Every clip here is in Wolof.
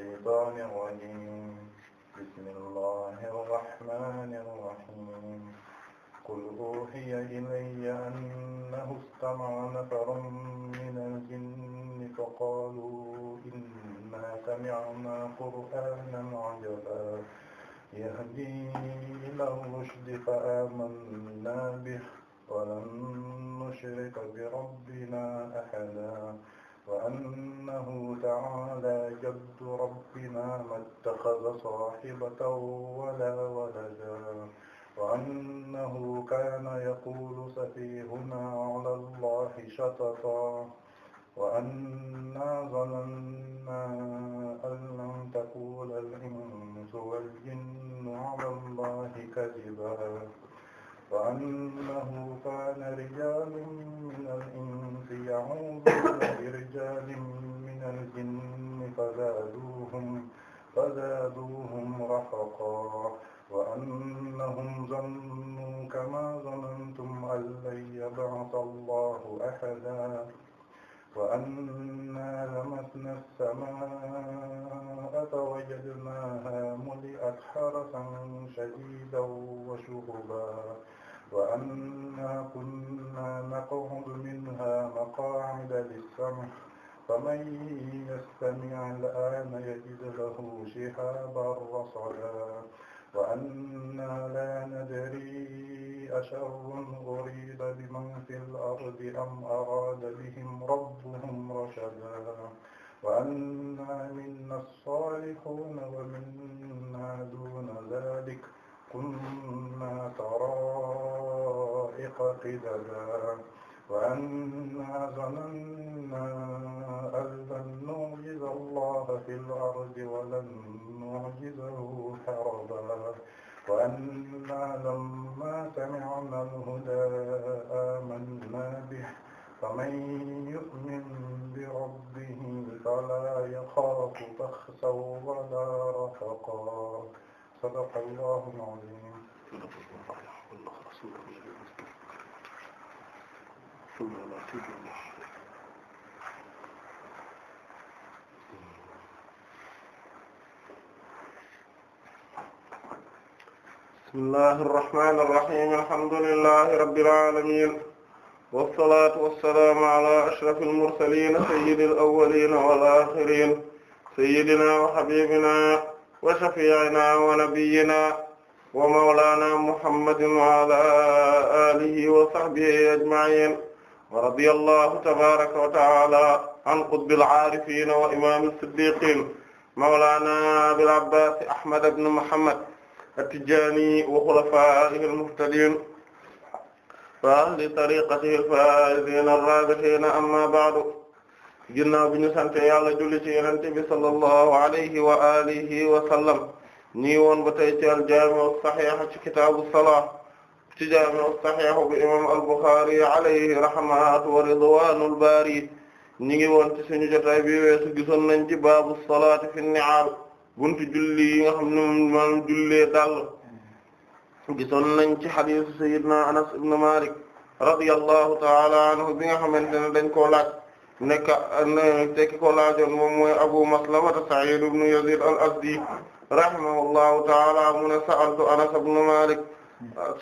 الشيطان الرجيم بسم الله الرحمن الرحيم قل أوحي إلي أنه استمع نفر من الجن فقالوا إنا سمعنا قرآنا عجبا يهدي إلى الرشد فآمنا به ولن نشرك بربنا أحدا وأنه تعالى جد ربنا ما اتخذ صاحبة ولا ولدا وأنه كان يقول سفيهنا على الله شططا وأنا ظننا أن لن تقول الإنس والجن على الله كذبا وأنه كان رجال من الإنس يعوذون برجال من الجن فزادوهم فزادوهم رهقا وأنهم ظنوا كما ظننتم أن لن يبعث الله أحدا وأنا لمسنا السماء فوجدناها ملئت حرسا شديدا وشهبا وأنا كنا نقعد منها مقاعد للسمع فمن يستمع الآن يجد له شهابا رصدا وأنا لا ندري أشر أريد بمن في الأرض أم أراد بهم ربهم رشدا وأنا منا الصالحون ومنا دون ذلك كنا طرائق قددا وأنا ظننا أن لن نعجز الله في الأرض ولن نعجزه هربا وأنا لما سمعنا الهدى آمنا به فمن يؤمن بربه فلا يخاف بخسا ولا رهقا sadaqallahul aziim bismillahi irrahmani irrahim alhamdulillahi rabbil alamin wassalatu wassalaamu ala ashrafil mursalin sayyidil awwalin wal akhirin sayyidina wa habibina وشفيعنا ونبينا ومولانا محمد وعلى آله وصحبه أجمعين ورضي الله تبارك وتعالى عن قطب العارفين وإمام الصديقين مولانا أبي العباس أحمد بن محمد التجاني وخلفائه المهتدين وأهل طريقته الفائزين الرابحين أما بعد ginnaaw bi ñu sante yàlla julli ci yenente bi sallallahu alayhi wa alihi wa sallam ñi woon ba tey ci al-jaami' as-sahih ci kitaabu as-salaat ci jaami' as-sahih bu imam al-Bukhari alayhi wa ridwanul baari ñi ngi woon ci suñu jotaay bi weesu gisoon nañ ci baabu salaati fi ni'aal buntu julli yi nga xam ne moom maanaam jullee dàll gisoon nañ ci hadiisu sayyidina Anas ibn Maalik radiyallahu ta'ala anhu bi nga xamante ne dañ koo laaj nekka tekki ko laajoon moom mooy Abu Maslama Sa'id ibn Yazid al-Azdi rahimahullahu ta'ala mu ne sa'altu Anas ibn Malik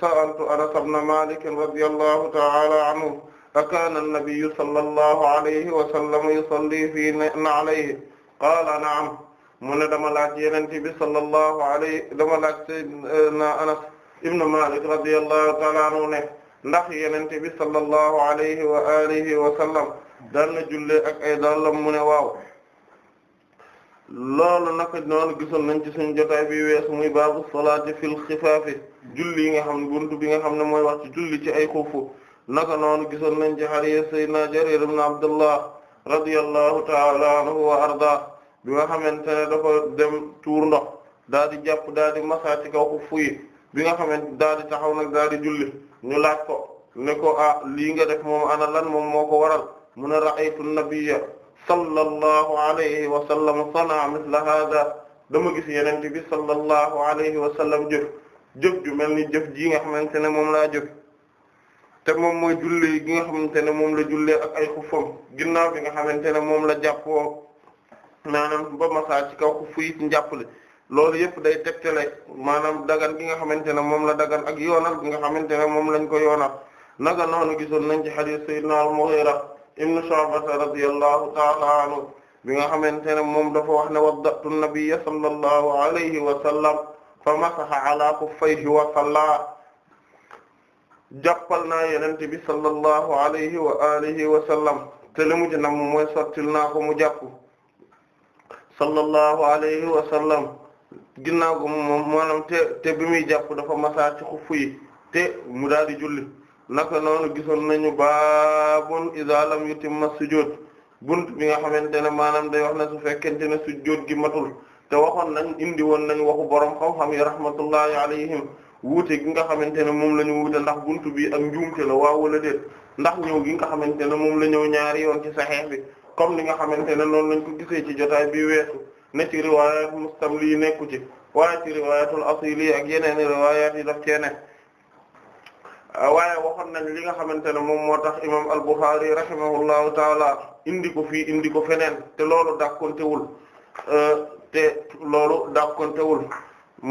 sa'altu Anas ibn Malik radiyallahu ta'ala anhu akana an-nabiyyu sallallahu alayhi wa sallam yusalli fi na'layhi qaala na'am mu ne dama laaj Yonent bi sallallahu alayhi dama laaj sayyidina Anas ibn Malik radiyallahu ta'ala anhu ne ndax Yonent bi sallallahu alayhi wa alihi wa sallam daan na jullee ak ay dàllam mu ne waaw loolu naka noonu gisoon nañ ci suñu jotaay bi weesu muy baabu salaati fil xifaafi julli yi nga xam ne buntu bi nga xam ne mooy wax ci julli ci ay xufu naka noonu gisoon nañ ci xariya say Jarir ibn Abdullah radiyallahu ta'ala anhu wa arda bi nga xamante ne ko dem tuur ndox daal di jàpp daal di masaa ci kaw xufu yi bi nga xamante daal di taxaw nag daal di julli ñu laaj ko ne ko ah lii nga def moom ana lan moom moo ko waral mu ne ra'aytu nabiyya sallallahu alayhi wa sallam sana mithla hada dama gis yeneen bi sallallahu alayhi wa sallam jëf jëf ju mel ni jëf ji nga xamante ne moom laa jëf te moom mooy julli gi ne moom la jullee ak ay xuffam ginnaaw bi nga xamante ne moom la jàppoo maanaam ba masaa ci kaw xuff yi njàppale loolu yëpp day tegtale maanaam dagan gi nga xamante ne moom la dagan ak yoonal bi nga xamante ne moom lañ ko yoonal naka na gisoon nañ ci hadith sayyidina al-Mughira ibnu Shu'ba radiyallahu ta'ala anhu bi nga xamante ne moom dafa wax ne wadda'tu nabiyya sallallahu alayhi wa sallam fa masaha ala kuffayhi wa salla jàppal naa yenente bi sallallahu alayhi wa te li mu ci nam mooy sottil naa ko mu jàpp sallallahu alayhi wa ko moom maanaam te bi muy jàpp dafa masaa ci xufu te mu daal di julli naka noonu gisoon nañu baabun iza lam yutimma sujud bunt bi nga xamante ne maanaam day wax ne su fekkente ne sujud gi matul te waxoon nañ indi woon nañ waxu borom xam-xam yi rahmatullahi alayhim wuute gi nga xamante ne moom la ñu wuute ndax bunt bi ak njuumte la waaw wala déet ndax ñëw gi nga xamante ne moom la ñëw ñaari yoon ci saxeex bi comme ni nga xamante ne noonu lañ ko gisee ci jotaay bi weesu ne ci riwaayat mustamli nekku ci waaye ci riwaayatul asili ak yeneen riwaayaat yi daf cee Euh, waaye waxoon nañ li nga xamante ne moom moo tax imam al-Bukhari rahimahullahu taala indi ko fii indi ko feneen te loolu dàkkontewul euh, te loolu dàkkontewul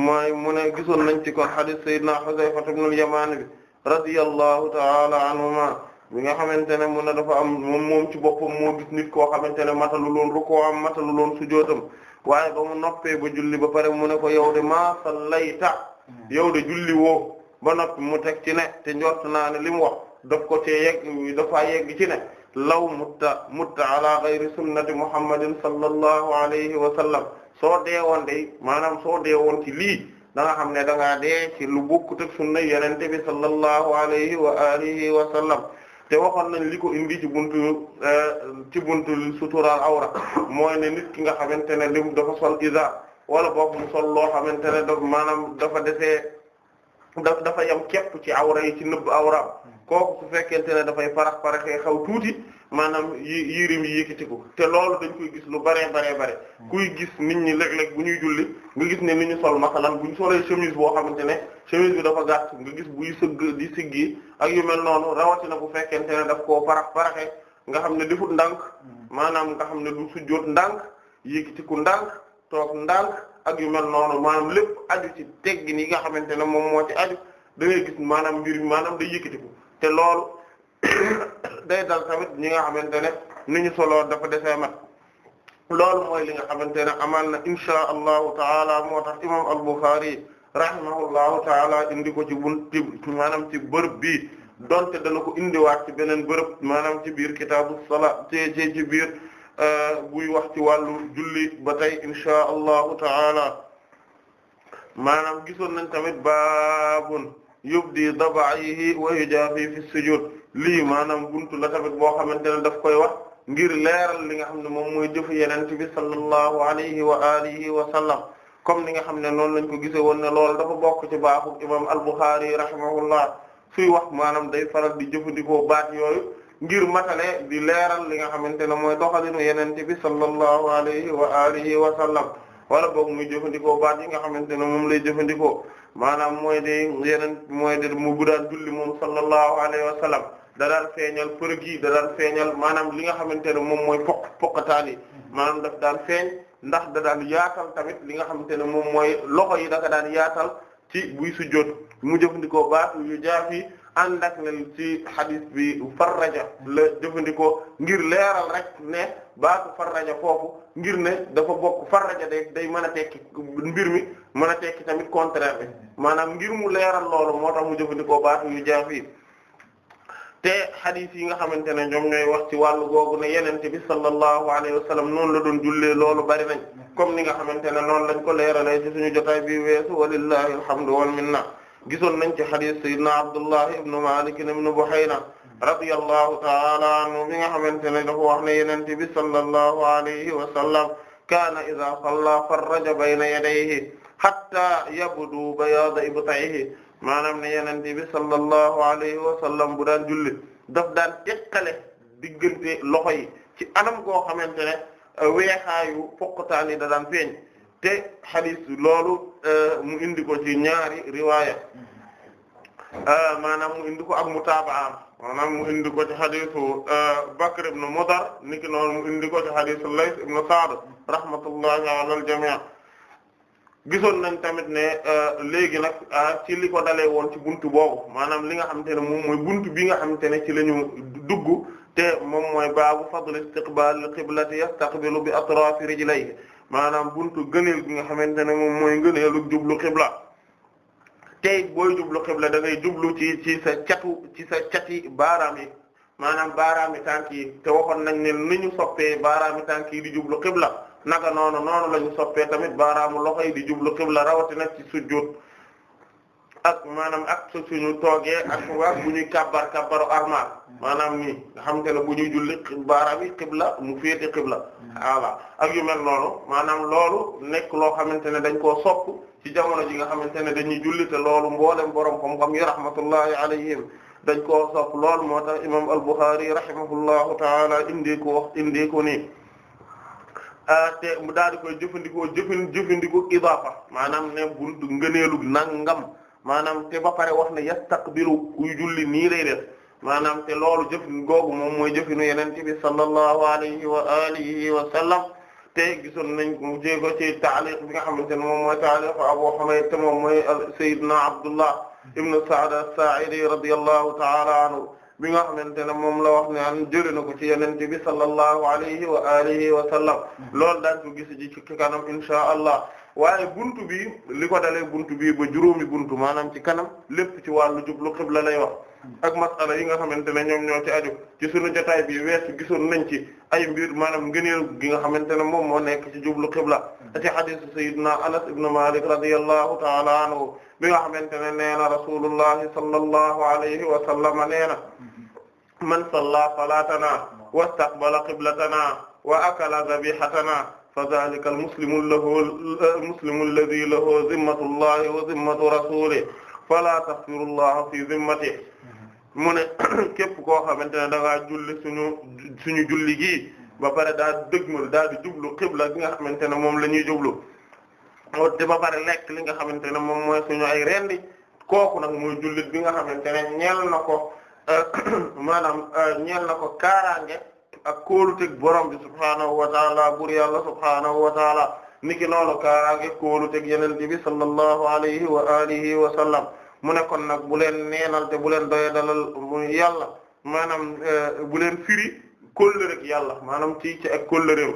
mooy mu ne gisoon nañ ci kon hadith sayyidina Hudhayfa ibn al-Yaman bi radiyallahu taala anhuma bi nga xamante ne mu ne dafa am moom moom ci boppam moo gis nit koo xamante ne matalu loon rukoam matalu loon sujootam waaye ba mu noppee ba julli ba pare mu ne ko yow de maa sallayta yow de julli woo ba noppi mu teg ci ne te njort naa ne li mu wax daf ko cee yegg dafa yegg ci ne law mutta mutta ala ghayri sunnati muhammadin sallallahu alayhi wa sallam soo dee woon day maanaam soo dee woon ci lii da nga xam ne da ngaa dee ci lu bokkut ak sunna yenente bi sallallahu alayhi wa alihi wa sallam te waxoon nañ li ko indi ci buntu eh, ci buntu sutural awra mooy ne nit ki nga xamante ne lim dafa sol isa wala boog mu sol loo xamante ne daf maanaam dafa desee dafa yam képp ci awra yi ci nëbb awraam hmm. kooku su fekkente ne dafay farax faraxee xaw tuuti maanaam yi yirim yi yëkkatiku te loolu dañ koy gis lu baree baree bare hmm. kuy gis nit ñi léeg-léeg ñuy julli nga gis ne nit ñu sol masalan bu ñu solee chemise boo xamante ne chemise bi dafa gàtt nga gis buy sëgg di siggi ak yu mel noonu rawatina bu fekkente ne daf koo farax faraxee nga xam ne defut ndànk hmm. maanaam nga xam ne du sujjóot ndànk yëkkatiku ndànk toog ndànk ak yu mel noonu maanaam lépp aju ci teggin yi nga xamante ne moom moo ci aju da ngay gis maanaam mbir maanaam day yëkkatiku te lool day dal tamit ñi nga xamante ne ni ñu solo dafa desee mat loolu mooy li nga xamante ne amal na inshaa allahu taala moo tax imam al-Bukhari rahimahullahu taala indi ko ci bunti maanaam ci bërëb bii donte dana ko indiwaat ci beneen bërëb maanaam ci biir kitaabu salaa ci ci biir Euh, buy wax ci wàllu julli ba tey insha allahu taala maanaam gisoon nañ tamit baabun yubdi dabaayihi wa yujaafi fi sujud lii maanaam buntu la tamit boo xamante ne daf koy wax ngir leeral li nga xam ne moom mooy jëfu yenente bi sallallahu alayhi wa alihi wa sallam comme ni nga xam ne noonu lañ ko gise woon ne loolu dafa bokk ci baaxu imam al-Bukhari rahimahullah fi wax maanaam day faral di jëfandikoo baat yooyu ngir matale di leeral li nga xamante ne mooy doxalinu yenente bi sallallahu alayhi wa alihi wa sallam wala boog muy jëfandikoo baat yi nga xamante ne moom lay jëfandikoo maanaam mooy de yeneen mooy de mu bu daan julli moom sallallahu alayhi wa sallam da daan feeñal përëg yi da daan maanaam li nga xamante ne moom mooy pok pokataan yi maanaam daf daan feeñ ndax da daan yaatal tamit li nga xamante ne moom mooy loxo yi da ka daan yaatal ci buy sujjóot mu jëfandikoo baat yu jaafi ànd ak leen ci hadith bi farraja la jëfandikoo ngir leeral rek ne baatu farraja foofu ngir ne dafa bokk farraja day day mën a tekki mbir mi mën a tekki tamit contraire bi maanaam ngir mu leeral loolu moo tax mu jëfandikoo baatu yu jaaf yi te hadith yi nga xamante ne ñoom ñooy wax ci wàllu googu ne yenente bi sallallahu alayhi wa sallam noonu la doon jullee loolu bari nañ comme ni nga xamante ne noonu lañ ko leeralee ci suñu jotaay bi weesu walillahi alhamdu gisoon nañ ci hadith sayyidina Abdullah ibn Malik ibn Buhayna radiyallahu ta'ala anhu mi nga xamante ne dafa wax ne yenente bi sallallahu alayhi wa sallam kaana idha salla farraja bayna yadayhi hatta yabdu bayada ibta'ihi maanaam ne yenente bi sallallahu alayhi wa sallam bu daan julli daf daan teqale diggante loxo yi ci anam goo xamante ne weexaayu foqataan yi da daan te xadis loolu euh, mu indi ko ci ñaari riwaaya mm-hmm. euh, maanaam mu indi ko ak am maanaam mu indi ko ci xadisu euh, Bakr ibn Mudar niki noonu mu indi ko ci xadisu Layth ibn Sa'd rahmatullahi ala al-jami' gisoon nañ tamit ne léegi nag ci li ko dalee woon ci buntu boobu maanaam li nga xam ne moom mooy buntu bi nga xamante ne ci la ñu dugg te moom mooy baabu fadl istiqbal qiblati yastaqbilu bi atrafi rijlayhi maanaam bunt gëneel gi nga xamante ne moom mooy ngëneelu jublu xibla tey booy jublu xibla da ngay jublu ci ci sa catu ci sa cati baaraam yi maanaam baaraami tànk yi te waxoon nañ ne ni ñu soppee baaraami tànk yi di jublu xibla naka noonu noonu la ñu soppee tamit baaraamu loxo yi di jublu xibla rawatina ci sujjóot ak maanaam ak suñu toogee ak waa bu ñuy kabbar kabbaru armal maanaam nii nga xam te ne bu ñuy julli baaraam yi xibla mu féete xibla ak yu mel noonu maanaam loolu nekk loo xamante ne dañ koo sopp ci jamono ji nga xamante ne dañuy julli te loolu mboolem borom xam-xam yi rahmatullahi alayhim dañ koo sopp lool moo tax imam al-Bukhari rahimahullahu taala indi ko wax indi ko nii ah, te mu daal di koy jëfandikoo jëfin jëfandikoo idaafa maanaam ne bu ngëneelu nangam maanaam te ba pare wax ne yastaqbilu kuy julli nii lay def maanaam te loolu jëfin googu moom mooy jëfinu yenente bi sallallahu alayhi wa alihi wa sallam te gisoon nañ ko jéego ci taaliq bi nga xamante ne moom mooy taaliq Abu Humayd te moom mooy Sayyidina Abdullah ibn Sa'd as-Sa'idi radiyallahu ta'ala anhu bi nga xamante ne moom la wax ne an jëlee na ko ci yenente bi sallallahu alayhi wa alihi wa sallam mm-hmm. loolu daañ ko gis ji ci kanam inshaa Allah waaye buntu bi li ko dalee buntu bi ba juróomi buntu maanaam ci kanam lépp ci wàllu jublu xibla lay wax ak masala yi nga xamante ne ñoom ci aju ci sunu jotaay bi weesu gisoon nañ ci ay mbir maanaam ngëneel gi nga xamante ne moom moo nekk ci jublu xibla te ci hadith sayyidina Anas ibn Malik radiyallahu ta'ala anhu bi nga xamante ne nee na rasulullahi sallallahu alayhi wa sallama nee na man salla salatana wastaqbala qiblatana wa akala dhabihatana fa zaalika al-muslimu lahu al-muslimu alladhii lahu zimmatu llaahi wa zimmatu rasuulihi falaa taxfiru llaaha fii zimmatihi mu ne képp koo xamante ne da ngaa julli suñu suñu julli gii ba pare daa dëgmal daa di jublu xibla gi nga xamante ne moom la ñuy jublu te ba pare lekk li nga xamante ne moom mooy suñu ay rendi kooku nag mooy jullit bi nga xamante ne ñeel na ko maanaam ñeel na ko kaaraange. ak kóoluteg borom bi subhaanahu wa taala bur yàlla subhaanahu wa taala niki noonu kaaraange kóoluteg yenente bi sallallahu alayhi wa alihi wa sallam mu ne kon nag bu leen neenal te bu leen doye dalal mu yàlla maanaam eh, bu leen firi kóllëreg yàlla maanaam ci ci ak kóllëreew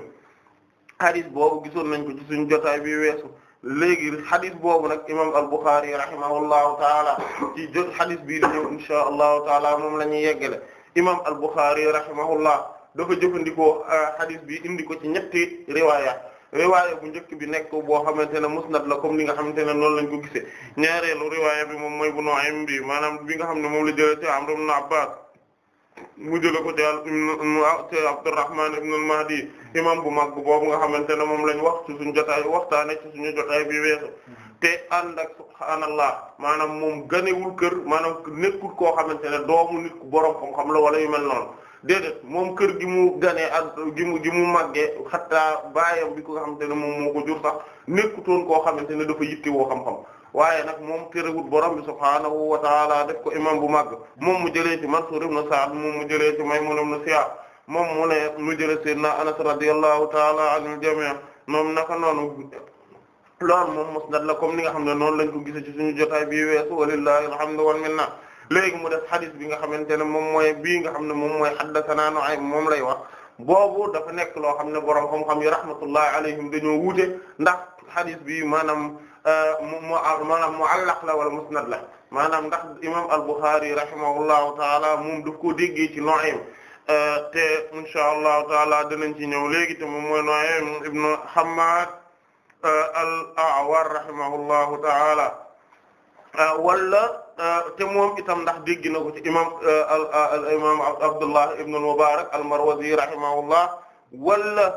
hadith boobu gisoon nañ ko ci suñ jotaay bi weesu léegi hadith boobu nag imam al-Bukhari rahimahullahu taala ci jot hadith bii di ñëw taala moom la ñuy yeggale al-Bukhari rahimahullah dafa jëfandikoo euh, hadith bi indi ko ci ñetti riwaaya riwaaya bu njëkk bi nekk boo xamante ne musnad la comme li nga xamante ne noonu lañ ko gisee ñaareelu riwaaya bi moom mooy bu Nu'aym bi maanaam bi nga xam ne moom la jëlee ci Amr ibn Abbas mu jëlee ko ci Abdurrahman ibn al-Mahdi imam bu mag boobu nga xamante ne moom lañ wax ci suñu jotaay waxtaane ci suñu jotaay bi weesu te ànd ak subhaanallah maanaam moom ganewul kër maanaam nekkul koo xamante ne doomu nit borom xam la wala yu mel noonu déedéet moom kër gi mu ganee ak gi mu gi mu màggee xataa baayam bi ko nga xamante ne moom moo ko jur sax nekkutoon koo xamante ne dafa yitte woo xam-xam waaye nag moom terewut borom bi subhaanahu wa taala def ko imam bu màgg moom mu jëlee ci Mansuur ibn Sa'd moom mu jëlee ci Maymuun ibn Siyaa moom mu ne mu jëlee Seydina Anas radiyallahu taala anil jamii moom naka noonu loolu moom musnad la comme ni nga xam ne noonu lañ ko gisee ci suñu jotaay bii weesu walillahi alhamdu wal minna léegi mu def xadis bi nga xamante ne moom mooy bii nga xam ne moom mooy haddathana Nu'aym moom lay wax boobu dafa nekk loo xam ne borom xam-xam yi rahmatullahi alayhim dañoo wuute ndax xadis bi maanaam euh, maanaam mu'allaq la wala musnad la maanaam ndax imam al-Bukhari rahimahullahu taala moom daf koo déggee ci Nu'aym euh, te insha allahu taala danañ ci ñëw léegi te moom mooy Nu'aym ibnu Hammad euh, al-A'war rahimahullahu taala wala Euh, te moom itam ndax dégg na ko ci imam euh, euh, al imam Abdullah ibn al-Mubarak al-Marwazi rahimahullah wala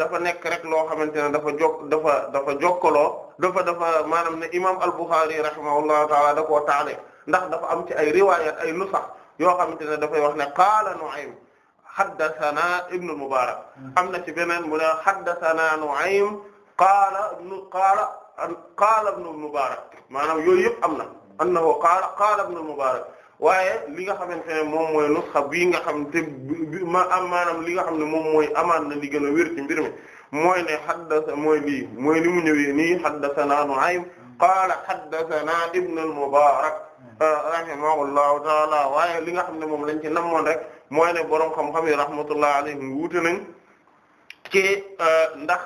dafa nekk rek loo xamante ne dafa jokk dafa dafa jokkaloo dafa dafa maanaam ne imam al-Bukhari rahimahullahu taala da koo taale ndax dafa am ci ay riwayat ay nusax yoo xamante ne dafay wax ne qaala Nu'aym haddathana ibn al-Mubarak hmm. am na ci beneen mu ne haddathana Nu'aym qaala qaala qaala ibn al-Mubarak maanaam yooyu yëpp am na annahu qaala qaala ibn al-Mubarak waaye li nga xamante ne moom mooy nusxa bii nga xam te ma am maanaam li xam ne moom mooy amaan na li gën a wér ci mbir mi mooy ne haddasa mooy lii mooy li mu ñëwee nii haddasana Nu'aym qaala haddasana ibn al-Mubarak hmm. ah, rahimahullahu taala waaye li nga xam ne moom lañ ci namoon rek mooy ne borom xam-xam yi rahmatullahi alayhim wuute nañ ci ah, ndax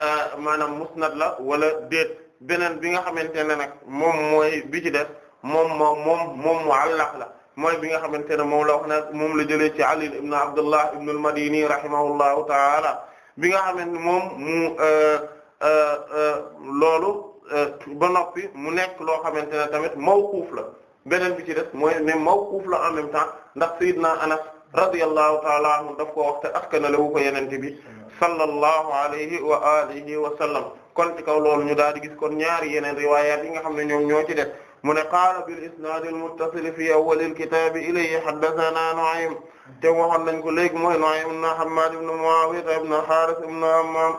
ah, maanaam musnad la wala déet beneen bi nga xamante ne nag moom mooy bi ci def moom moom moom moom muallaq la mooy bi nga xamante ne moom la wax nag moom la jëlee ci Ali ibn Abdullah ibn al-Madini rahimahullahu taala bi nga xamante moom mu euh, euh, euh, loolu ba noppi mu nekk loo xamante ne tamit mawquf la beneen bi ci des mooy ne mawquf la en même temps ndax Sayyidna Anas radiyallahu taala anhu daf ko wax te askanale wu ko yenente bi sallallahu alayhi wa alihi wa sallam kon ci kaw loolu ñu daal di gis kon ñaari yeneen riwaayaat yi nga xam ne ñoom ñoo ci def mu ne qaala bil isnaadil muttasil fi awwalil kitaabi ilayhi haddathanaa Nu'aym te waxoon nañ ko léegi mooy Nu'aym ibn Hammaad ibn Mu'aawiya ibn al-Haaris ibn Hammaam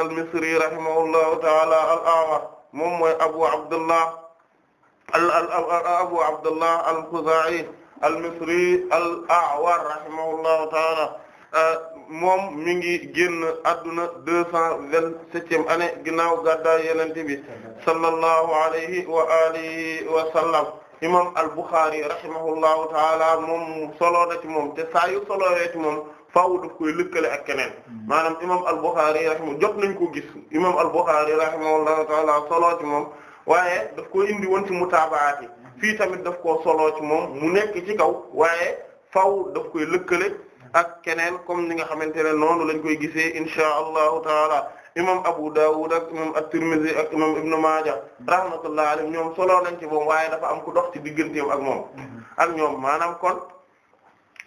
al-Misri rahimahullahu ta'aala al-A'mash moom mooy Abu Abdullah Abu Abdullah al-Khuzaa'i al-Misri al-A'war rahimahullahu ta'aala Euh, moom mi ngi génn adduna deux cent vingt-septième année ginnaaw gàddaay yenente bi sallallahu alayhi wa alihi wa sallam imam al-Bukhari rahimahullahu taala moom solo na moom te saa yu solowee moom faaw daf koy lëkkale ak keneen maanaam imam al-Bukhari rahimahu jot nañ ko gis imam al-Bukhari rahimahullahu taala solo ci moom waaye daf ko indi woon ci mutaabaat yi fii tamit daf koo solo ci moom mu nekk ci kaw waaye faaw daf koy lëkkale ak keneen comme ni nga xamante ne noonu lañ koy gisee inshaa allahu taala imam Abu Dawud ak imam At-Tirmidhi ak imam Ibn Maaja rahmatullahi alayhim ñoom solo nañ ci moom waaye dafa am ku dox ci digganteem ak moom mm-hmm. ak ñoom maanaam kon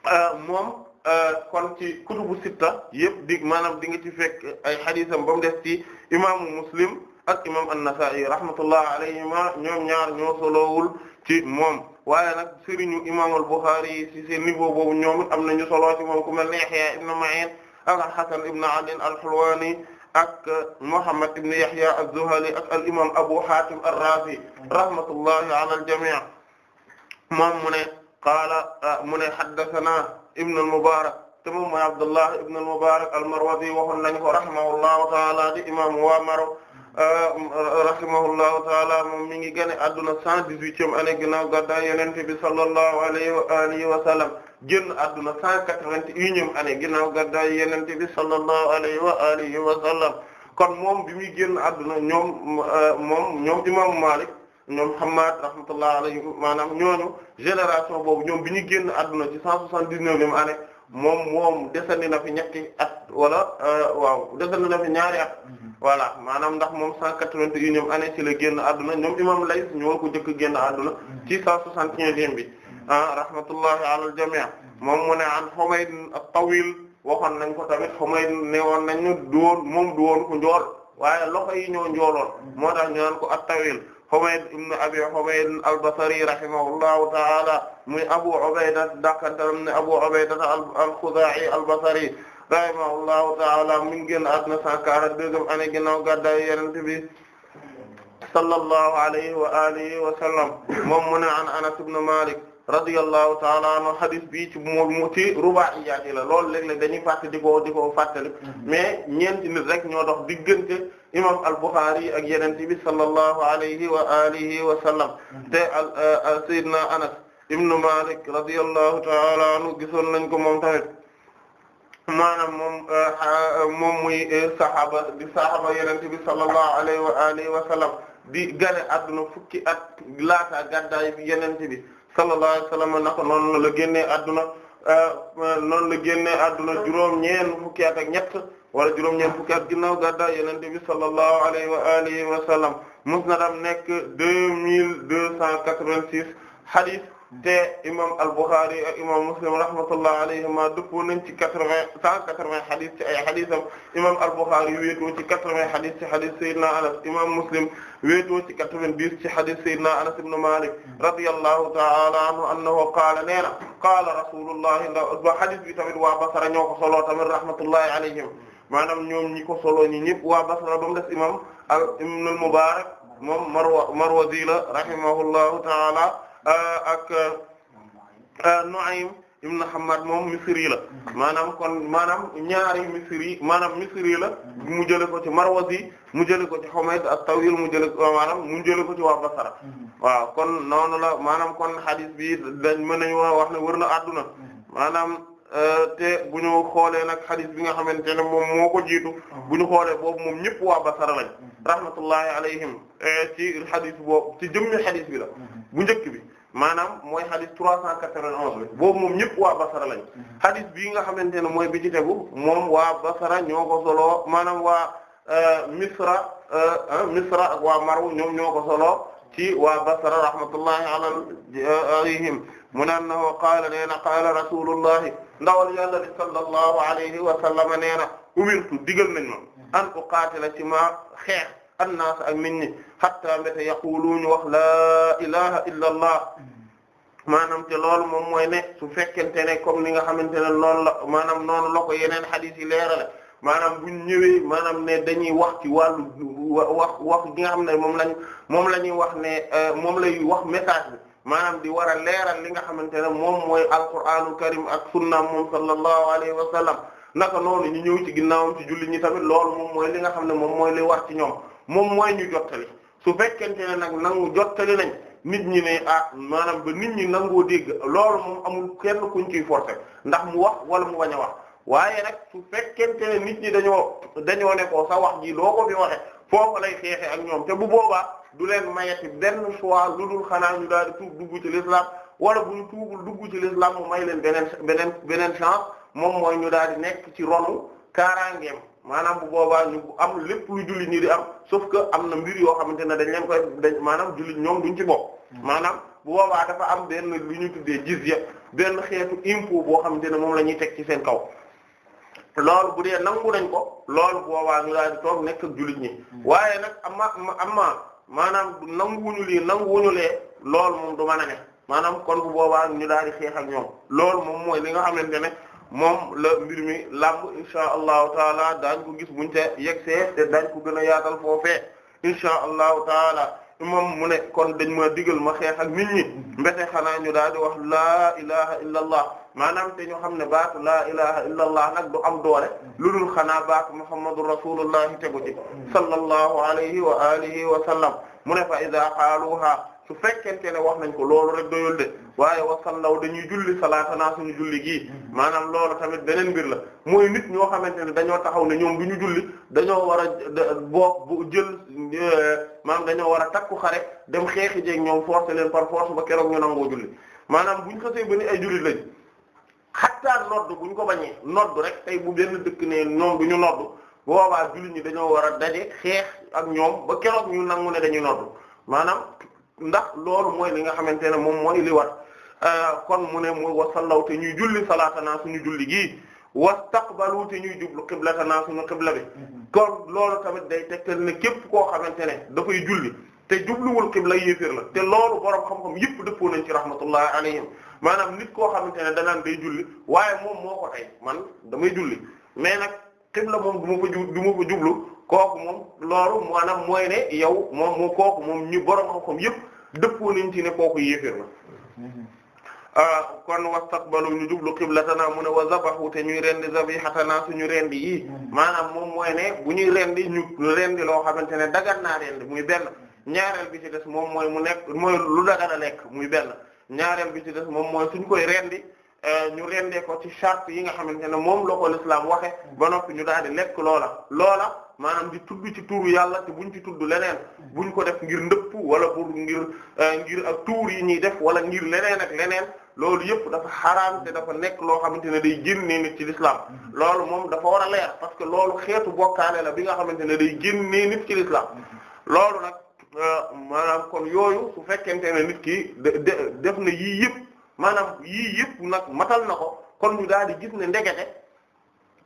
euh, moom euh, kon ci kutubu sitta yëpp dig maanaam di nga ci fekk ay xadiisam ba mu des ci imaamu Muslim ak imam An-Nasa'i rahmatullahi alayhima ñoom ñaar ñoo solowul ci moom waaye nag sëriñu imaamul Buxaari yi ci seen niveau boobu ñoom am nañu solo ci moom ku mel ne Yahya ibn Ma'in ak al-Hasan ibn Ali al-Hulwani ak uh, Muhammad ibn Yahya az-Zuhali ak al imam Abu Hatim ar-Razi rahmatullahi ala al-jami' moom mu ne qaala uh, mu ne haddathana ibn al-Mubarak te moom mooy Abdullah ibn al-Mubarak al-Marwazi waxoon nañu ko rahimahullahu ta'ala di imam wa Maro Euh, rahimahullahu taala moom mi ngi génn adduna cent dix-huitième gi ginnaaw gàddaay yonent bi sallallahu alayhi wa alihi wa sallam génn adduna cent quatre-vingt-unième année ginnaaw gàddaay yonent bi sallallahu alayhi wa alihi wa sallam kon moom bi muy génn adduna ñoom euh, moom ñoom imaamu Maalik ñoom Hammaad rahmatullahi alayhi maanaam ñooñu génération boobu ñoom bi ñu génn adduna ci cent soixante-dix-neuvième année moom moom desandi na fi ñetti at wala euh, waaw desandi na fi ñaari at mhm. voilà maanaam ndax moom cent quatre-vingt-unième année ci la génn adduna ñoom imam Layth ñoo ku jëkk génn adduna mhm. ci cent soixante-quinzième bi mhm. ah rahmatullahi ala al jami' moom mu ne an Humayd at-Tawil waxoon nañ ko tamit Humayd ne woon nañ ñu du woon moom du woon njool waaye loxo yi ñoo njooloon moo tax ñu naan ko at-Tawil Humayd ibn Abi Humayd al-Basri rahimahullahu ta'ala muy Abu Ubayda dakantaram ne Abu Ubayda al-Khuzaa'i al-Basri rahimahullahu ta'ala mi ngi génn àdduna 142 année ginnaaw gàddaay Yonent bi sallallahu alayhi wa alihi wa sallam moom mu ne an Anas ibn Malik radiyallahu ta'ala anhu hadith bi ci mu ci rubaa'iyaat la loolu léeg-léeg dañuy fàtte di ko di ko fàttali mm-hmm. mais ñeenti nit rek ñoo dox diggante imam al-Bukhari ak yeneen bi sallallahu alayhi wa alihi wa sallam mm-hmm. te uh, al sayyidina Anas ibn Malik radiyallahu ta'ala anhu gisoon nañ ko moom tamit maanaam moom uh, moom muy uh, saxaaba di saxaaba yeneen bi sallallahu alayhi wa alihi wa sallam di gane adduna fukki at laata gàddaay bi yeneen bi sallallahu alayhi wa sallam naka noonu la génnee adduna noonu la génnee adduna juróom ñeen fukki ak ñett wala juróom-ñeent fukki at ginnaaw gàddaay yonent bi sallallahu alayhi wa alihi wa sallam musnadam nekk deux mille deux cent quatre-vingt-six hadith te imam al-Bukhari ak imam Muslim rahmatullah nañ ci quatre-vingts cent quatre al-Bukhari wéetoo ci quatre-vingts hadith ci hadith Seydina Anas imam Muslim wéetoo ci quatre vingt hadith Seydina Anas ibn Malik radiyallahu ta'ala anhu annahu qaala nee na qaala rasulullah ba hadith bi tamit waa Basra ñoo ko soloo tamit rahmatullahi alayhim maanaam ñoom ñi ko solo ñi ñëpp waa Basra ba mu des imam al ibn al Mubarak moom Marwa Marwazi la rahimahullahu taala euh, ak euh, Nu'aym ibn Hammad moom Misri la maanaam kon maanaam ñaari Misri maanaam Misri la mu jële ko ci Marwazi mu jële ko ci Humayd at-Tawil mu jële ko maanaam mu jële ko ci waa Basra waa kon noonu la maanaam kon hadith bi dañ mën nañu wax ne wër na adduna maanaam Euh, te bu ñu xoolee nag xadis bi nga xamante ne moom moo ko jiitu bu ñu xoolee boobu moom ñëpp waa Basra lañ rahmatullahi alayhim eh, ci xadis boobu ci jëmmi xadis bi la bu njëkk bi maanaam mooy xadis 391 bi boobu moom ñëpp waa Basra lañ xadis bii nga xamante ne mooy bi ci tegu moom waa Basra ñoo ko soloo maanaam waa eh, Misra eh, Misra ak waa Marw ñoom ñoo ko soloo ci waa Basra rahmatullahi alayhim mu naan na woo qaala nee na qaala rasulullahi ndawal yàlla li sallallahu alayhi wa sallama nee na umirtu digal nañ ma an uqaatila ci ma xeex annaas ak nit ñi hatta mbete yaquluñu wax laa ilaha illa allah maanaam te loolu moom mooy ne su fekkente ne comme ni nga xamante ne noonu la maanaam noonu la ko yeneen xadiis yi leerale maanaam buñ ñëwee maanaam ne dañuy wax ci wàllu wax wax gi nga xam ne moom lañ moom la ñuy wax ne euh, moom lay wax message bi maanaam di war a leeral li nga xamante ne moom mooy alqur'aanu karim ak sunnaam moom sallallahu alayhi wa sallam naka noonu ñu ñëw ci ginnaawam ci julli ñi tamit loolu moom mooy li nga xam ne moom mooy li war ci ñoom moom mooy ñu jottali su fekkente ne nag nangu jottali nañ nit ñi ne ah maanaam ba nit ñi nangoo dégg loolu moom amul kenn kuñ ciy forcer ndax mu wax wala mu bañ wax waaye nag su fekkente ne nit ñi dañoo dañoo ne ko sa wax ji loo ko fi waxe ak ñoom bu boobaa du leen mayati benn choix lu dul xanaa ñu daal di tuub dugg ci l'islam wala bu ñu tuubul dugg ci l'islam mu may leen beneen beneen beneen chance moom mooy ñu daal di nekk ci ronu kaaraangeem maanaam bu boobaa ñu am lépp lu julli ñi di am sauf am na mbir yoo xamante ne dañ leen koy dañ maanaam julli ñoom duñ ci bokk. Hmm. maanaam bu boobaa dafa am benn lu ñu tuddee jizya benn xeetu impôt boo xamante ne moom la ñuy teg ci seen kaw. loolu bu dee nangu nañ ko loolu boobaa ñu daal di toog nekk ak jullit ñi hmm. waaye nag ama maanaam nanguwuñu lii nanguwuñu lee loolu moom du mën a ne maanaam kon bu boobaa ñu daal di xeex ak ñoom loolu moom mooy li nga xamante ne moom la mbir mi làmb insha allahu taala daal ko gis buñ ca yegsee te daañ ko gën a yaatal foofee insha allahu taala moom mu ne kon dañ ma digal ma xeex ak nit ñi mbete xanaa ñu daal di wax laa ilaha illa allah maanaam te ñu xam ne baatu laa ilaha illa allah nag du am doole lu dul xanaa baatu muhammadu rasulullah tegu ci sallallahu alayhi wa alihi wa sallam mu ne fa iza qaaluha su fekkente ne wax nañ ko loolu rek doyul de waaye ndaw dañuy julli salaatanaa suñu julli gii maanaam loolu tamit beneen mbir la mooy nit ñoo xamante ne dañoo taxaw ne ñoom bu ñu julli dañoo war a boo bu jël euh, maanaam dañoo war a takku xare dem xeexi jeeg ñoom forcer leen par force ba keroog ñu nangoo julli maanaam bu ñu xasee ba ni ay jullit lañ xattaa nodd bu ñu ko rek tey bu benn dëkk ne ñoom du ñu dañoo war a daje xeex ak ñoom ba keroog ñu nangu ne dañuy nodd maanaam ndax loolu mooy li nga xamante ne moom mooy li wat euh, kon mu ne mooy wasallaw te ñuy julli salaatana suñu julli gii wastaqbalu te ñuy jublu qiblatana suñu qibla bi mm-hmm. kon loolu tamit day tegtal ne képp koo xamante ne dafay julli te jubluwul qibla yéeféer na te loolu borom xam-xam yëpp dëppoo nañ ci rahmatullahi alayhim maanaam nit koo xamante ne danaan day julli waaye moom moo ko tey man damay julli mais nag qibla moom du ma fa ju du ma fa jublu kooku moom loolu maanaam mooy ne yow moom kooku moom ñu borom xam yëpp dëppoo nañ ci ne kooku yéeféer la mm-hmm. ah, kon wastaqbalu ñu jublu qiblatana mu ne wa zabahu te ñuy rendi su ñu rendi yi mm-hmm. maanaam moom mooy ne bu ñuy rendi ñu rendi loo xamante ne dagan naa rendi muy benn ñaareel bi ci des moom mooy mu nekk mooy lu dagan a lekk muy benn ñaareel bi ci des moom mooy suñ koy rendi eh, ñu rendee ko ci charte yi nga xamante ne moom la ko l'islam waxe ba noppi ñu daal di lekk loola loola maanaam di tudd ci tuuru yàlla te buñ ci tudd leneen buñ ko def ngir ndëpp wala pour ngir euh, ngir ak tuur yi ñuy def wala ngir leneen ak leneen loolu yëpp dafa xaraam te dafa nekk loo xamante ne day génnee nit ci l'islam mm-hmm. loolu moom dafa war a leer parce que loolu xeetu bokkaale la bi nga xamante ne day génnee nit ci l'islam mm-hmm. loolu nag euh, maanaam kon yooyu su fekkente ne nit ki def na yii yëpp maanaam yii yëpp nag matal na ko kon ñu daal di gis ne ndegete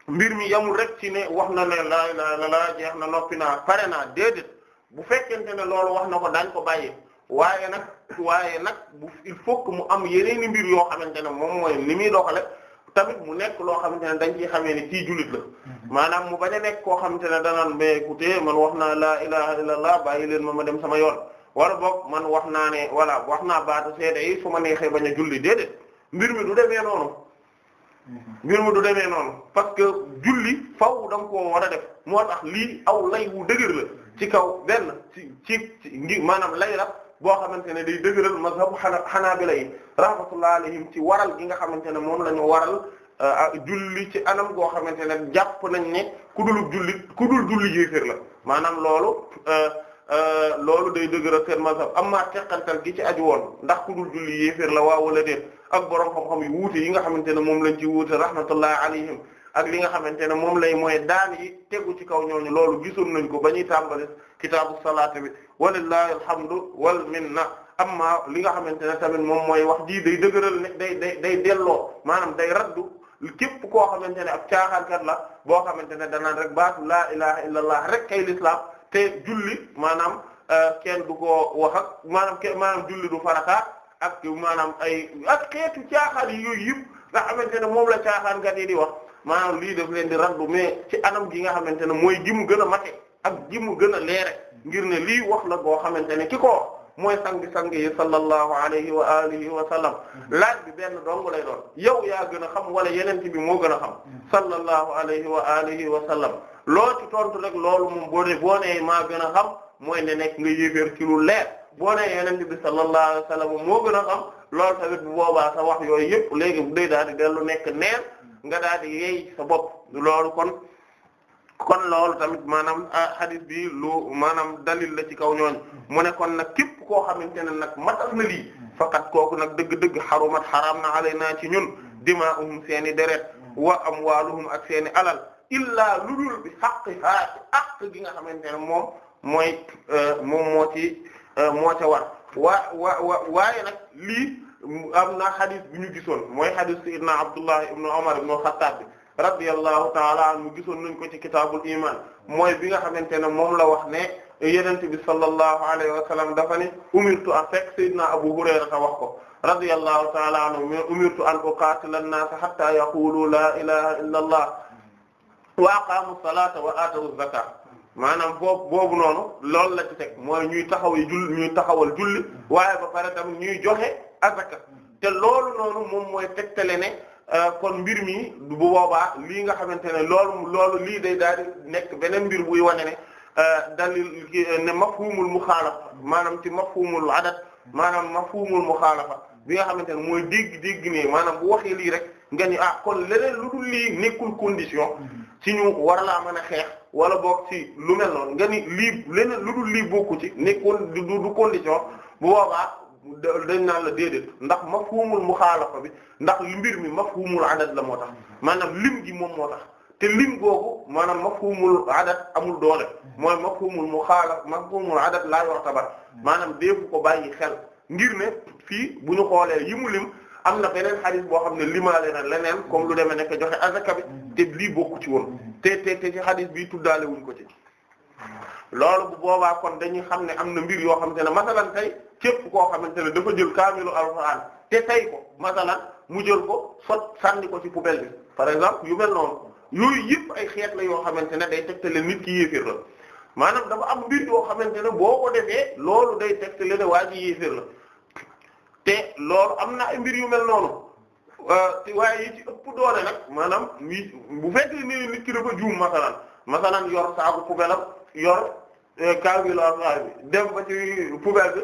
mbir mi yamul rek ci ne wax na ne laa ilaaha illallaah jeex na noppi naa pare naa déedéet bu fekkente ne loolu wax na ko daañ ko bàyyi waaye nag waaye nag bu il faut que mu am yeneeni mbir yoo xamante ne moom mooy li muy doxale tamit mu nekk loo xamante ne dañ xamee ni kii jullit la mhm. maanaam mu nekk koo xamante ne danaan mais écoutez man wax naa laa ilaaha illallaah bàyyi leen ma ma dem sama yoon wala boog man wax naa ne voilà wax naa baatu seede yi su ma neexee bañ a julli déedéet mbir mi du demee noonu mbir mu du demee noonu parce que julli faw da nga war a def moo tax lii aw lay wu dëgër la ci kaw benn ci ci ci maanaam lay la boo xamante ne day dëgëral mazhabu xanaabila yi rahmatullah alayhim ci waral gi nga xamante ne moom la ñu waral euh, julli ci anam goo xamante ne jàpp nañ ne ku dul julli ku dul julli yéeféer la maanaam loolu euh, euh, loolu day dëgëral seen mazhab amma teqantal gi ci aju woon ndax ku dul julli yéeféer la waaw wala déet ak borom xam-xam yu wuute yi nga xamante ne moom lañ ci wuute rahmatullahi alayhim ak li nga xamante ne moom lay mooy daan yi tegu ci kaw ñooñu loolu gisoon nañ ko ba ñuy tàmbali kitaabu salaat bi walillahi alhamdu wal minna amma li nga xamante ne tamit moom mooy wax ji day dëgëral ne day day day delloo maanaam day raddu képp koo xamante ne ab caaxaankat la boo xamante ne danaan rek baatu laa ilaha illallah rek kay lislaam te julli maanaam euh, kenn du ko wax maanaam kenn maanaam julli du farata ak maanaam ay ak xeetu caaxaan yooyu yëpp nga xamante ne moom la caaxaan kat yi di wax maanaam lii daf leen di raddu mais ci anam gi nga xamante ne mooy ji mu gën a mate ak ji mu gën a leere ngir ne lii wax la goo xamante ne ki ko mooy sang-sang yi sallallahu alayhi wa alihi wa sallam mm-hmm. laaj bi benn dong lay doon yow yaa gën a xam wala yeneen bi moo gën a xam mm-hmm. sallallahu alayhi wa alihi wa sallam loo ci tontu rek loolu moom boo ne boo nee maa gën a xam mooy ne nekk nga yéeféer leer boo nee yonent bi sallallahu alayhi wa sallam moo gën a xam loolu tamit bu boobaa sa wax yooyu yëpp léegi bu day daal di dellu nekk neen nga daal di yey sa bopp loolu kon kon loolu tamit maanaam ah, hadith bi lu maanaam dalil la ci kaw ñooñ mu ne kon nag képp koo xamante ne nag matal na lii faqat kooku nag dëgg-dëgg xarumat xaraam na naa ci ñun dimaa'uhum seeni deret wa amwaaluhum ak seeni alal illaa ludul bi xaqi haa ci àq gi nga xamante ne moom mooy euh, moom moo ci Euh, moo ca war waa wa waaye nag lii am na xadis bu ñu gisoon mooy xadis sayyidina Abdullah ibn Umar ibn Khattab bi radiyallahu ta'ala anhu gisoon nañ ko ci kitaabul iman mooy bi nga xamante ne moom la wax ne yenente bi sallallahu alayhi wa sallam dafa ne umirtu a fekk sayyidina Abu Hurayra ta wax ko radiyallahu ta'ala anhu mais umirtu an uqatila an-naasa hatta yaqulu la ilaha illa allah wa aqamu salata wa aatu zakat maanaam boobu boobu noonu loolu la ci teg mooy ñuy taxaw julli ñuy taxawal julli waaye ba pare tamit ñuy joxe azaka te loolu noonu moom mooy tegtale ne euh, kon mbir mi bu boobaa lii nga xamante ne loolu loolu lii day daal nekk beneen mbir buy wane ne euh, dalil euh, ne mafhumul muxaalafa maanaam ci mafhumul adat maanaam mafhumul muxaalafa bi nga xamante ne mooy dégg dégg ne maanaam bu waxee lii rek nga ni ah kon leneen lu dul lii nekkul condition ci ñu war laa mën a xeex wala boog ci lu mel noonu nga ni lii leneen lu dul lii bokku ci nekkoon du du condition bu boobaa dañ naan la déedéet ndax mu muxaalafa bi ndax mbir mi mafhumul adad la moo tax maanaam lim gi moom moo tax te lim googu maanaam mafhumul adad amul doole mooy mafhumul muxaalaf mafhumul adad laa yortabar maanaam deefu ko bàyyi xel ngir ne fii bu ñu xoolee yi mu lim am na beneen xadis boo xam ne limaale na leneen comme lu demee nekk joxe azaka bi te lii bokku ci woon te te te ci xadis bi tuddaale wuñ ko ci loolu bu boobaa kon dañuy xam ne am na mbir yoo xamante ne masalan tey képp koo xamante ne dafa jël kaamilu alxuraan te tay ko masalan mu jël ko sot sànni ko ci poubelle bi par exemple yu mel noonu yooyu yëpp ay xeet la yoo xamante ne day tegtale nit ki yéeféer la maanaam dafa am mbir yoo xamante ne boo ko defee loolu day tegtale ne waa ji yéeféer la te loolu am na ay mbir yu mel noonu Euh, waaye yi ci ëpp nag maanaam mi bu fekkee ni ki dafa juum masalan masalan yor saabu poubelle am yor kaawil euh, affaire dem ba ci poubelle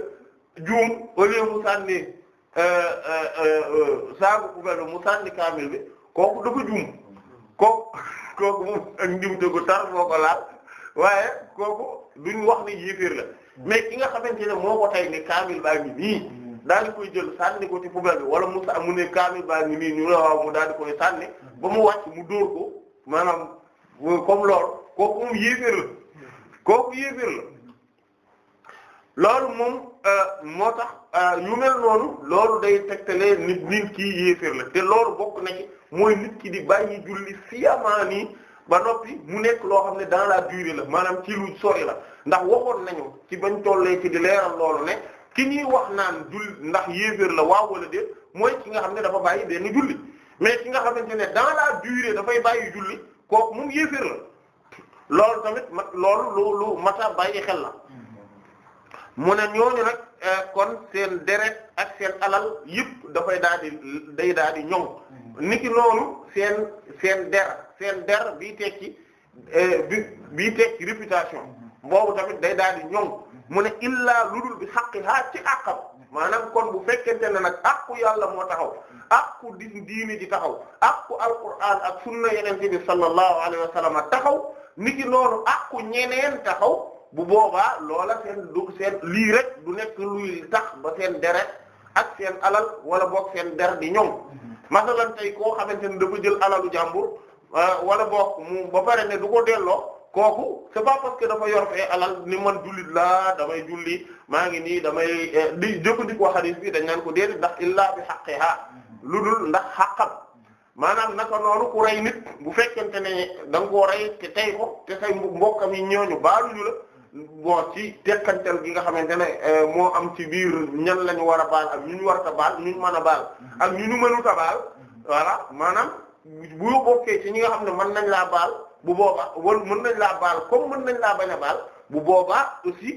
bi juum au mu sànni euh, saabu poubelle bi mu sànni kaamil bi kooku dafa juum kooku kooku moom ak ndimte gu tar moo ko laal waaye kooku duñ wax ni yéeféer la mm. mais ki nga xamante ne moo ko tey ne kaamil baa ngi nii daal di koy jël sànni ko ci poubelle bi wala mu sa mu ne kaamil baa ngi nii ñu la waaw mu daal di koy sànni ba mu wàcc mu dóor ko maanaam comme loolu kooku moom yéeféer la kooku yéeféer la loolu moom euh, moo tax ñu euh, mel noonu loolu day tegtalee nit nit ki yéeféer la te loolu bokk na ci mooy nit ki di bàyyi julli siyamaa nii ba noppi mu nekk loo xam ne dans la durée la maanaam ci lu sori la ndax waxoon nañu ci bañ tollee ci di leeral loolu ne ki ñuy wax naan julli ndax yéeféer la waaw wala déet mooy ki nga xam ne dafa bàyyi benn julli mais ki nga xamante ne dans la durée dafay bàyyi julli kooku moom yéeféer la loolu tamit ma loolu lu lu bàyyi xel la mu ne ñooñu nag euh, kon seen deret ak seen alal yëpp dafay daal di day daal di ñoŋ mm-hmm. niki loolu seen seen der seen der bii tekki euh, bi bii tekki réputation mm-hmm. boobu tamit day daal di ñoŋ mu ne illaa dul bi haqqihaa ci àqam maanaam kon bu fekkente ne nag àqu yàlla moo taxaw àqu diini ji taxaw àqu alquraan ak sunna yeneen bi sallallahu alayhi wa sallam taxaw niki noonu àqu ñeneen taxaw bu boobaa loola seen du seen lii rek du nekk luy tax ba seen deret ak seen alal wala book seen der di ñoom masalan tey ko xamante ne dafa jël alalu jàmbur ah, wala boog mu ba pare ne du ko delloo kooku c'est pas parce dafa yor fee alal ni man jullit laa damay julli maa ngi nii damay eh, di jëfandikoo xadiis bi dañ naan ko déedéet ndax illaa bi xaqeha lu dul ndax xaqam maanaam naka noonu ku rey nit bu fekkente ne da nga koo rey te tey ko te say mbokkam yi ñooñu baaluñu la bon ci tekkantel gi nga xamante ne eh, moo am ci biir ñan lañu war a baal ak ñu ñu war a baal ñu mën a baal ak ñu ñu mënut a baal voilà maanaam bu bokkee ci ñi nga xam ne mën nañ laa baal. bu booba wal mën nañ laa baal comme mën nañ laa bañ baal bu boobaa aussi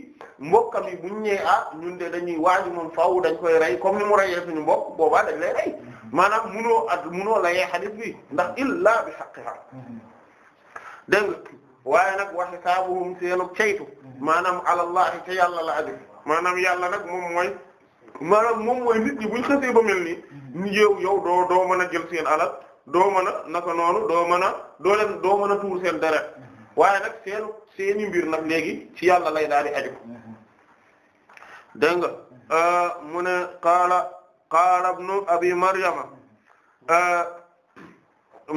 mbokkam yi buñ ñëwee ah ñun de dañuy waaju moom faw dañ koy rey comme ni mu reyee suñu mbokk boobaa dañ lay rey mm-hmm. maanaam munoo at munoo layee xadis bi ndax illaa bi haqqiha mm-hmm. dégg nga waaye nag wa saabu seenu ceytu mm-hmm. maanaam alallahi te yàlla la aju maanaam yàlla nag moom mooy maanam moom mooy nit ñi buñ xasee ba mel nii yow yow doo doo mën a jël seen alal doo mën a naka noonu doo mën a doo leen doo mën a tuur seen deret mm-hmm. waaye nag seeni mbir nag léegi ci yàlla lay daal di aju mm-hmm. dégg nga euh, mu ne qaala qaala ibnu abi maryama mm-hmm. euh,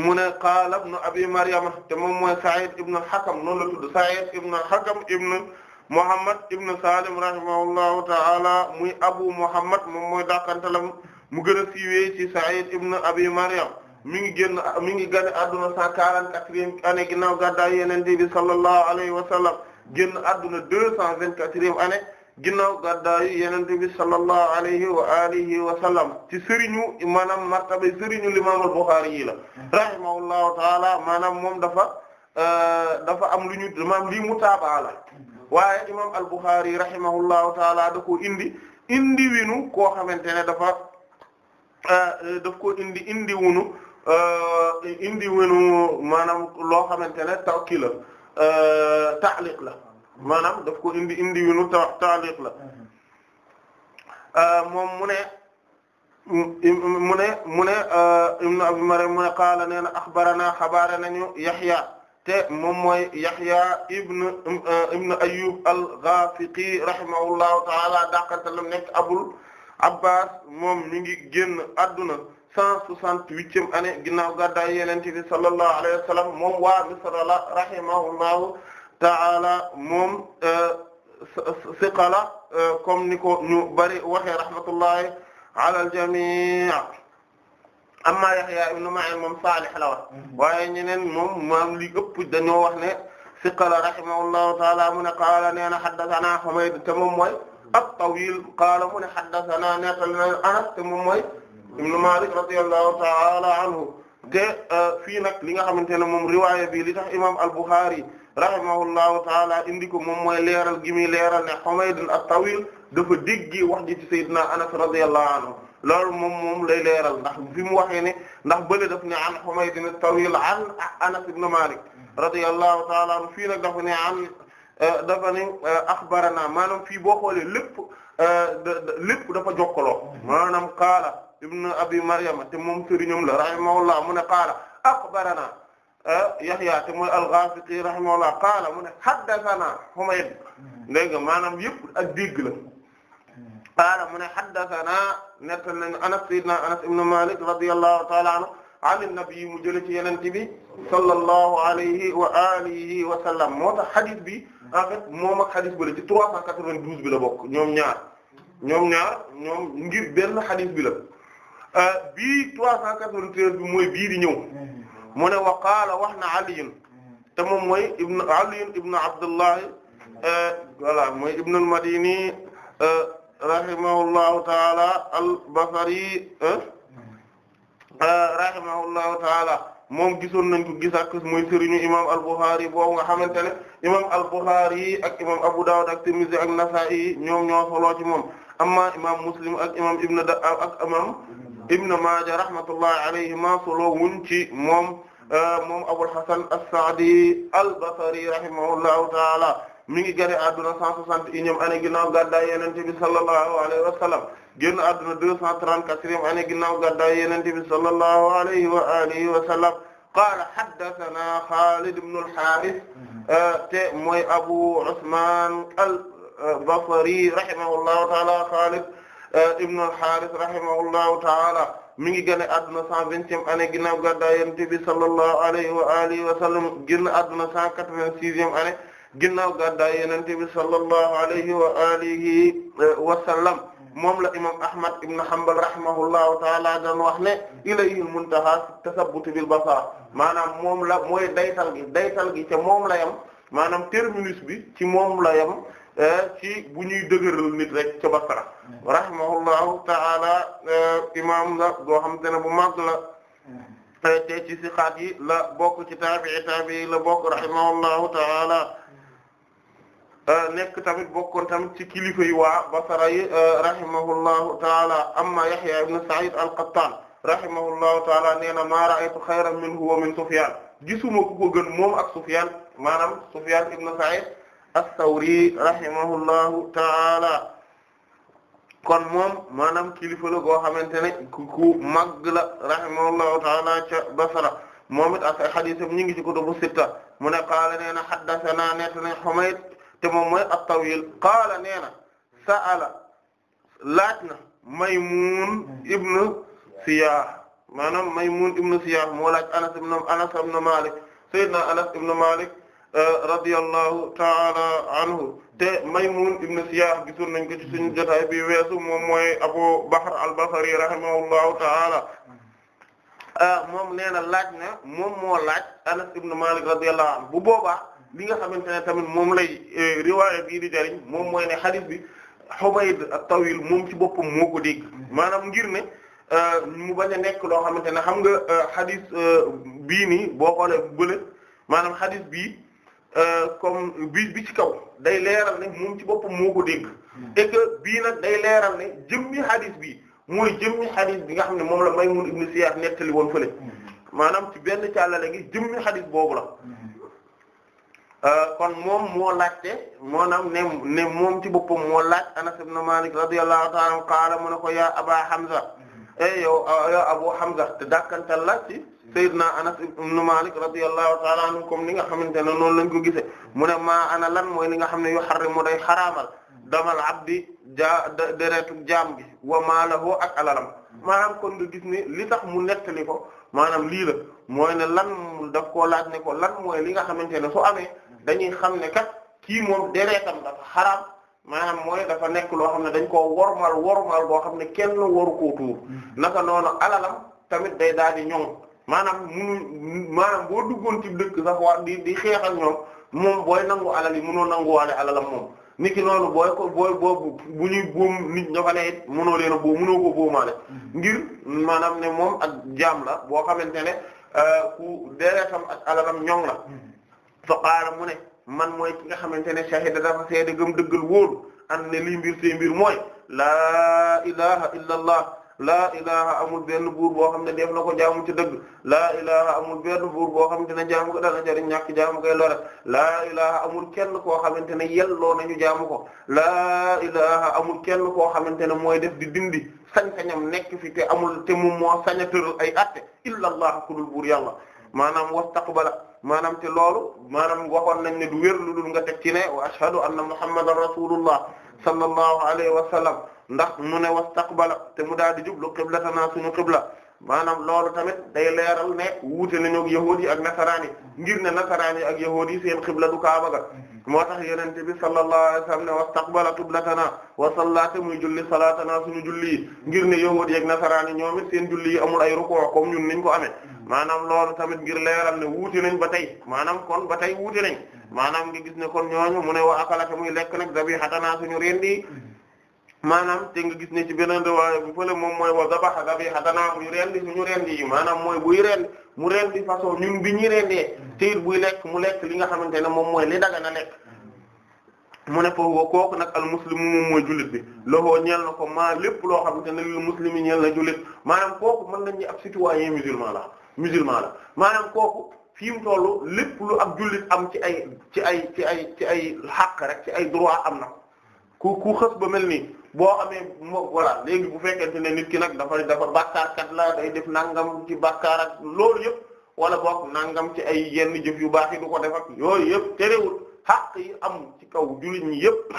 mu ne qaala ibnu abi maryama te moom mooy sa'id ibnu hakam noonu la tudd sa'id ibnu hakam ibnu muhammad ibnu salim rahimahullahu ta'ala muy abu muhammad moom mooy dakantalam mu gën a siiwee ci sa'id ibnu abi maryama mi ngi génn mi ngi gane adduna cent quarante-quatrième année ginnaaw gàddaay Yonent bi sallallahu alayhi wa sallam génn adduna deux cent vingt-quatrième année ginnaaw gàddaay Yonent bi sallallahu alayhi wa alihi wa sallam ci sëriñu maanaam martaba sëriñu Imam al-Bukhari yi la rahimahullahu taala maanaam moom dafa euh, dafa am lu ñu maanaam lii mutaabaa la waaye Imam al-Bukhari rahimahullahu taala da ko indi indi winu koo xamante ne dafa euh, daf ko indi indi wunu Euh, indi wenu maanaam loo xamante ne taw kii la euh, taaliq la maanaam daf ko indi indi wenu ta taaliq la euh, moom mu ne mu ne mu ne ibnu abi maryam mu ne qaala nee na axbarana xabaara nañu yaxya te moom mooy yaxya ibn ibn ayub al-ghafiqi rahimahullahu taala daqartalam nekk abul abbas moom mi ngi génn adduna cent soixante-huitième année ginnaaw gàddaay Yonent bi sallallahu alayhi wa sallam moom waa Misra la rahimahullahu ta'ala moom euh, siqala euh, comme ni ko ñu bari waxee rahmatullahi ala al-jami' amma Yahya ibn Ma'in moom Salih la wax waaye ñeneen moom maam li ëpp dañoo wax ne siqala rahimahullahu ta'ala mu ne qaala nee na haddathana Humayd te moom mooy at-Tawil qaala mu ne haddathana nettali na Anas te moom mooy ibnu Malik radiyallahu ta'ala anhu te eh, fii nag li nga xamante ne moom riwaaya bi li tax imam al-Bukhari rahimahullahu ta'ala indi ko moom mooy leeral gi muy leeral ne Humayd at-Tawil dafa diggi wax ji ci Seydina Anas radiyallahu anhu loolu moom moom lay leeral ndax fi mu waxee ne ndax bële daf ne an Humayd at-Tawil an Anas ibn Malik radiyallahu ta'ala anhu fii nag dafa ne an eh, dafa ne eh, axbarana maanaam fii boo xoolee lépp lépp dafa jokkaloo maanaam kaala ibn abi maryama te moom sëriñam la rahimahullah mu ne qaala axbarana ah, yahya te mooy al-Ghafiqi rahimahullah qaala mu ne haddathana Humayd dégg nga maanaam yëpp ak dégg la qaala mu ne haddathana nettal nañu anas sayyidina anas ibn malik radiyallahu ta'ala anhu an an-nabi mu jële ci yonent bi sallallahu alayhi wa alihi wa sallam moo tax xadis bi en fait moom ak xadis bi la ci 392 bi la bokk ñoom ñaar ñoom ñaar ñoom ngir benn xadis bi la Euh, bii 393 bi mooy bii di ñëw mm-hmm. mu wa qaala wax na Ali mm-hmm. te moom mooy ibn Ali ibn Abdullah mm-hmm. euh, voilà mooy ibn al-Madini euh, rahimahullahu taala al-Basri rahimahullahu taala moom gisoon nañ ko gisaat ko mooy sëriñu imam al-Bukhari boobu nga xamante ne imam al-Bukhari ak imam Abu Dawud ak Tirmidhi ak Nasa'i ñoom ñoo solo moom amma imam Muslim ak imam ibn ak imam ibn Maaja rahmatullahi alayhima solo wuñ ci moom euh, moom Abul Hasan as-Sa'di al-Basri rahimahullahu taala mi ngi gane adduna 161 ane ginnaaw gàddaay Yonent bi sallallahu alayhi wa sallam génn adduna 234 ane ginnaaw gàddaay Yonent bi sallallahu alayhi wa alihi wa sallam qaala haddathana Xaalid ibn al-Haarith euh, te mooy Abu Usmaan al-Basri rahimahullahu taala Xaalid Euh, ibn al-Harith rahimahullahu ta'ala mi ngi génn adduna cent vingtième année ginnaaw gàddaay Yonent bi sallallahu alayhi wa alihi wa sallam génn adduna cent quatre-vingt-sixième année ginnaaw gàddaay Yonent bi sallallahu alayhi wa alihi euh, wa sallam moom la imam Ahmad ibn Hanbal rahimahullahu ta'ala daan wax ne ilayhi al-muntaha tasabbut bil basar maanaam moom la mooy daytal gi daytal gi te moom la yam maanaam terminus bi ci moom la yam Euh, ci bu ñuy dëgëral nit rek ca Basra rahimahullahu ta'ala euh, imam la boo xam te bu mag la te ci siqaat yi la bokk ci taabi'i taabi'i euh, nekk tamit bokkoon tamit ci kilifa yi waa Basra yi rahimahullahu ta'ala amma ibn Sa'id al-Qattan rahimahullahu ta'ala nee na ma ra'aytu xayran minhu wa min Sufyan gisuma ku ko gën moom ak Sufyan maanaam Sufyan ibn Sa'id as-Sawri rahimahullahu taala kon moom maanaam kilifa la goo xamante ne ku màgg la rahimahullahu taala ca Basra moom it ak ay hadiisam ñu ngi ci kutubu sitta mu ne qaala nee na haddasanaa net na Humayd te moom mooy at-Tawiil qaala nee na sa'ala laaj na Maymuun ibn Siyaah maanaam Maymuun ibn Siyaah moo laaj Anas ibn Anas ibn Maalik sayyidina Anas ibn Maalik radiyallahu ta'ala anhu te Maymun ibn Siyah gisoon nañ ko ci suñu jotaay bi weesu moom mooy Abu Bakr al-Basri rahimahullahu ta'ala ah, moom nee laaj na moom moo laaj Anas ibn Malik radiyallahu anhu bu boobaa li nga xamante ne tamit moom lay eh, riwaaya bii di jariñ moom mooy ne hadith bi Humayd at-Tawil moom ci boppam moo ko maanaam ngir ne eh, mu bañ a nekk loo xamante ne xam nga hadith eh, bii nii boo xoolee bu bële maanaam hadith bii Euh, comme bi bi ci kaw day leeral ne moom ci boppam moo ko dégg hmm. et que bii nag day leeral ne jëmmi hadith bi mooy jëmmi hadith bi nga xam ne moom la Maymun ibn Siyaar nettali woon fële hmm. maanaam ci benn càllale gi jëmmi hadith boobu la hmm. euh, kon moom moo laajte maanaam ne moom ci boppam moo laaj Anas ibn Malik radiyallahu ta'ala anhu qaala mu ne ko yaa Aba Hamza eh yow yow Abu Hamza te dàkkantal la ci Seydina Anas ibn Malik radiyallahu ta'ala anhu comme ni nga xamante ne noonu lañ ko gisee mu ne maa ana mooy li xam ne yu xarrimu day xaraamal damal abdi ja deretu jaam gi wa maalahu ak alalam maanaam kon nga gis ni li tax mu nettali ko maanaam lii la mooy ne lan daf koo laaj ne ko lan mooy li nga xamante ne su amee dañuy xam ne kat kii moom deretam dafa xaraam maanaam mooy dafa nekk loo xam ne dañ koo wormal wormal boo xam ne kenn waru koo tuur mm-hmm. naka noonu alalam tamit day daal di ñoŋ. maanaam munu maanaam boo duggoon ci dëkk sax waa di di xeex ak ñoom moom booy nangu alal yi munoo nanguwaale alalam moom niki noonu booy ko booy boo bu ñuy boom nit ña fa ne it munoo leen a boo munoo ko boomaale mm-hmm. ngir maanaam ne moom ak jaam la boo xamante ne euh, ku deretam ak alalam ñoŋ la mm-hmm. fa qaala mu ne man mooy ki nga xamante ne shahida dafa seede gëm dëggal wóolu and ne lii mbir mbir mooy laa ilaha illa laa ilaha amul benn buur boo xam ne def na ko jaamu ci dëgg laa ilaha amul benn buur boo xamante ne jaamu ko dana jariñ ñàkk jaamu koy lore laa ilaha amul kenn koo xamante ne yelloo nañu jaamu ko laa ilaha amul kenn koo xamante ne mooy def di dindi sañ-sañam nekk fi te amul te moom moo sañ a tëral ay atte illa allah ku dul buur yàlla maanaam wastaqbala maanaam te loolu maanaam waxoon nañ ne du wér lu dul nga teg ci ne wa ashhadu anna muhammadan rasulullah sallallahu alayhi wa sallam ndax mu ne wastaqbala te mu daal di jublu qiblatanaa suñu qibla maanaam loolu tamit day leeral ne wuute nañu ak yahuud nasaraan yi ngir ne nasaraan yi ak yahuud yi seen qibla du kaaba ga moo tax yonent bi sallallahu alayhi wasallam ne wastaqbala qiblatanaa wa sallata muy julli salatanaa suñu julli ngir ne yahuud yi nasaraan yi ñoom it seen yi amul ay rukuu comme ñun niñ ko amee maanaam loolu tamit ngir leeral ne wuute nañ ba tey maanaam kon ba tey wuute nañ maanaam nga gis ne kon ñooñu mu ne wa akalata muy lekk nag dabi xatanaa suñu rendi maanaam te nga gis ne ci beneen riwaaya bu fële moom mooy wa zabaxa zabiha danaa mu rendi ñu rendi yi maanaam mooy buy rendi mu reen bi façon ñun bi ñuy rendee te it buy lekk mu lekk li nga xamante ne moom mooy li daga na lekk mu ne foofu kooku nag al muslimu moom mooy bi loxoo ñeel na ko ma lépp loo xam xamante ne lil muslimi ñeel na jullit maanaam kooku mën nañ ñi ab citoyen musulman la musulman la maanaam kooku fi mu toll lépp lu ab jullit am ci ay ci ay ci ay ci ay xàq rek ci ay droit am na ku ku xës ba mel nii boo amee moo léegi bu fekkente ne nit ki nag dafa bakkaar bàkkaarkat laa day def nangam ci bàkkaar ak loolu yëpp wala bokk nangam ci ay yenn jëf yu baax yi ko def yooyu yëpp terewul xaq yi am ci kaw jullit ñi yëpp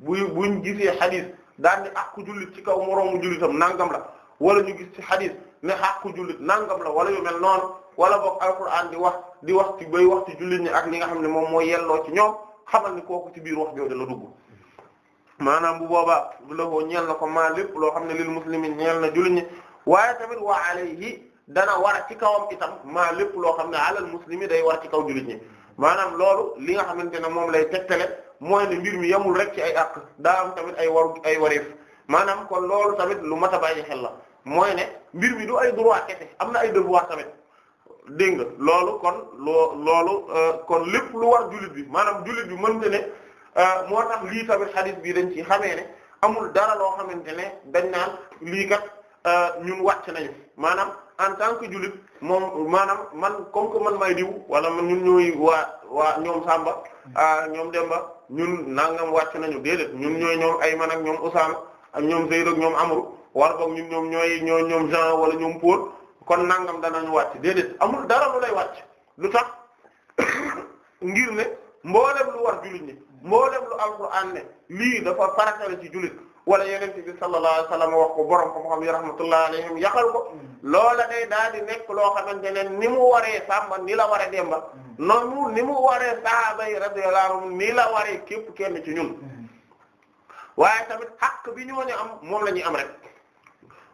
bu buñ gisee xadis daan ni àqu jullit ci kaw moroomu jullitam nangam la wala ñu gis ci xadis ne àqu jullit nangam la wala yu mel noonu wala boog alquran di wax di wax ci bay wax ci jullit ñi ak li nga xam ne moom mooy yelloo ci ñoom xamal ni kooku ci biir wax jooju la dugg maanaam bu boobaa lahu ñeel na ko maa lépp loo xam ne lil muslimin ñeel na jullit ñi waaye tamit wa alayhi dana war ci kawam itam maa lépp loo xam ne alal muslimi day war ci kaw jullit ñi maanaam loolu li nga xamante ne moom lay tegtale mooy ne mbir mi yemul rek ci ay àq daa am tamit ay waru ay wareef maanaam kon loolu tamit lu mat a bàyyi xel la mooy mbir mi du ay droit am na ay devoir tamit dégg nga loolu kon loo loolu euh, kon lépp lu war jullit bi maanaam jullit bi mënte ne Euh, moo tax lii tamit xadis bii dañ ci xamee ne amul dara loo xamante ne dañ naan lii kat euh, ñun wàcc nañu maanaam en tant que jullit moom maanaam man comme que man may diw wala man ñun ñooy waa waa ñoom Samba euh, ñoom Demba ñun nangam wàcc nañu déedéet ñun ñooy ñoom Ayman ak ñoom Usaama ak ñoom Zayd ak ñoom Amru wala boog ñun ñoom ñooy ñoo ñoom Jean wala ñoom Paul kon nangam danañu wàcc déedéet amul dara lu lay wàcc lu tax ngir ne mboolem lu war jullit mboolem lu alquran ne lii dafa farata la ci jullit wala yeneen bi sallallahu alayhi wa sallam wax ko borom ko xam yi rahmatullahi alayhim yaxal ko mm. loola day daal di nekk loo xamante ne ni mu waree sàmba ni la waree demba mm. noonu ni mu waree sahaaba yi ni la waree képp kenn ci ñun mm. waaye tamit bi ñu wone am moom la ñuy am rek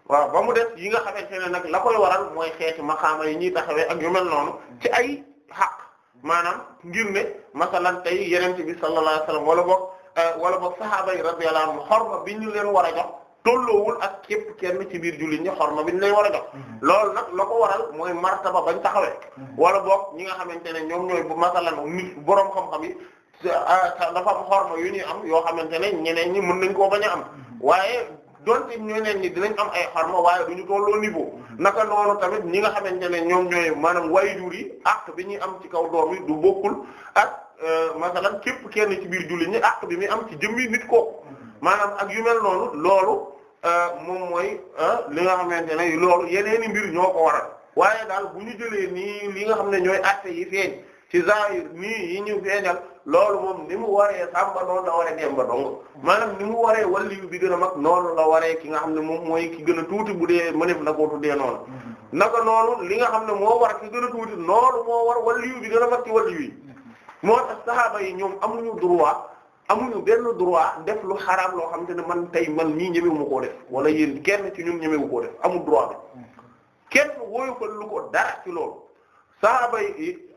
waaw ba mu des yi nga xamante ne nag la koy waral mooy xeeti maqaama yi ñuy taxawee ak yu mel noonu ci ay xaq maanaam ngir ne masalan tey yenente bi sallallahu alayhi wasallam wala boog euh, wala boog sahaaba yi radiyallahu xor ma bi ñu leen war a jox tolloowul ak képp kenn ci biir jullit ñi xorma bi ñu leen war a jox mm-hmm. lool nag la ko waral mooy martaba bañ taxawee mm-hmm. wala boog ñi nga xamante ne ñoom ñooy bu masalan nit boroom xam-xam yi euh, dafa am xorma yu ñuy am yoo xamante ne ñeneen ñi mën nañ koo bañ a am mm-hmm. waaye ñoo ñeneen ñi dinañ am ay xarma waaye du ñu tolloo boo naka noonu tamit ñi nga xamante ne ñoom ñooy maanaam waajur yi àq bi ñuy am ci kaw doom du bokkul ak euh, masalan képp kenn ci biir jullit ñi àq bi muy am ci jëmmi nit ko maanaam ak yu noonu loolu euh, moom mooy euh, li nga xamante ne loolu yeneeni mbir ñoo ko waral waaye daal bu ñu jëlee nii li nga xam ne ñooy àtte yi ci zaahir nii yi ñu feeñal. loolu moom ni mu waree sàmba noonu la waree demba dong maanaam ni mu waree waliyu bi gën a mag noonu la waree ki nga xam ne moom mooy ki gën a tuuti bu dee mëneef na koo tuddee noonu mhm. naka noonu li nga xam ne moo war ki gën a tuuti noonu moo war waliyu bi gën a mag ci waliyu yi mhm. moo tax saxaaba yi ñoom amuñu droit amuñu benn droit def lu xaraam loo xam te ne man tey man ñii ñemewu ma koo def wala yéen kenn ci ñun ñemewu koo def amul droit kenn wóoyofal lu ko dara ci loolu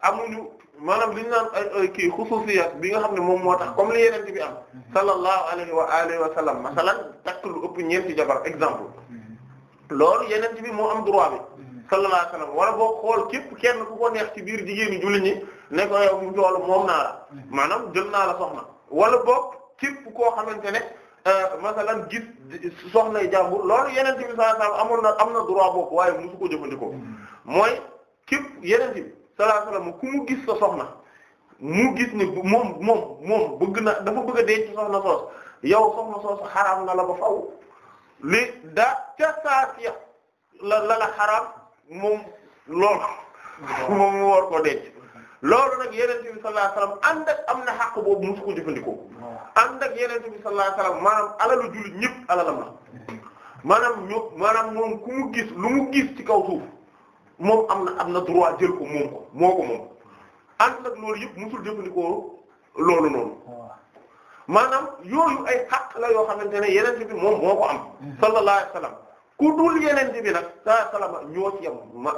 amuñu maanaam li ñu naan kii xususiyaat bi nga xam ne moom moo tax comme li yeneen bi am mm-hmm. sallallahu alayhi wa alihi wa sallam masalan takk lu ëpp ñeenti jabar exemple mm-hmm. loolu yeneen bi moo am droit bi mm-hmm. sallallahu alayhi wa sallam wala boo xool képp kenn ku ko neex ci biir jigéenu ñi ne ko yow mu moom naa la maanaam jël naa la soxna wala boog képp koo xamante ne euh, masalan gis soxnay jàmbur loolu yeneen bi sallallahu alayhi wa sallam amoon na am na droit boobu waaye musu ko jëfandikoo mooy képp yeneen bi sallallahu alayhi wasallam ku mu gis sa soxna mu gis ni moom moom moom bëgg na dafa bëgg a denc soxna soos yow soxna soos xaraam na la ba faw li da ca saasiya la la la xaraam moom lool moom mu war ko denc loolu nag yeneen bi sallallahu alayhi wasallam ànd ak alalu jullit ñëpp alalam la maanaam ñu maanaam moom ku mu gis lu mu gis ci kaw suuf moom am na am na droit jël ko moom ko moo moom ànd nag loolu yëpp musul jëfandikoo loolu noonu maanaam yooyu ay xaq la yoo xamante ne yeneen bi moom moo ko am mhm. sallallahu alayhi wasallam ku dul yeneen bi nag sallallahu alayhi wasallam ñoo ci am ma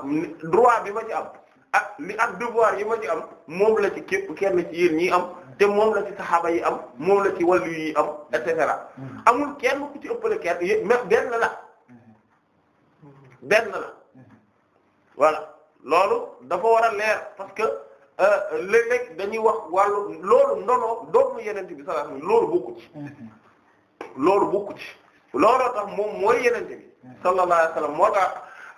droit bi ma ci am ak li ak devoir yi ma ci am moom la ci képp kenn ci yéen ñi am te moom la ci saxaaba yi am moom la ci wàllu yi am et cetera mhm. amul kenn ku ci ëppale kenn mais benn la mhm. benn la voilà loolu dafa war a leer parce que euh, léeg dañuy wax wàllu loolu ndono doomu yeneen bi sallallahu alayhi wasallam loolu bokku mm-hmm. loolu bokku moom mooy yeneen bi mm-hmm. wasallam moo tax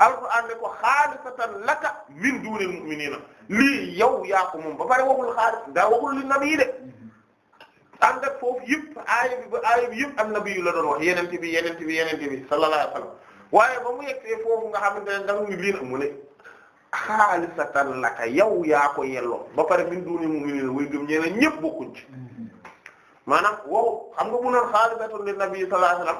alquran ne ko xaalisatan laka min duunil mu'minina lii yow yaa ko moom ba pare waxul xaalis daa waxul li nabi de mm-hmm. ànd ak foofu bi ba aaya bi yëpp am nabi yu la doon wax yeneen bi yeneen bi yeneen bi sallallahu alayhi wasallam waaye ba mu yegsee foofu nga xamante ne da nga mu ne a xaalisatan laka yow yaa ko yelloo ba pare min duuni mu'minin way gëm ñeneen ñëpp bokkuñ ci maanaam wow xam nga bu a xaalisatan li nabi sallallahu alayhi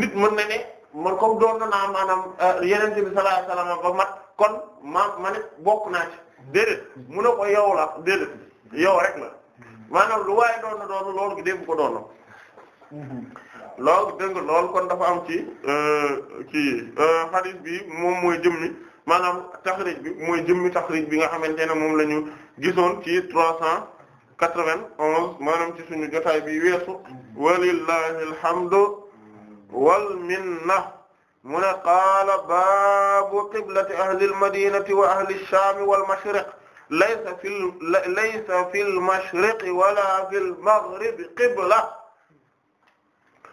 nit mën na ne man ko doon naa maanaam euh, yeneen bi sallallahu alayhi wasallam ba mat kon ma ma ne bokk naa ci déedéet mu ne ko yow la déedéet yow rek la maanaam lu waaye doon na doon loolu gi bu ko doon na loolu dégg loolu kon dafa am ci ci euh, euh, hadith bi moom mooy jëmmi maanaam taxrij bi mooy jëmmi taxrij bi nga xamante ne moom la ñu gisoon ci trois cent quatre-vingt-onze maanaam ci suñu jotaay bi weesu walillahi alhamdu wal minna mu ne qaala baabu qiblati ahli almadinati wa ahli alshaami walmashriq laysa fi laysa fi almashriqi wala fi almaghribi qibla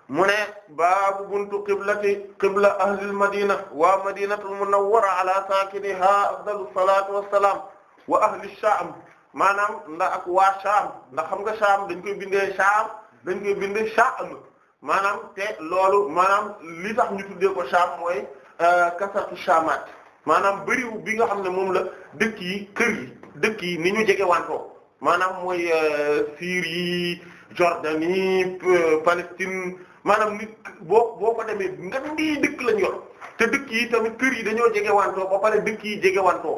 mu ne baabu buntu qiblati qibla ahlil madina waa madinatul munawwara ala saakiniha afdalu salaatu wassalaam wa ahli shaam maanaam ndax ak waa shaam ndax xam nga shaam dañ koy bindee shaam dañ koy bindee shaam maanaam te loolu maanaam li tax ñu tuddee ko shaam mooy euh, kasatu shaamaat maanaam bëriw bi nga xam ne moom la dëkk yi kër yi dëkk yi ni ñu jege wantoo maanaam mooy euh, Syrie Jordanie Palestine maanaam nit boo boo ko demee ngandi dëkk lañ yoon te dëkk yi tamit kër yi dañoo jegewantoo ba pare dëkk yi jegewantoo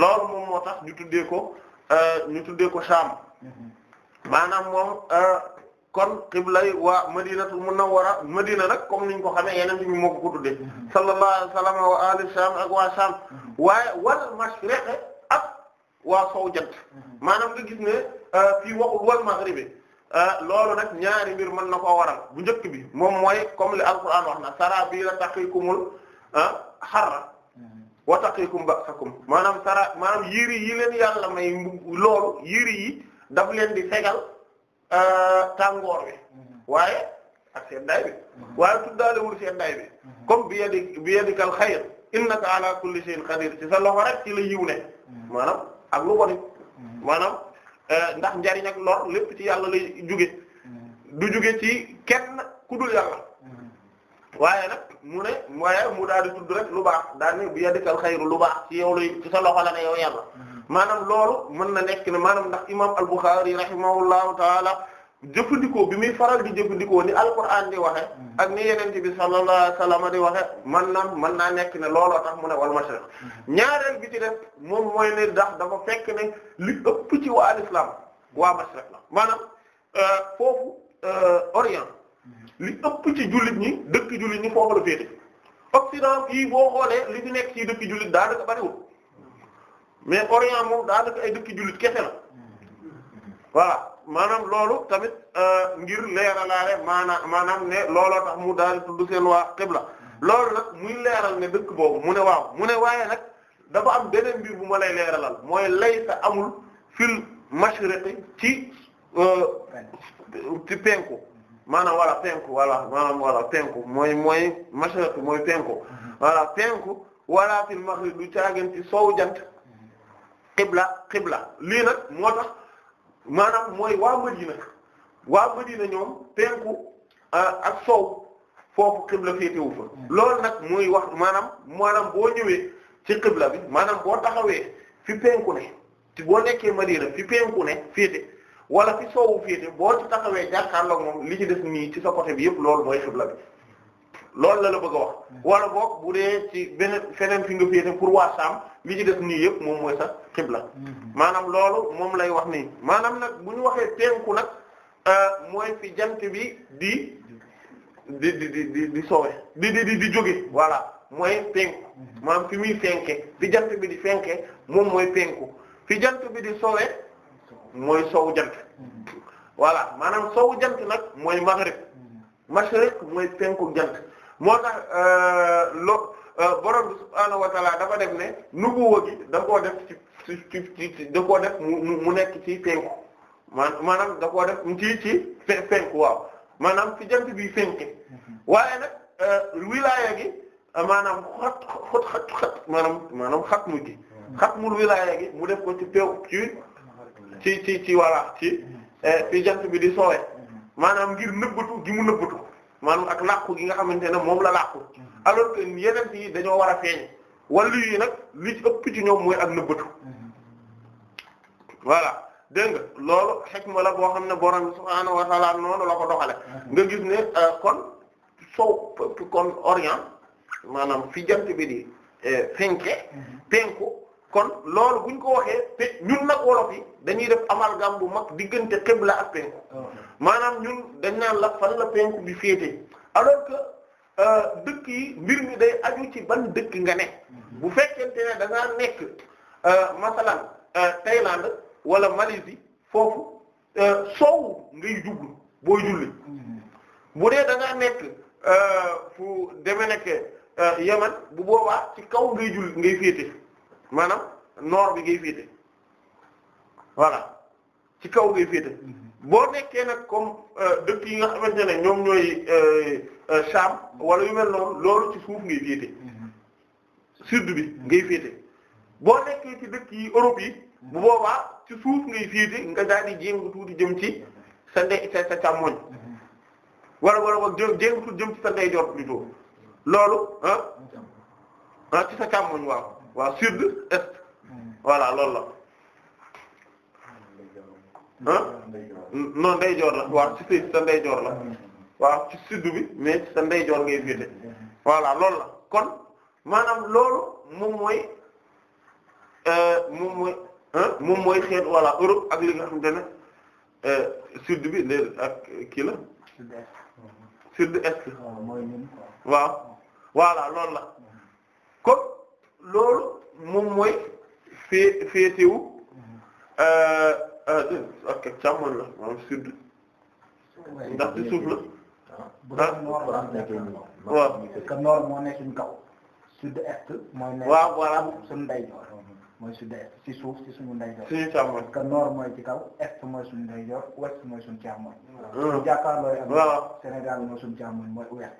loolu moom moo tax ñu tuddee ko euh, ñu tuddee ko Sham maanaam moom euh, kon qiblay waa Madinatul Munawwara Madina rek comme niñ ko xamee yeneen ñu moo ko tuddee sallallahu alayhi a sallam wa ak waa Sham waaye wal mashriq ak waa sow jant maanaam nga gis ne euh, fii waxul wal maghrib Ah, loolu nag ñaari mbir mën na koo waral bu njëkk bi moom mooy comme li alquran wax na sarabila taqikumul ah, harra wa taqikum ba'sakum maanaam sara maanaam yiri yi leen yàlla may loolu yiri yi daf leen di fegal ah, tàngoor bi mhm. waaye ak seddaay bi mhm. waaye tuddaalewul seddaay bi mhm. comme bi yadi bi yadikal xayr innaka ala kulli shay'in qadir ci sa rek ci la yiw ne maanaam ak lu ko nit Eh, ndax njariñ ak lépp ci yàlla lay jóge mm-hmm. du jóge ci kenn ku dul yàlla mm-hmm. waaye nag mu ne waaye mu daal di tudd rek lu baax daal ne bi yadikal xayru lu baax ci yow sa loxo la ne yow yàlla mm-hmm. maanaam loolu mën na nekk ne maanaam ndax imam al-Bukhari rahimahullahu taala jëfandikoo bi muy faral di jëfandikoo ni alquran di waxe ak ni yenente bi sallallahu alayhi di waxe man na man naa nekk ne looloo tax mu ne wal mashriq ñaareel bi ci def moom mooy ne ndax dafa fekk ne li ëpp ci waa l'islam waa mashriq la maanaam euh, foofu euh, orient li ëpp ci jullit ñi dëkk jullit ñi foofu la féete occident fii boo xoolee li fi nekk ci dëkk jullit daanaka bariwul mais orient moom daanaka ay dëkk jullit kese la voilà maanaam loolu tamit euh, ngir leeralaale maana maanaam ne looloo tax mu daal tudd seen waa xibla loolu nag muy leeral ne dëkk boobu mu ne waaw mu ne waaye nag dafa am beneen mbir bu ma lay leeralal mooy laysa amul fil mashriqi ci euh, ci penku maanaam wala penku wala maanaam wala penku mooy mooy mashriqi mooy penku wala penku wala fil maghrib du ci sow jant xibla xibla lii nag moo tax maanaam mooy waa Madina waa Madina ñoom penku euh, ak sow foofu xibla féetewu fa lool nag mooy wax maanaam maanaam boo ñëwee ci xibla bi maanaam boo taxawee fi penku ne ci boo nekkee Madina fi penku ne féete walla fi soowu féete boo ci taxawee jàkkaarloog moom li ci des nii ci sa côté bi yëpp loolu mooy xibla bi loolu la la bëgg a wax hmm. wala boog bu dee ci beneen feneen fi nga féete pour waa Saam li ci des nii yëpp moom mooy sax xibla mm-hmm. maanaam loolu moom lay wax nii maanaam nag bu ñu waxee penku nag euh, mooy fi jant bi di di di di di di sowe di voilà mooy penku mm-hmm. maanaam fi muy fenke fi jant bi di fenke moom mooy penku fi jant bi di sow jant mm-hmm. maanaam sow jant nag mooy maghrib mashriq mooy penku jant moo tax euh, lo euh, borom bi subhaanahu wa dafa def ne nubuwa gi da def ci ci da koo def mu nekk ci penku maanaam da koo def ci ci penku waaw maanaam ci jant bi fenke mhm. waaye nag euh, wilaaya gi euh, maanaam xat xat xat xat mu gi mhm. xat gi mu def ko ci penku ci ci ci ci walla ci ci mhm. euh, jant bi di sowe maanaam ngir nëbbatu gi mu nëbbatu maanaam ak làqu gi nga xamante ne moom la làqu alors que yeneen yi dañoo war a feeñ wàllu yi nag lu ëpp ci ñoom mooy ak nëbbatu voilà dégg nga loolu xikma la boo xam ne borom subhaanahu wa ta'ala noonu la ko doxale nga gis ne euh, kon sow kon orient maanaam fi jant bi di euh, fenke penku kon loolu guñ ko waxee te ñun nag wolof yi dañuy def amalgame bu mag diggante xibla ak penku oh. maanaam ñun dañ naan la fan la penku bi féete Euh, dëkk yi mbir mi day aju ci ban dëkk nga ne bu fekkente ne da ngaa nekk euh, masalan euh, Thaïlande wala Malaisie foofu soowu ngay jublu booy julli bu dee da ngaa nekk fu deme nekk Yaman bu boobaa ci kaw ngay julli ngay féete maanaam noor bi ngay féete voilà ci kaw ngay féete boo nekkee nag comme euh, dëkk yi nga xamante ne ñoom ñooy Sham euh, euh, wala yu mel noonu loolu ci suuf ngay féete mm-hmm. sud bi ngay féete boo nekkee ci dëkk yi Europe yi bu boobaa ci suuf ngay féete nga daal di jéngu tuuti jëm ci sa ndey sa sa càmmoñ mm-hmm. wala wala wala jëm ci sa ndey loolu ah, mm-hmm. ah, ci sa càmmoñ waaw waaw sud est voilà loolu la ah non ndeyjoor la waaw ci si sa ndeyjoor la waaw ci siddu bi mais ci sa ndeyjoor ngay féete voilà loolu la kon maanaam loolu moom mooy euh, moom mooy moom mooy xeet voilà Europe ak li nga xamante euh, sud bi léegi ak kii sud est waaw voilà loolu la kon loolu moom mooy fee féetewu euh, ak ah, càmmoñ la maanaam sud ndax ci suuf la ah waaw que nord moo nekk suñ kaw sud est mooy nekk waaw voilà suñu ndeyjoor mooy sud est ci suuf ci suñu ndeyjoor suñu càmmoñ que nord mooy ci kaw est mooy suñu ndeyjoor ouest mooy suñu càmmoñ ah. su jàkkaarloo am waaw Sénégal mooy suñu càmmoñ mooy ouest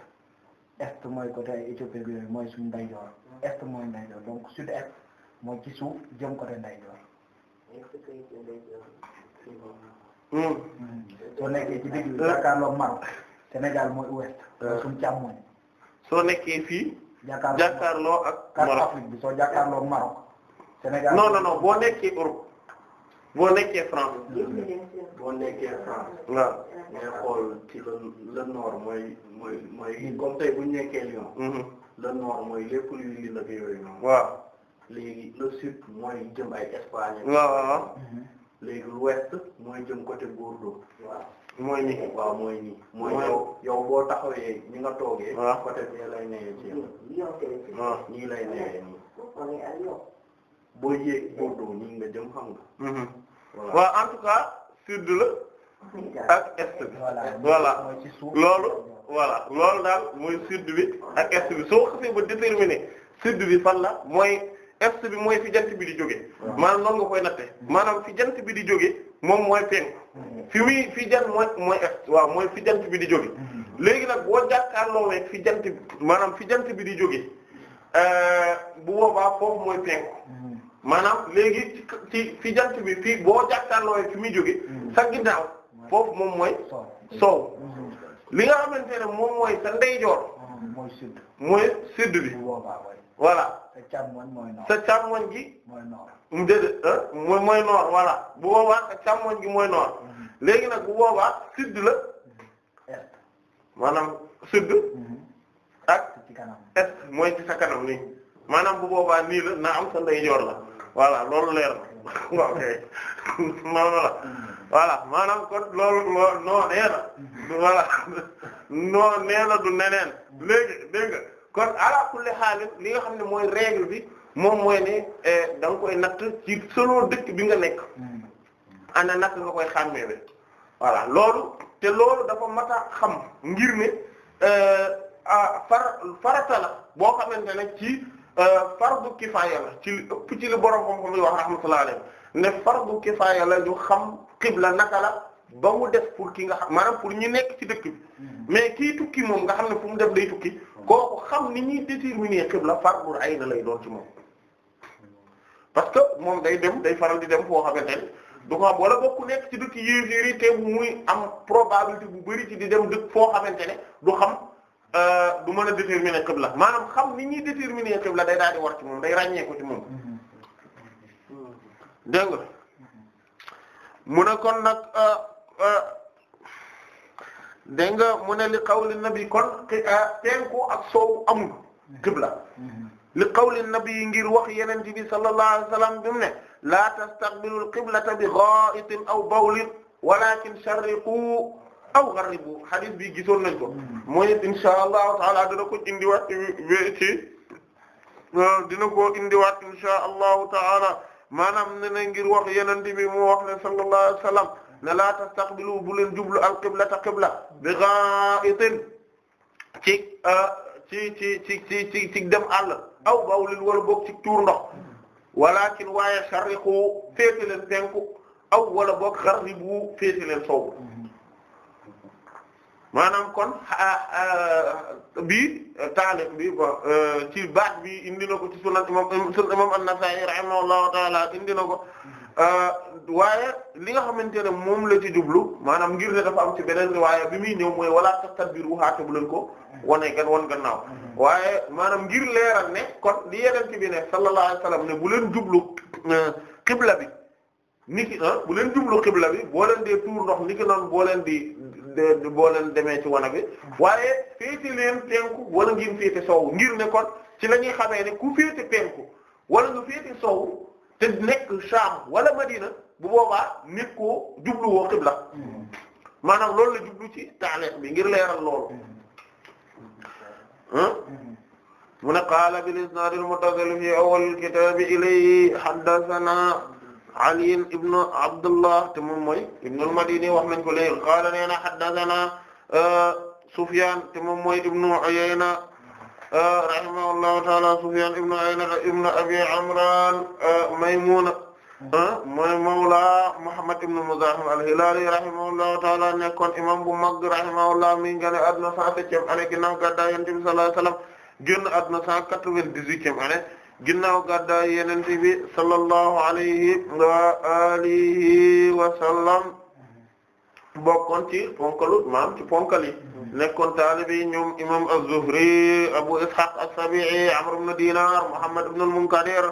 est mooy côté Éthiopie yooyu mooy suñu ndeyjoor est mooy ndeyjoor donc sud est mooy ci suuf jëm côté ndeyjoor Hmm. soo nekkee ci digg euh. jàkkaarloog Maroc Sénégal mooy ouest. Euh. mooy suñu càmmoñ. soo nekkee fii. jàkkaarloo ak Maroc Afrique bi soo jàkkaarloog Maroc. Sénégal non non non boo nekkee Europe. boo nekkee France. boo nekkee France. waaw ngay xool ci le nord mooy mooy mooy comme tey bu ñu nekkee Lyon. Mm-hmm. le nord mooy lépp luy lii la yooyu noonu. waaw. li le sud mooy jëm ay Espagne. waaw waaw. Mhm. léegi mooy jëm côté Bordeaux. waaw mooy nii. waaw mooy nii. mooy yow yow boo taxawee ñi nga toogee. waaw côté bii lay neyee ci yow. nii lay neyee nii. boo yéeg Bordeaux nii nga jëm xam nga. Mhm. waaw en tout cas sud la ak est bi. voilà loolu. voilà loolu daal mooy sud bi ak est bi soo xasee ba déterminer sud bi fan la mooy. est bi mooy fi jant bi di jóge maanaam noonu nga koy natte maanaam fi jant bi di jóge moom mooy penku mm-hmm. fi muy fi jant mooy fi jant bi di jóge mm-hmm. léegi nag boo jàkkaarloo rek fi jant bi maanaam fi jant bi di jóge euh, bu boobaa foofu mooy penku mm-hmm. maanaam léegi ci fi jant bi fii boo jàkkaarloo rek fi muy jóge sa ginnaaw foofu moom mooy soow li nga xam ne moom mooy sa ndeyjoor mooy sud bi voilà sa càmmoñ mooy noor sa gi. mooy noor mu déedéet mooy mooy noor voilà bu boobaa sa càmmoñ gi mooy noor mm-hmm. léegi nag bu boobaa sud la mm-hmm. maanaam sud. Mm-hmm. ak mooy sa kanam nii maanaam bu boobaa nii la na am sa ndeyjoor la voilà loolu leer na ok noonu la voilà maanaam kon loolu loo noo nee na voilà noo nee na du kon ala kulli xaal li nga xam ne mooy règle bi moom mooy ne eh, da koy natt ci selon dëkk bi nga nekk mm-hmm. ana natt nga koy xàmmee be voilà loolu te loolu dafa mat a xam ngir ne eh, far farata la boo xamante ne ci eh, fardu kifaaya la ci li ëpp ci li borom xam-xam yi wax rahmatullahi alayhi ne fardu kifaaya la ñu xam la naka la ba mu def pour ki nga xam maanaam pour ñu nekk ci dëkk bi mm-hmm. mais kii tukki moom nga xam ne fu mu def day tukki kooku xam ni ñuy déterminer xibla fardul ay na lay doon ci moom parce que moom day dem day faral di dem foo xamante ne du am wala bokku nekk ci dëkk yi te muy am probabilité bu bari ci di dem dëkk foo xamante ne du xam euh, du mën a déterminer xibla maanaam xam ni ñuy déterminer xibla day daal di war ci moom day ràññee ko ci moom mm-hmm. dégg nga mu kon nag euh, euh, dégg nga mu ne li qawli nabi kon ah, penku ak soow amul qibla li qawli nabi ngir wax yeneen bi sallallahu alayhi wa sallam bi mu ne la tastaqbilul qiblata bi gha'itin aw bawlin walakin sharriqu aw gharribu hadith bi gisoon nañ ko hmm. mooy insha allahu taala dina ko indiwaat ci euh, dina ko indiwaat insha allahu taala maanaam ne na ngir wax yeneen bi mu wax ne sallallahu alayhi wa sallam ne laa tastaqbilu bu leen jublu al qiblata qibla bi gha'itin ci euh, ci ci ci ci ci ci dem àll aw bawlin wala boog ci tuur ndox walakin waaye sharriqu féete leen penku aw wala boog gharribu féete leen sowwu maanaam kon euh, bii taaliq bi bon euh, ci baat bi indi na ko ci sunan imam sunan imam an-Nasa'i rahimahullahu ta'ala indi na ko Euh, waaye li nga xamante ne moom la ci jublu maanaam ngir ne dafa am ci beneen riwaaya bi muy ñëw mooy walaa biir haata bu leen ko mm-hmm. wane gan wan gannaaw mm-hmm. waaye maanaam ngir leeral ne kon li yeneen ci bi ne sallallahu alayhi wasallam ne bu leen jublu xibla euh, bi ni ki ah, bu leen jublu xibla bi boo leen dee tuur ndox ni ki noonu boo leen di boo leen demee ci wana bi mm-hmm. waaye féete leen penku wala ngir féete soow ngir ne kon ci la ñuy xamee ne ku féete penku wala nga féete sow te nekk Sham wala Madina bu boobaa nit koo jubluwoo xibla hmm. maanaam loolu la jublu ci taaleex bi ngir leeral loolu hmm. Hmm? mu ne qaala bil isnaad al muttasil fi awwal al kitaab ilayhi haddasanaa Ali ibn Abdullah te moom mooy ibn al Madini wax nañ ko léegi qaala nee na haddasanaa euh, Sufyaan te moom mooy ibn Uyayna rahimahullahu ta'ala Sufyan ibn Uyayna ibn Abi Amran Maymuna mooy mawla Muhammad ibn Muzahim al-Hilali rahimahullahu ta'ala nekkoon imam bu mag rahimahullah mi gane àdduna 107e année ginnaaw gàddaay Yonent bi sallallahu alayhi wasallam génn àdduna 198e année ginnaaw gàddaay Yonent bi sallallahu alayhi wa alihi wa sallam bokkoon ci ponkalu maam ci ponkal yi mm-hmm. nekkoon taalibi ñoom imam az-Zuhri Abu Ishaq as-Sabi'i Amr ibn Dinar Muhammad ibn al-Munkadir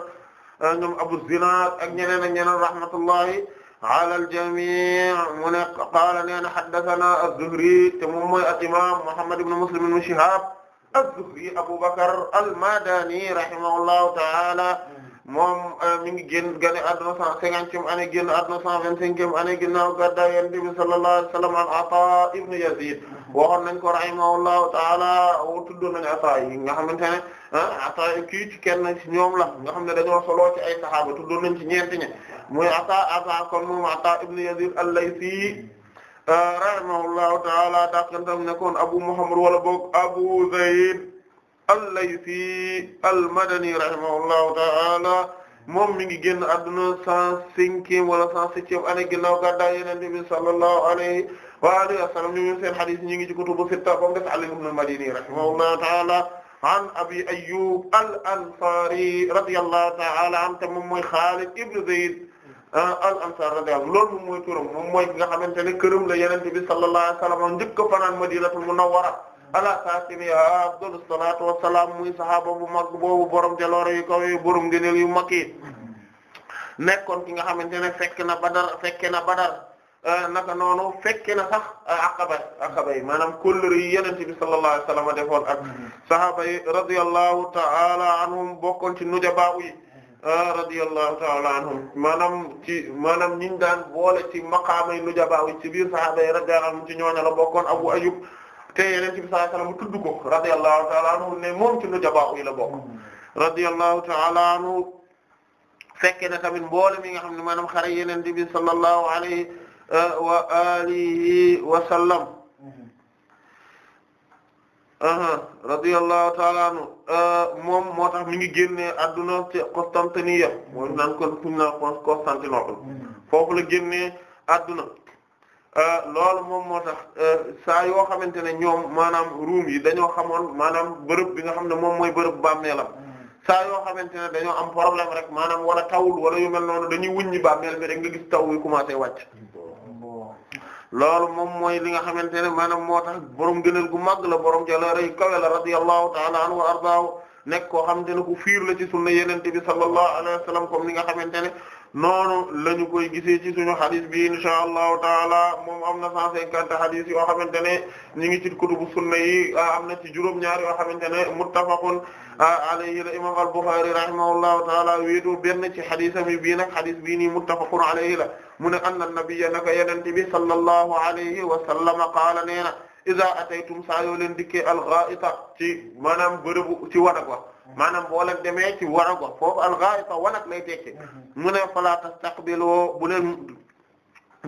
euh, ñoom Abu Zinad ak ñeneen ak ñeneen rahmatullahi ala al-jami' mu ne qaala nee na haddathana az-Zuhri te moom mooy al-imam Muhammad ibn Muslim ibn Shihab az-Zuhri Abu Bakr al-Madani rahimahullahu ta'ala moom euh, mi ngi génn gane àdduna cent cinquantième année génn àdduna cent vingt-cinquième année ginnaaw gàddaay Yonent bi sallallahu alayhi wa sallam an Ataa ibn Yazid waxoon nañ ko rahimahullahu taala wo tudd nañ Ataa yi nga xamante ne ah, Ataa kii ci kenn ci ñoom la nga xam ne dañoo soloo ci ay sahaaba tudd nañ ci ñeenti ñi muy Ataa Ataa kon moom Ataa ibn Yazid al-Laythi euh, rahimahullahu taala dakantam nekkoon Abu Muhammad wala boog Abu Zayd al-Laythi al-Madani rahimahullahu ta'ala moom mi ngi génn adduna cent cinquième wala cent septième année ginnaaw gàddaay Yonent bi sallallahu alayhi wa alihi wa sallam ñu seen hadith ñi ngi ci kutubu sitta bam def Ali ibn al-Madini rahimahullahu ta'ala an Abi Ayyub al-Ansari radiyallahu ta'ala anhu te moom mooy Khalid ibn Zayd ah, al-Ansari radiyallahu loolu moom mooy turam moom mooy nga xamante ne këram la Yonent bi sallallahu alayhi wa sallam njëkk a fanaan Madinatul Munawwara ala saakinihaa afdalu salaatu wa muy saxaaba bu mag boobu borom jaloore yu kaw yu borom gëneel yu mag yi nekkoon ki nga xamante ne fekk na Badar fekke na Badar eh, naka noonu fekke na sax eh, Aqaba Aqaba yi maanaam kóllëre yi Yonent bi sallallahu alayhi wa sallam ak saxaaba yi radiyallahu ta'ala anhum bokkoon ci nujabaa yi eh, radiyallahu ta'ala anhum maanaam ci maanaam ñi daan boole ci maqaamay nujabaa yi ci biir saxaaba yi radiyallahu anhum ci ñooñu la bokkoon Abu Ayyub te yeneen ci bi sallallahu alayhi wasallam tudd ko radiyallahu ta'ala anhu ne moom ci nu jabaaw yi la mm-hmm. ta'ala anhu fekke na tamit mboole mi nga xam ne maanaam xare yeneen ci bi sallallahu alayhi uh, wa alihi wa mm-hmm. uh-huh. ta'ala anhu uh, moom moo tax mi ngi génne adduna ci Constantinople mooy naan kon fu ñu adduna Euh, loolu moom moo tax euh, saa yoo xamante ne ñoom maanaam ruum yi dañoo xamoon maanaam bërëb bi nga xam ne moom mooy bërëb bàmmeelam saa yoo xamante ne dañoo am problème rek maanaam wala tawul wala yu mel noonu dañuy wuññi bàmmeel bi rek nga gis taw yi commencé wàcc loolu moom mooy li nga xamante ne maanaam moo tax borom gënal gu mag la borom jaloore yu kawe la radiyallahu ta'ala anhu wa ardaahu nekk koo te ne ku fiir la ci sunna yenente bi sallallahu alayhi wa sallam nga xamante ne noonu la ñu koy gisee ci suñu hadith bi insha allahu taala moom am na cent cinquante hadith yoo xamante ne ñu ngi ci kutubu sunna yi am na ci juróom-ñaar yoo xamante ne muttafaqun alayhi la imam al-Bukhari rahimahullahu taala wéetoo benn ci haditham yi bii nag hadith bii nii muttafaqun alayhi la mu ne anna nabiyya naka yenente bi sallallahu alayhi wa sallama qaala nee na iza ataytum saa yoo leen dikkee al-gha'ita ci maanaam bërëbu ci wadak wa maanaam boo demee ci warago foofu al-gha'ita wanag lay tekki mhm. mu ne fala tastaqbilu bu leen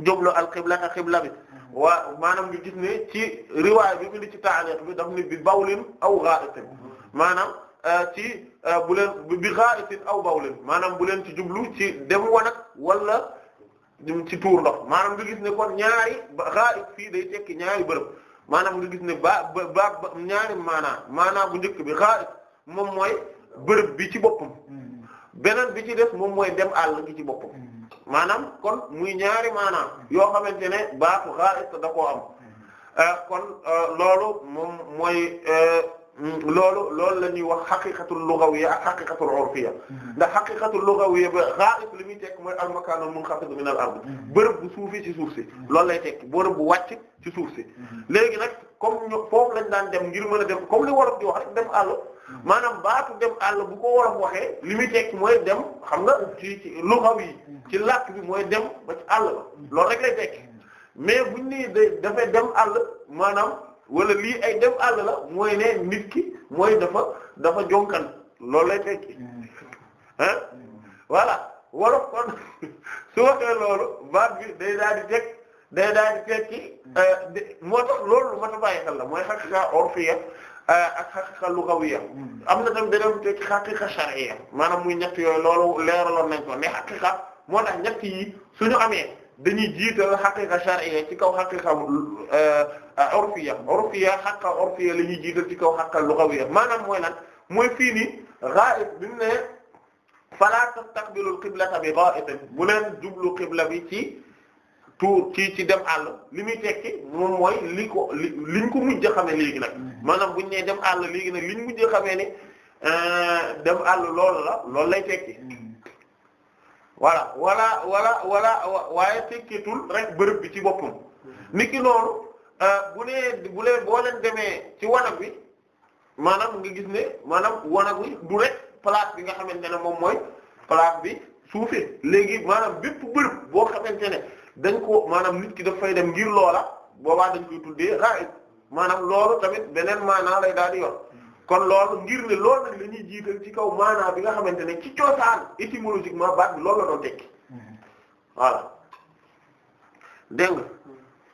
jublu al-qiblata qibla bi mhm. waa maanaam ngi gis ne ci riwaay bi indi ci ta'liq bi daf ni bi bawlin aw gha'itin mhm. maanaam euh, ci euh, bu leen bi gha'itin aw bawlin maanaam bu leen ci jublu ci dem wanag wala ci tuur ndox maanaam nga gis ne kon ñaari ghaa'it fii day tekki ñaari bërëb maanaam nga gis ne ba maanaa maanaa bu njëkk bi ghaa'it moom mooy bërëb bi ci boppam beneen bi ci def moom mooy dem àll gi ci boppam maanaam kon muy ñaari maanaam yoo xamante ne baatu xaalis da koo am mm-hmm. eh, kon eh, loolu moom mooy eh, loolu loolu la ñuy wax xaqiqatul lughawiyya ak xaqiqatul urfiyya mhm. ndax xaqiqatul lughawiyya ba ghaib li muy tekk mooy al-makaanul munxafid min al-ard mhm. bërëb bu suufi ci suuf si mhm. loolu lay tekk bërëb bu wàcc ci suuf si léegi nag comme ñu foofu lañ daan dem ngir mën a dem comme li wolof di wax a dem àll maanaam baatu dem àll bu ko wolof waxee li muy tekk mooy dem xam nga ci ci lughawi yi ci làkk bi mooy dem ba ci loolu rek lay mais buñ ne dafay dem àll maanaam wala lii ay dem àll la mooy ne nit ki mooy dafa dafa jonkan loolu lay tekki ah voilà wala kon su waxee loolu baat bi day daal di teg day daal di tekki hmm. euh, moo tax loolu ma ta bàyyi xel la mooy xaqiqa urfiya euh, ak xaqiqa lugawiya hmm. am na tam beneen tekki xaqiqa shar'iyya maanaam muy ñett yooyu loolu leeraloon nañ ko ne xaqiqa moo tax ñett yi suñu amee dañuy jiital xaqiqa shar'iyya ci kaw xaqiqa euh, urfiya ah, urfiya xaqa urfiya la ñuy jiital ci kaw xaqa lugawiya maanaam mooy lan mooy fii nii ghaib bi mu ne fala tastaqbilul qiblata bi gha'itin bu leen jublu qibla bi ci tuur ci ci dem àll li muy tekki moom mooy li ko li liñ ko mujj xamee léegi nag maanaam buñ nee dem àll léegi nag liñ mujj xamee ni euh, dem àll lool la lool lay tekki voilà wala wala wala waaye tekkitul rek bërëb bi ci boppam niki noonu Euh, bu nee bu leen boo leen demee ci wanag wi maanaam nga gis ne maanaam wanag wi du rek place bi nga xamante ne moom mooy place bi suufee léegi maanaam bépp bërëb boo xamante ne dañ ko maanaam nit ki daf fay dem ngir loola boobaa dañ koy tuddee raid maanaam loolu tamit beneen maanaa lay daal di yor kon loolu ngir ne lool nag la ñuy jiital ci kaw maanaa bi nga xamante ne ci cosaan étymologiquement baat bi loolu la doon tekki mm-hmm. voilà dégg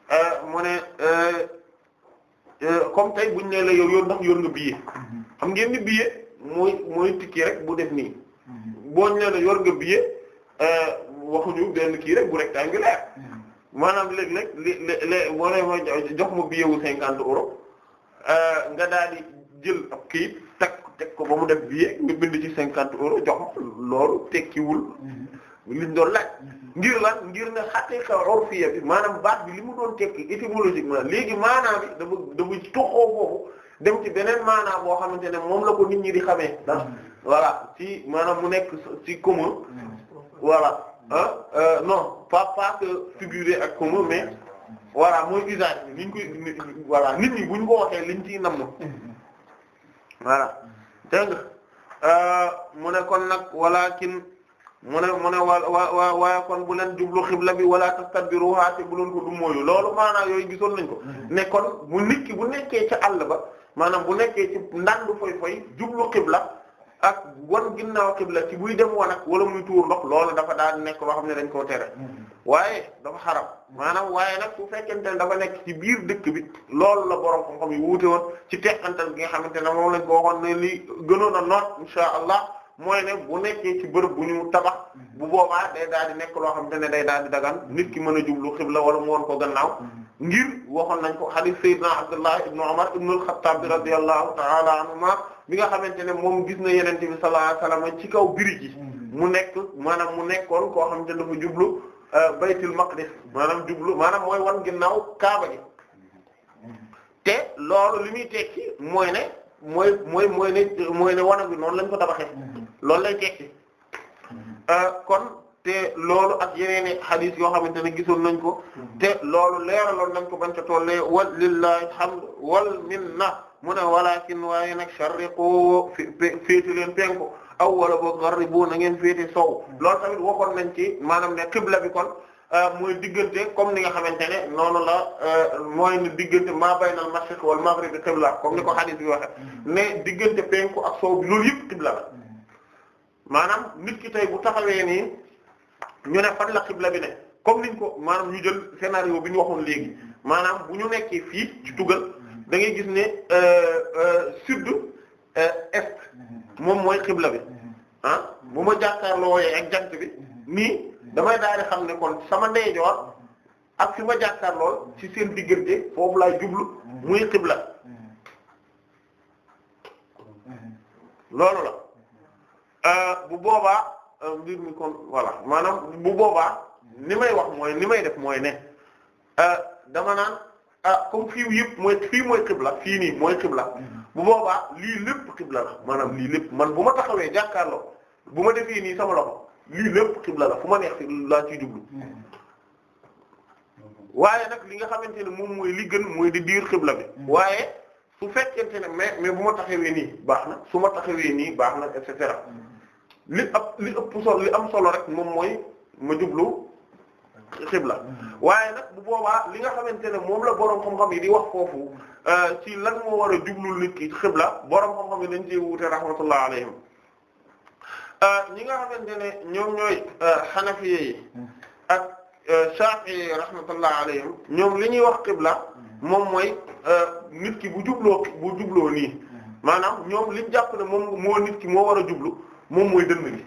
Euh, mu ne euh, euh, comme tey buñ ne la yow yoon ndax yor nga billet xam ngeen ni billet mooy mooy tikki rek bu def nii boo ñu ne la yor nga billet waxuñu benn kii rek bu rectangulaire maanaam léeg-léeg li li moo ne ma jox ma billet wu cinquante euros nga daal di jël ab kayit takk teg ko ba mu def billet ngi bind ci cinquante euros jox loolu tekkiwul mm-hmm. liñ doon laaj ngir lan ngir ne xaqiqa urfiya bi maanaam baat bi li mu doon tekki étymologiquement léegi maanaa bi dafa dafa toxoo foofu dem ci beneen maanaa boo xamante ne moom la ko nit ñi di xamee ndax voilà ci maanaam mu nekk ci commun voilà ah non pas pas que figuré ak commun mais voilà mooy usage bi niñ koy voilà nit ñi buñ ko waxee liñ ciy nam voilà dégg nga euh, mu ne kon nag walakin mu ne mu ne waa waaye kon bu leen jublu xibla bi wala tastadbiruha te bu leen ko du mooyu loolu maanaam yooyu gisoon nañ ko mm-hmm. ne kon bu nit ki bu nekkee ca àll ba maanaam bu nekkee ci ndandu foy foy jublu xibla ak wan ginnaaw xibla ci buy dem wan ak wala muy tuur ndox loolu dafa daal nekk loo xam ne dañ koo tere mm-hmm. waaye dafa xaram maanaam waaye nag su fekkente ne dafa nekk ci biir dëkk bi loolu la borom xam-xam yi wuute woon ci teqantal gi nga xamante ne moom lañ ko waxoon ne li gënoon a noot insha allah mooy ne bu nekkee ci bërëb bu ñu tabax bu boobaa day daal di nekk loo xam te ne day daal di dagan nit ki mën a jublu xibla wala mu woon ko gannaaw ngir waxoon nañ ko hadith sayyidina Abdullah ibn Umar ibn al-Khattab radiyallahu bi nga xamante ne moom gis na yenente bi sallallahu alayhi wasallam ci kaw biri ji mu nekk maanaam mu nekkoon koo xamante ne dafa jublu euh, baytul maqdis maanaam jublu maanaam mooy wan ginnaaw kaaba gi te loolu li muy tekki mooy ne mooy mooy mooy ne mooy ne wana bi noonu lañ ko tabaxee loolu lay tekki mhm. euh, kon te loolu ak yeneen i xadis yoo xamante ne gisoon nañ ko mhm. te loolu leeraloon nañ ko ban ca tollee wal lillahi alhamdu wal minna mu ne walakin waaye nag ko sharriqu féeti leen penku aw wala boog gharribu na ngeen féeti sow mhm. loolu tamit waxoon nañ ci maanaam ne qibla bi kon euh, mooy diggante comme ni nga xamante ne noonu la euh, mooy ne diggante maa baynal mashriq wal maghrib qibla comme ni ko hadith bi waxe ne diggante penku ak sow bi loolu yëpp qibla la maanaam nit ki tey bu taxawee nii ñu ne fan la xibla bi ne comme niñ ko maanaam ñu jël sénario bi ñu waxoon léegi maanaam bu ñu nekkee fii ci tugal da gis ne euh, euh, sud euh, est moom mooy xibla bi ah bu ma jàkkaarlooyee ak jant bi nii damay daal di xam ne kon sama ndeyjoor ak fi ma jàkkaarloo ci seen diggante foofu laay jublu muy xibla mm-hmm. loolu la. Euh, bu boobaa euh, mbir mi kon voilà maanaam bu boobaa ni may wax mooy ni may def mooy ne euh, dama naan ah comme yëpp mooy fii mooy xibla fii nii mooy xibla bu boobaa lii lépp xibla la maanaam lii lépp man bu ma taxawee jàkkaarloo bu ma defee nii sama loxo lii lépp xibla la fu ma neex laa ciy jublu waaye nag li nga xamante ne moom mooy li gën mooy di diir xibla bi waaye su fekkente ne mais mais bu ma taxawee nii baax na su ma taxawee nii baax na et cetera. li ëpp li li am solo rek moom mooy ma jublu xibla waaye nag bu boobaa li nga xamante ne moom la borom xam-xam yi di wax foofu euh, ci lan moo war a jublu nit ki xibla boroom xam-xam yi dañ ci wuute rahmatullah euh, ñi nga xamante ne ñoom ñooy xanafiye euh, ak shafi'i rahmatullah li ñuy wax xibla moom mooy nit ki bu jubloo bu jubloo nii maanaam ñoom li jàpp ne moom moo nit ki moo war a jublu moom mooy dënd bi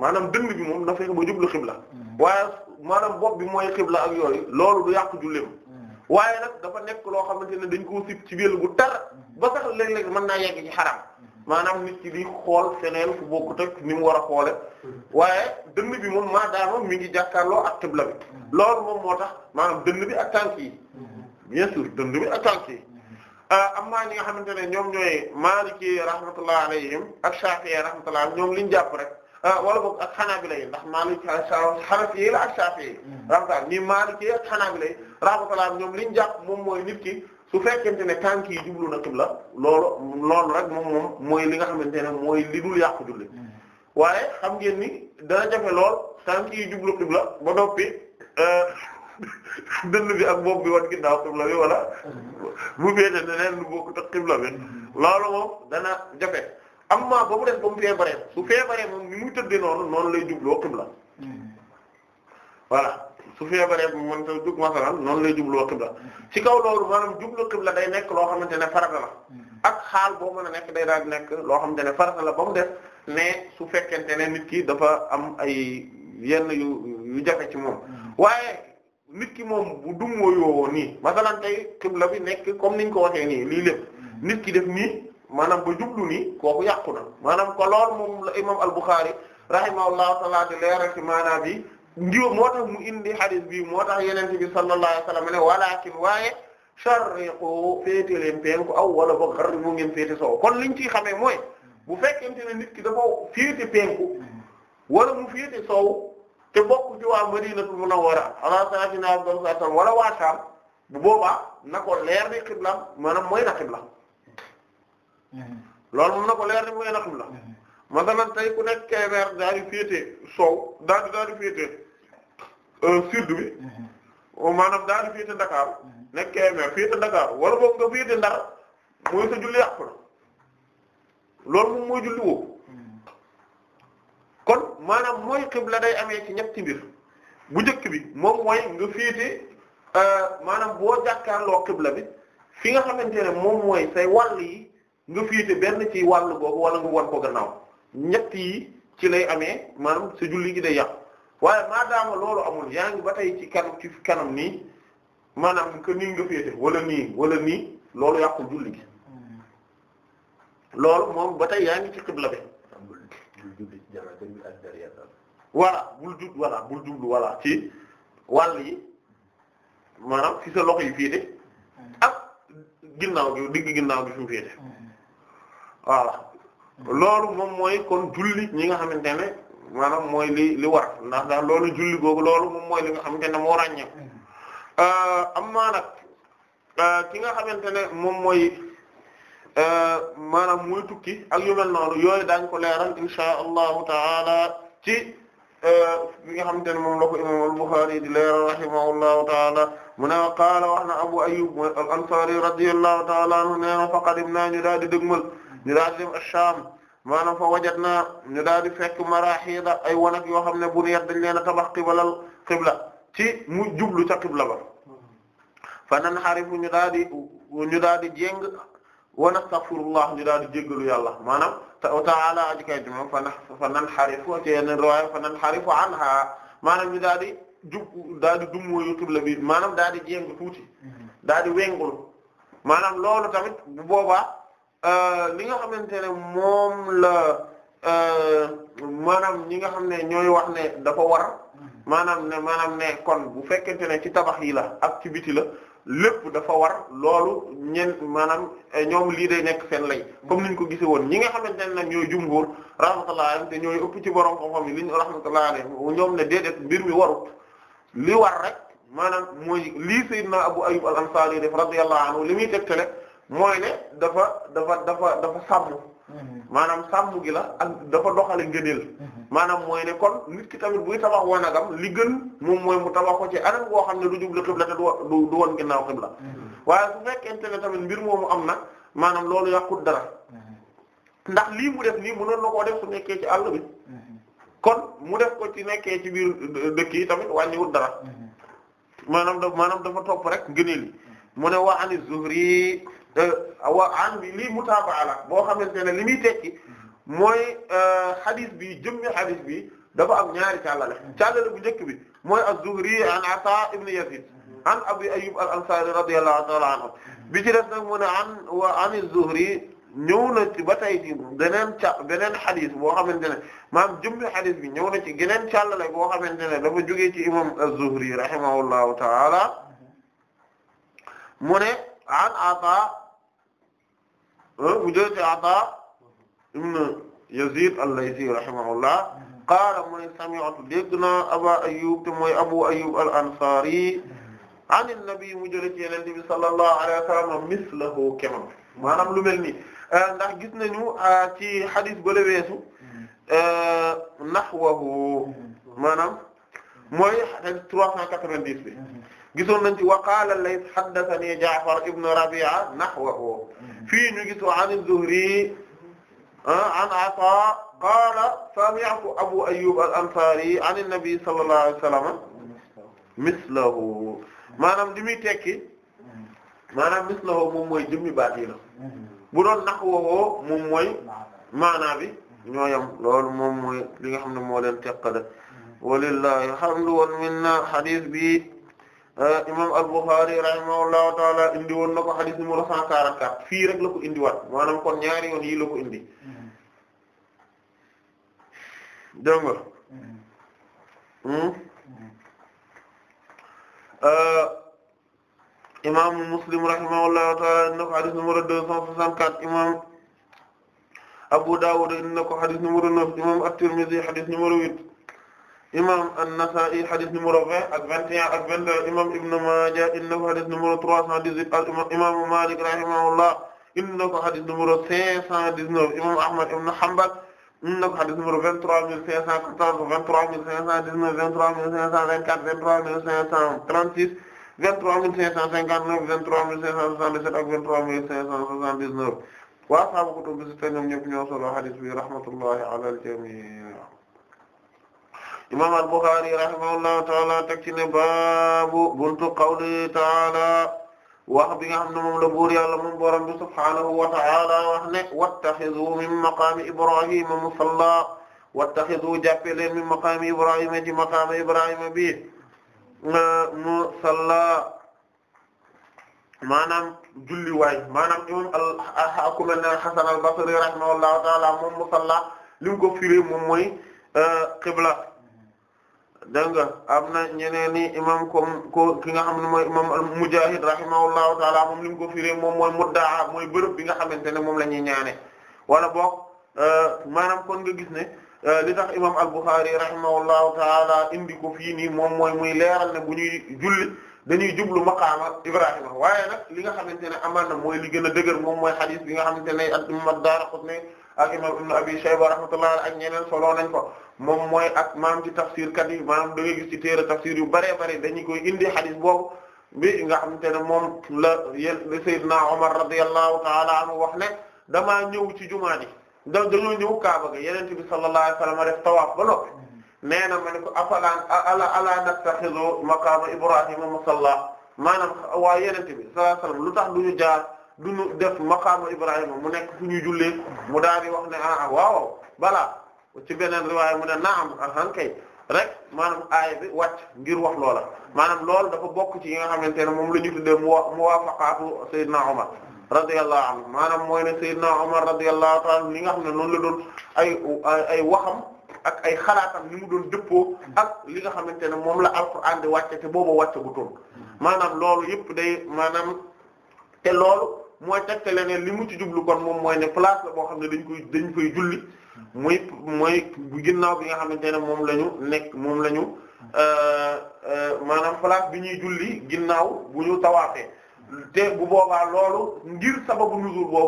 maanaam dënd bi moom na fexe ba jublu xibla mm. waaye maanaam bopp bi mooy xibla ak yooyu loolu du yàq julleem mm. waaye nag dafa nekk loo xamante ne dañ koo sib ci biir bu tar ba sax léeg-léeg mën naa yegg ci xaram mm. maanaam nit ci di xool feneen fu bokkut ak ni mu war a xoole waaye dënn bi moom maadaama mi ngi jàkkaarloo ak xibla bi loolu moom moo tax maanaam dënn bi ak tànk yi bien sûr dënn bi ak tànk yi Euh, am na li nga xamante ne ñoom ñooy Maliki rahmatullah alayhim ak Shafi'i rahmatullah ñoom liñ jàpp rek euh, wala boog ak Hanabila yi ndax Maliki Hanafi la ak Shafi'i hmm. rahmatullah ñi Maliki ak Hanabila ñoom liñ jàpp moom mooy nit ki su fekkente ne tànk yi jublu na qibla loolu loolu rek moom moom mooy li nga xamante ne mooy li dul yàqu julli hmm. waaye xam ngeen ni dana jafe lool tànk jublu qibla ba euh, dënn bi ak bopp bi wan ginnaaw xibla bi wala mm-hmm. mu féete neneen lu bokkut ak xibla bi mm-hmm. loolu moom dana jafe am ma ba mu def ba mu feebaree su feebaree moom ni muy tëddee noonu noonu lay jubloo xibla mm-hmm. voilà su feebaree moom man ta dug masalan noonu lay jubloo ci kaw loolu maanaam jublu xibla day nekk loo xamante ne farata la ak xaal boo mën a nekk day daal nekk loo xamante ne farata la ba mu def mais su fekkente ne nit ki dafa am ay yenn yu yu jafe ci moom waaye nit ki moom bu dummóoyoo woon nii masalan tey xibla bi nekk comme niñ ko waxee nii lii lépp mm-hmm. nit ki def nii maanaam bu jublu nii kooku yàqu na maanaam ko lool moom la imam al-Bukhari rahimahullahu taala di leeral ci maanaam bi ndiw moo tax mu indi hadith bi moo tax yenente bi sallallahu alayhi wasallam ne walakin waaye sharriqu féete leen penku aw wala ba xar mu gen féete soow kon liñ ciy xamee mooy bu fekkente ne nit ki defoo féete penku mm-hmm. wala mu féete soow te bokk ci waa Madinatu Munawwara ala saakina afdalu salaam wala waa Sham bu booba na ko leer ni xiblaam maanaam mooy na xibla mm-hmm. loolu moom na ko leer ni mooy na xibla mm-hmm. masalan tey ku nekk Kébémer daal di féete soow daal di daal di féete euh, sud bi mm-hmm. maanaam daal di féete Dakar nekk Kébémer féete Dakar wala boog nga Ndar mooy sa julli yàqu la loolu moom julli woowu. kon maanaam mooy xibla day amee ci ñetti mbir bu njëkk bi moom mooy nga féete euh, maanaam boo jàkkaarloo xibla bi fi nga xamante ne moom mooy say wàll yi nga féete benn ci wàll boobu wala nga won ko gannaaw ñett yi ci lay amee maanaam sa julli gi day yàqu waaye maadaama loolu amul yaa ngi ba tey ci kanam ci kanam nii maanaam que nii nga féete wala nii walla nii loolu yàqu julli gi hmm. loolu moom ba tey yaa ngi ci xibla bi bul jubli ci jàmm tamit ak derrière voilà bul jub voilà bul jublu voilà ci wàll yi maanaam fi sa loxo yi féete ak ginnaaw gi digg ginnaaw gi fi mu féete loolu moom mooy kon julli ñi nga xamante ne maanaam mooy li li war na daal loolu julli googu loolu moom mooy li nga xamante ne moo ràññee euh, am maa nag euh, ki nga xamante ne moom mooy. Euh, maanaam muy tukki ak yu mel noonu yooyu daañ ko leeral inshaa allahu taala ci bi euh, nga xamante ne moom la ko imam al-Bukhari di leeral rahimahullahu taala mu ne wa qaala wax na Abu Ayyub al-Ansari radiyallahu taala anhu nee na fa qadimnaa ñu daal di dëgmal ñu daal di dem Shaam maanaam fa wajadnaa ñu daal di fekk maraahida ay wanag yoo xam ne bu nu dañ leen a tabax qibalal qibla ci mu jublu ca qibla ba fa nan ñu daal di wa nastaghfirullah ñu daal di jéggalu yàlla maanaam ta'ala aji kay jumam fa na fa nan xarifu ci yeneen riwaaya fa nan xarifu anha maanaam mi daal di jub daal di dummóoyu xibla bi maanaam daal di jéng tuuti mm-hmm. daal di wengul maanaam loolu tamit bu boobaa euh, li nga xamante ne moom la euh, maanaam ñi nga xam ne ñooy wax ne dafa war mm-hmm. maanaam ne maanaam ne kon bu fekkente ne ci tabax yi la ak ci la lépp dafa war loolu ñen maanaam eh, ñoom lii day nekk seen lay comme niñ ko gise woon ñi nga xamante ne nag ñooy jumhur rahmatullahi alayhim te ñooy ëpp ci borom xam-xam yi li ñu rahmatullahi alayhim ñoom ne déedéet mbir mi warut li war rek maanaam mooy lii sayyidna Abu Ayyub al-Ansari def radiyallahu anhu li muy tegtale mooy ne dafa dafa dafa dafa sàmm Mm-hmm. maanaam sàmm gi la ak dafa doxale ngëneel mm-hmm. maanaam mooy ne kon nit ki tamit buy tabax wanagam li gën moom mooy mu tabax ko ci anam goo xam ne du jublu xibla te du du won ginnaaw xibla mm-hmm. waaye su fekkente ne tamit mbir moomu am na maanaam loolu yàqut dara ndax lii mu def mu mënoon na koo def su nekkee ci àll bi kon mu def ko ci nekkee ci biir dëkk tamit wàññiwut dara maanaam da maanaam dafa topp rek ngëneel yi mu ne waa ani wa an bi lii mutaabaa la boo xamante ne li muy tekki mooy hadith euh, bi jëmmi hadith bi dafa am ñaari càllale càllale bu njëkk bi mooy az-Zuhri an Ata ibn Yazid an Abi Ayyub al-Ansari radiyallahu ta'ala anhu bi ci def nag mu ne an wa an az-Zuhri ñëw na ci ba tey ci beneen ca beneen xadis boo xamante ne maam jëmmi xadis bi ñëw na ci geneen càllale boo xamante ne dafa jógee ci imam az-Zuhri rahimahullahu ta'ala mu ne an Ata mu jël ci Ata ibn Yazid al-Laythi rahimahullah qaala mu ne sami'tu dégg naa Aba Ayyub te mooy Abu Ayyub al-Ansari an an-Nabi mu jël ci Yonent bi sallallahu alayhi wa sallam mislahu kemam maanaam lu mel nii ndax gis nañu ci hadith ba la weesu nahwahu maanaam mooy hadith 390 bi. gisoon nañ ci wa qaala Layth haddathanii Ja'far ibn Rabi'a nahwahu fii ñu gis wa an az-Zuhri an Ataa qaala sami'tu Abu Ayyub al-Ansari an an-Nabi sallallahu alayhi wa sallam mislahu maanaam li muy tekki maanaam mislahu moom mooy jëmmi baat yi la bu doon nahwahu moom mooy maanaa bi ñooyam loolu moom mooy li nga xam ne moo leen teqale walillahi alhamdu wal minna hadith bi Eh, imam al-Bukhari rahimahullahu taala indi woon na ko hadith numéro 144 fii rek la ko indi waat maanaam kon ñaari yoon yii la ko indi dégg nga hmm? eh, imam Muslim rahimahullahu taala indi na ko hadith numéro 264 imam Abu Dawud indi na hadith numéro 9 imam at-Tirmidhi hadith numéro 8 imam an-Nasa'i hadith numéro 20 ak 21 ak 22 imam Ibn Maaja indi na ko hadith numéro 318 ak imaamu Maalik rahimahullah indi na ko hadith numéro 519 imam Ahmad ibn Hanbal indi na ko hadith numéro 23514 23519 23524 23536 23559 23567 ak 23579 waa sahaabu kutubu sitta ñoom ñëpp ñoo solo hadith bi rahmatullahi ala al-jami' imam al-Bukhari rahimahullahu taala teg ci ne baabu buntu qawli taala wax bi nga xam ne moom la buur yàlla moom borom bi subhaanahu wa taala wax ne wattaxizu min maqaami ibrahima musalla wattaxizu jàppe leen min maqaami ibrahima ci maqaama ibrahima bi musalla maanaam julliwaay maanaam imam al ku mel ne Hasan al-Basri rahimahullahu taala moom musalla li mu ko firee moom mooy euh, qibla dégg nga am na ñeneen ni imam kom ko ki nga xam ne mooy imam al-Mujahid rahimahullahu taala moom li mu ko moom mooy muddaa mooy bërëb bi nga xamante ne moom la ñuy ñaane wala boog euh, maanaam kon nga gis ne euh, li tax imam al-Bukhari rahimahullahu taala indi ko fii nii moom mooy muy leeral ne bu ñuy julli dañuy jublu maqaama Ibrahima waaye nag li nga xamante ne amaan na mooy li gën a dëgër moom mooy hadith bi nga xamante ne ak Daraqutni ak imam ibn abi shayba rahmatullah ak ñeneen solo nañ ko moom mooy ak maam ci tafsir kat yi maanaam da ngay gis ci téere tafsir yu bëree bëri dañu koy indi xadis boobu bi nga xamante ne moom la yén sayyidna Umar radiyallahu ta'ala anhu wax ne damaa ñëw ci jumaa ji da dañoo ñëw Kaaba ga yeneen bi sallallahu alayhi wasallam def tawaaf ba noppi nee na ma ne ko afalaan ala ala nattaxizu maqaama Ibrahima musalla maanaam waa yeneen bi sallallahu alayhi wasallam jaar du nu def maqaamu Ibrahima mu nekk fu ñuy jullee mu daal di wax ne ah, ah waaw balaa ci beneen riwaaya mu ne naam ahan kay rek maanaam aaya bi ngir wax loola maanaam loolu dafa bokk ci yi nga xamante ne moom la ñu tuddee mu muwaafaqaatu Seydina Omar radiyallahu anhu maanaam mooy ne Seydina Omar radiyallahu ta'ala li nga xam ne noonu la doon ay waxam ak ay xalaatam ni mu doon dëppoo ak li nga xamante ne moom la alquran di wàcce te booba wàcce gu maanaam loolu yëpp day maanaam te loolu mooy tegtale ne li mu ci jublu kon moom mooy ne place la boo xam ne dañ koy dañ koy julli muy mooy ginnaaw bi nga xamante ne moom lañu nekk moom lañu ñu euh, euh, maanaam place bi ñuy julli ginnaaw bu ñu tawaafee bu boobaa loolu ngir sababu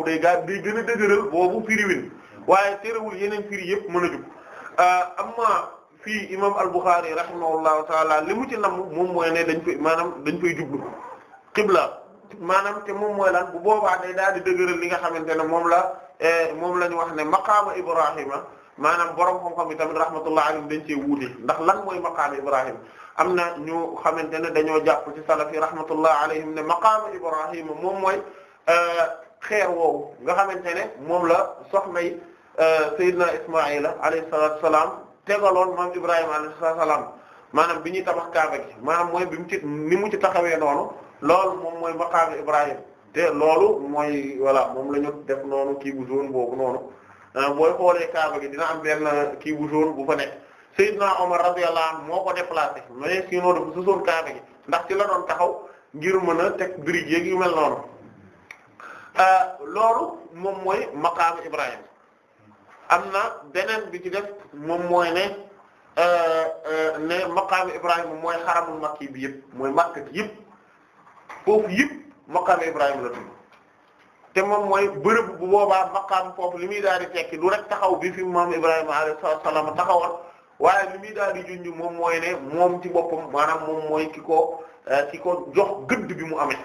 day gaa day gën a dëgëral boobu firiwin waaye terewul yeneen firi yëpp mën a jug euh, amma fii imam al-Bukhari rahimahullahu taala li mu ci namm moom mooy ne dañ koy maanaam dañ koy jublu qibla maanaam te moom mooy lan bu boobaa day daal di dëgëral li nga xamante ne moom la eh, moom la ñu wax ne maqaama Ibrahima maanaam borom xam-xam yi tamit rahmatullah alayhim dañ cee wuute ndax lan mooy maqaama Ibrahima am na ñu xamante ne dañoo jàpp ci salaf yi rahmatullah alayhim ne maqaama Ibrahima moom mooy eh, xeer woowu nga xamante ne moom la soxna yi eh, Seydina Ismaila alayhi salaatu wa salaam tegaloon moom Ibrahima alayhi salaam maanaam bi ñuy tabax Kaaba gi maanaam mooy bi mu ci mu ci taxawee noonu. loolu moom mooy maqaam Ibrahim te loolu mooy voilà moom la ñu def noonu kii bu boobu noonu euh, booy xoolee Kaaba gi dina am benn kii bu jaune bu fa nekk Seydina Omar radiyallahu anhu moo ko déplacé mais sinon dafa susoon Kaaba gi ndax ci la taxaw ngir mën a teg brique yeeg yu mel noonu euh, loolu moom mooy maqaam Ibrahim am na beneen bi ci def moom mooy ne euh, ne maqaam Ibrahim mooy xaramul makki bi yëpp mooy makk gi yëpp. foofu yëpp maqaam Ibrahima la te moom mooy bërëb bu boobaa maqaam foofu li muy daal di tekki du rek taxaw bi fi moom Ibrahima alayhi salaam taxawal waaye li muy daal di junj moom mooy ne moom ci boppam maanaam moom mooy ki ko eh, ko jox gëdd bi mu amee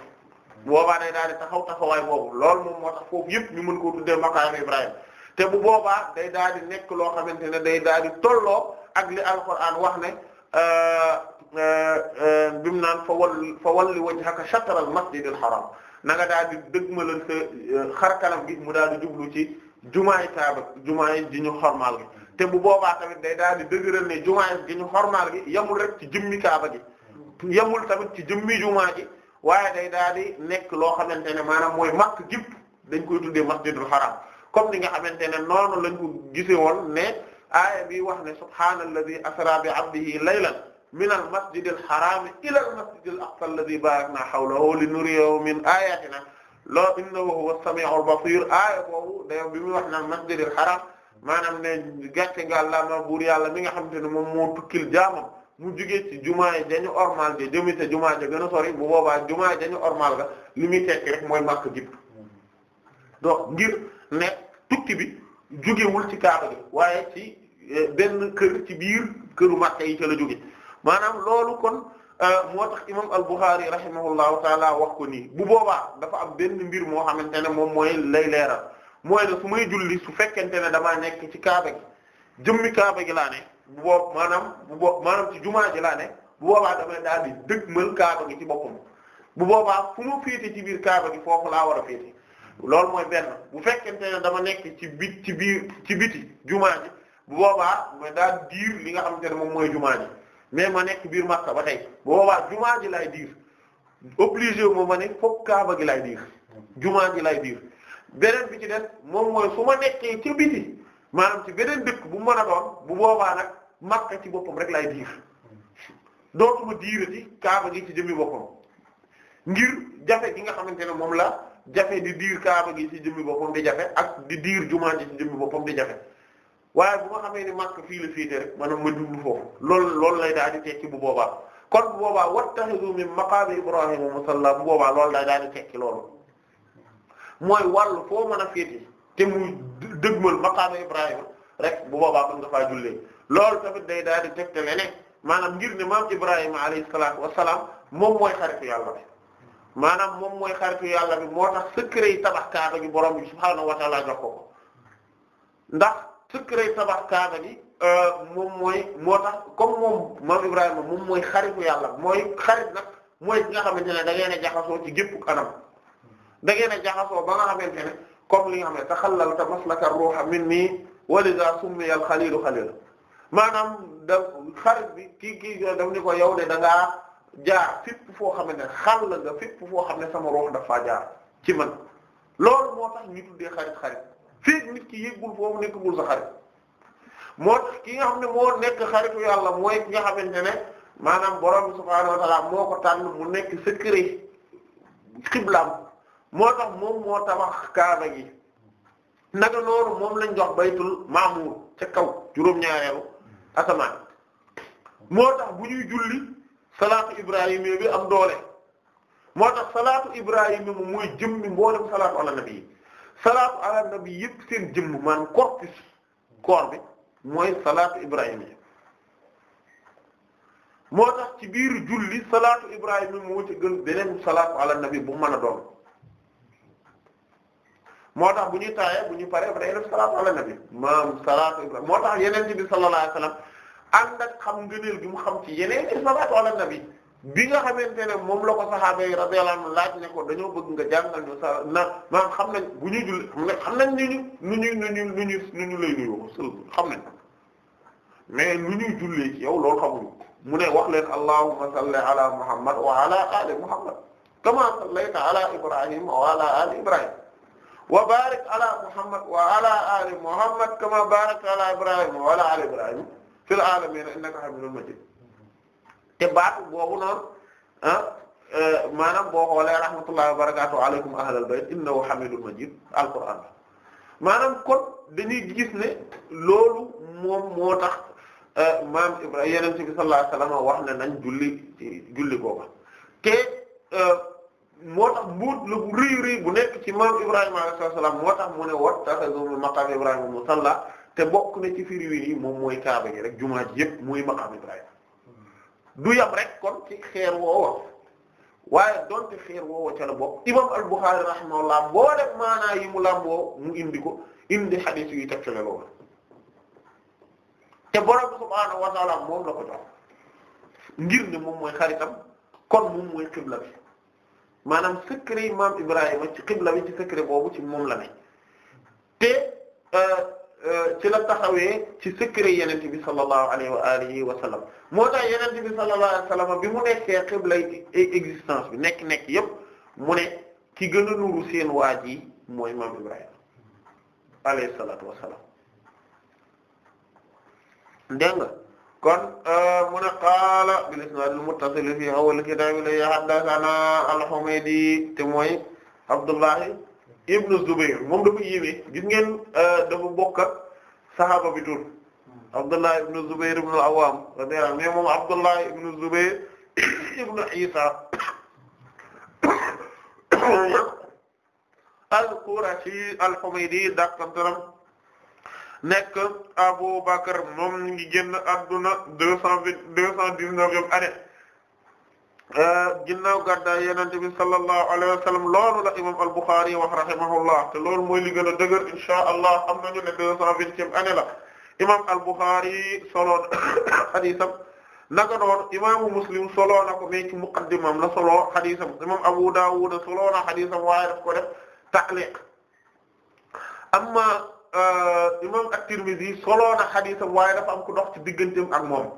boobaa day daal taxaw taxawaay boobu lool moom moo tax foofu yëpp ñu mën koo tuddee maqaam Ibrahima te bu boobaa day daal di nekk loo xamante ne day daal di tolloo ak li Alxuraan wax ne. bi mu naan fa wall fa walli wajhaka shatr al masjid al haram na nga daal di dëgmalal sa gi mu daal di jublu ci jumaay Kaaba jumaay ji ñu xormaal gi te bu boobaa tamit day daal di dëgëral ne jumaay gi ñu xormaal gi yemul rek ci jëmmi Kaaba gi yemul tamit ci jëmmi jumaa gi waaye day daal di nekk loo xamante ne maanaam mooy makk gépp dañ koy tuddee masjidul haram comme ni nga xamante ne noonu lañ ko gisee woon ne. aaya bi wax ne subhaanalladhi asra bi abdihi laylan min al masjid al haram ila al masjid al aqsa alladhi barakna hawlahu linuriyahu min ayatina loo innahu huwa as-sami'u al-basir aaya boobu day bi muy wax naan masjid al haram maanaam ne gàcce nga àllama buur yàlla mi nga xam te ne moom moo tukkil jaamam mu jugee ci jumaa yi dañu ormal ja jëmi te jumaa ja gën a sori bu boobaa jumaa yi dañu ormal ga li muy tekki rek mooy màkk jib donc ngir ne tukki bi jugewul ci kaaba gi waaye ci E, benn kër ci biir këru ma yi ca la jóge maanaam loolu kon e, moo tax imam al-Bukhari rahimahullahu taala wax ko nii bu boobaa dafa am benn mbir moo xamante ne moom mooy lay leeral mooy ne su may julli su fekkente ne damaa nekk ci kaaba gi jëmmi kaaba gi laa maanaam bu boob maanaam ci jumaa ji laa ne bu boobaa daal di dëgmal kaaba gi ci boppam bu boobaa fu mu féete ci biir kaaba gi foofu laa war a féete loolu mooy benn bu fekkente ne dama nekk ci bit ci biir ci biti jumaa ji bu boobaa ma daal diir li nga xamante ne moom mooy jumaa ji mais ma nekk biir Makka ba tey bu boobaa jumaa ji lay diir obligé wu ma ma ne fokk Kaaba gi lay diir jumaa ji lay diir beneen bi ci def moom mooy su ma nekkee ci biti maanaam ci beneen dëkk bu mën a doon bu boobaa nag Makka ci boppam rek lay diir dootuma diirati Kaaba gi ci jëmmi boppam ngir jafe gi nga xamante ne moom la jafe di diir Kaaba gi ci jëmmi boppam di jafe ak di diir jumaa ji ci jëmmi boppam di jafe waaye bu ma xamee ni màkk fii la féete rek maanaam ma jublu foofu loolu loolu lay daal di tekki bu boobaa kon bu boobaa wattaxidu min maqaami ibrahima musalla bu boobaa loolu lay daal di tekki loolu mooy wàllu foo mën a féete te dëgmal maqaami ibrahima rek bu boobaa kon nga faa jullee loolu tamit day daal di tegte leneen maanaam ngir ne maam ibrahima alayhi salaatu wassalaam moom mooy xaritu yàlla bi maanaam moom mooy xaritu yàlla bi moo tax secret yi tabax kaaba gi borom bi subhaanahu wa ta'aala jox secret tabax kaaba gi euh, moom mooy moo tax comme moom maam Ibrahima moom mooy xaritu yàlla mooy xarit nag mooy ki nga xamante ne da ngeen a jaxasoo ci gépp anam da ngeen a jaxasoo ba nga xamante ne comme li nga xam ne taxallalta maslaka ruha minni wa liza summiya al xalilu xalil maanaam da xarit bi kii kii daf ni ko yow de da ngaa jaar fépp foo xam ne la nga fépp foo xam ne sama ruux dafa jaar ci man loolu moo tax ñu tuddee xarit xarit. feeg nit ki yëggul foofu nekkagul sa xarit moo tax ki nga xam ne moo nekk xaritu yàlla mooy ki nga xamante ne maanaam borom subhaanahu wa ta'aala moo ko tànn mu nekk secret xiblaam tax moom moo tabax kaaba gi naka noonu moom lañ jox baytul maamuur ca kaw juróom-ñaareelu asamaan moo tax bu ñuy julli salaatu ibrahima bi am doole moo tax salaatu ibrahima bi moom mooy jëmmi mboolem salaatu ala salaatu ala nabi yëpp seen jëmm maanaam corpus corps bi mooy salaatu ibrahimiya moo tax ci biir julli salaatu ibrahimiya moo ci gën beneen salaatu ala nabi bu mën a doon moo tax bu ñuy taayee bu ñuy paree ba day def salaatu ala nabi maam salaatu ibrahimiya moo tax yeneen ci bi sallallahu alayhi wasallam ànd ak xam ngëneel gi mu xam ci yeneen i salaatu ala nabi bi nga xamante ne moom la ko saxaaba yi radiyallahu anhu laaj ne ko dañoo bëgg nga jàngal na maanaam xam nañ bu ñu julli xam nañ ni ñu nu ñuy nu nu ñuy ñu lay nuyoo xam nañ mais lu ñuy jullee ci yow loolu xamuñu mu ne wax leen allahumma salli ala muhammad wa ala ali muhammad kama sallayta ala wa ala ali ibrahim wa barik ala muhammad wa ala kama barakta ala ibrahim wa ala ali ibrahim fil alamin innaka hamidul majid te baatu boobu noonu ah eh, maanaam boo xoolee rahmatullahi wa barakatuh alaykum ahlal bayt innahu hamidun majid alquran maanaam kon dañuy gis ne loolu moom moo tax eh, maam Ibrahima yeneen bi sallallahu wax ne nañ julli ci julli booba te eh, moo tax mbuut bu nekk ci maam Ibrahima alayhi salaam moo tax mu ne wattakhadhu min maqaami Ibrahima musalla te bokk na ci firi wi nii moom mooy kaaba gi rek jumaa ji yëpp mooy maqaam Ibrahima du yam rek kon ci xeer woowa waaye doonte xeer woowa ca la bokk imam al-Bukhari rahimahullah boo def maanaa yi mu làmboo mu indi ko indi xadiis yuy tegtale loolu te borom subhaanahu wa ta'ala moom la ko jox ngir ne moom mooy xaritam kon moom mooy xibla bi maanaam secret imam Ibrahima ci xibla bi ci secret boobu ci moom la ne te. Euh, ci la taxawee ci secret yenent bi sallallahu alayhi wa alihi wa bi sallallahu alayhi bi mu nekkee xiblay existence bi nekk nekk yépp mu ne ki gën a nuru seen waaj yi mooy maam Ibrahima alayhi salaatu wa kon euh, mu ne qaala bil isnaad al muttasil fi awwal kitaab li haddathana al-Humaydi te mooy Abdullahi ibnu Zubayr moom dafa yéeme gis ngeen euh, dafa bokk saxaaba bi tur Abdullah ibnu Zubayr ibnu al-Awwam radiyallahu anhu mais moom Abdullah ibnu Zubayr ibnu Isa al-Qurashi al-Humaydi dàqantaram nekk Abu Bakr moom ñu ngi génn deux cent vingt deux cent Eh, ginnaaw gàddaay yenente bi sallallahu alayhi wa sallam loolu la imam al wax rahimahullah te loolu mooy li gën a dëgër inshaa allah am nañu ne deux cent vingtième année la imam al-Bukhari soloon hadisam naka noonu imaamu Muslim soloo na ko mais ci muqaddimam la soloo hadisam imam Abu Dawud soloo na hadisam waaye daf ko def ta'liq amma eh, imam ak moom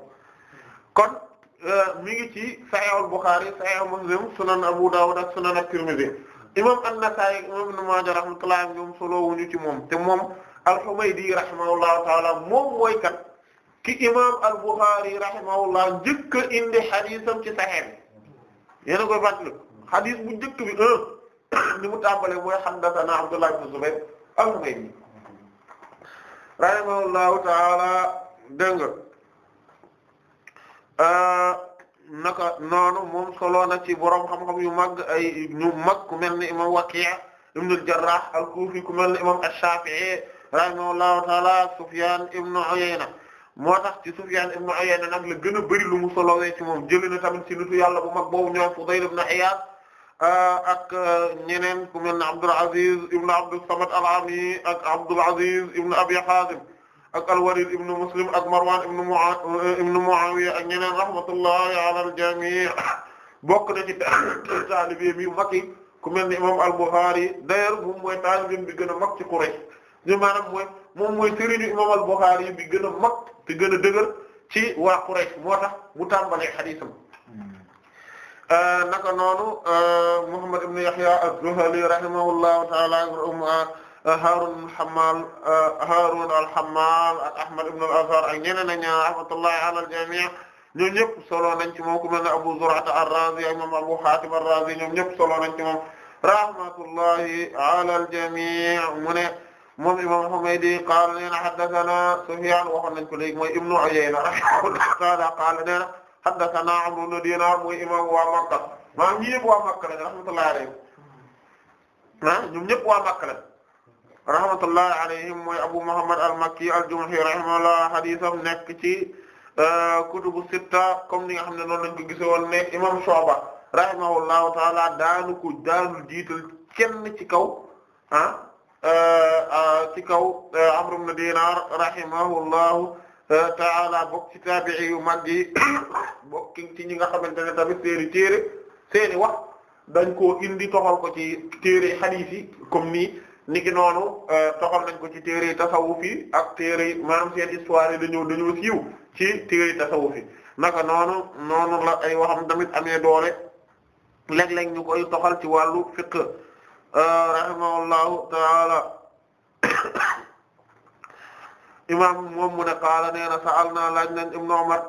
Euh, mi ngi ci Sahih al-Bukhari Sahih Muslim sunan Abu Dawud sunan at-Tirmidhi imam an-Nasa'i imam Ibn Majah rahmatullah ñoom solo wuñu te moom al-Humaydi rahimahullahu moom mooy kat ki imam al-Bukhari rahimahullah njëkk a indi ci Sahih bi yéena koy fàttali xadis bu njëkk bi un ni mu tàmbalee mooy haddathana Abdullah ibn Zubayr al-Humaydi rahimahullahu ta'ala dégg Euh, naka noonu moom solo na ci borom xam yu mag ay ñu mag ku mel ni imam Waki' ibn al-Jarrah al ku mel ni imam ash-Shafi'i rahimahullahu ta'ala Sufyan ibn Uyayna moo tax ci Sufyan ibn Uyayna nag la gën a bëri lu mu solowee ci moom jëlee na tamit ci nitu yàlla bu mag boobu ñoom Fudayl ibn Iyad euh, ak euh, ñeneen ku mel ne Abdul Aziz ibn Abdus Samad al-Ami ak Abdul Aziz ibn Abi Hazim ak al-Walid Muslim ak Marwan ibn Muawiya ak ñeneen rahmatullahi ala al-jami' bokk na ci taalibe yu mag ku mel ni imam al-Bukhari d'ailleurs moom mooy bi gën a ci Quraysh ñu maanaam mooy moom mooy imam al bi gën a mag te dëgër ci waa Quraysh moo tax mu tàmbalee xadiisam hmm. euh, naka noonu euh, Muhammad ibn Yahya az-Zuhali rahimahullahu ta'ala Euh, Haarun Hammaal euh, Haarun al-Hammaal ak Ahmad ibn al-Azhar ak ñeneen ak ñaar rahmatullahi ala al-jamii' ñoom ñëpp solo nañ ci moom ku mel ne Abu Zur'a ar-Raazi ak moom Abu Haatim ar-Raazi ñoom ñëpp solo nañ ci moom rahmatullahi ala al-jamii' mu ne moom imam Humaydi qaala nee na haddathana Sufyaan waxoon nañ ko léegi mooy Ibnu Uyayna rahimahullahu ta'aala qaala nee na haddathana Amru ibn Diinaar mooy imam waa Makka maa ñi yëpp waa Makka la rahmatullahi alayhi ah ñoom ñëpp waa Makka la rahmatullahi alayhim mooy Abu Muhammad al-Makki al-Jumahi rahimahullah hadisam nekk ci uh, kutubu sitta comme ni nga xam ne noonu lañ ko gisoon ne imam Shu'ba rahimahullahu taala daanu ko daanu jiital kenn ci kaw ah uh, uh, ci kaw Amr ibn Dinar rahimahullahu taala bokk ci taabi'i yu mag yi ci ñi nga xamante ne tamit seeni téere seeni wax dañ koo indi toxal ko ci téere hadith yi comme niki noonu euh, toxal nañ ko ci téere tasawuf yi ak téere maanaam seen histoire yi dañoo dañoo siiw ci téere tasawuf yi naka noonu noonu la ay waxam tamit amee doole léeg-léeg ñu koy toxal ci wàllu fiqh euh, rahimahullahu taala imam moom mu ne qaala nee sa'al naa laaj nañ ibnu Umar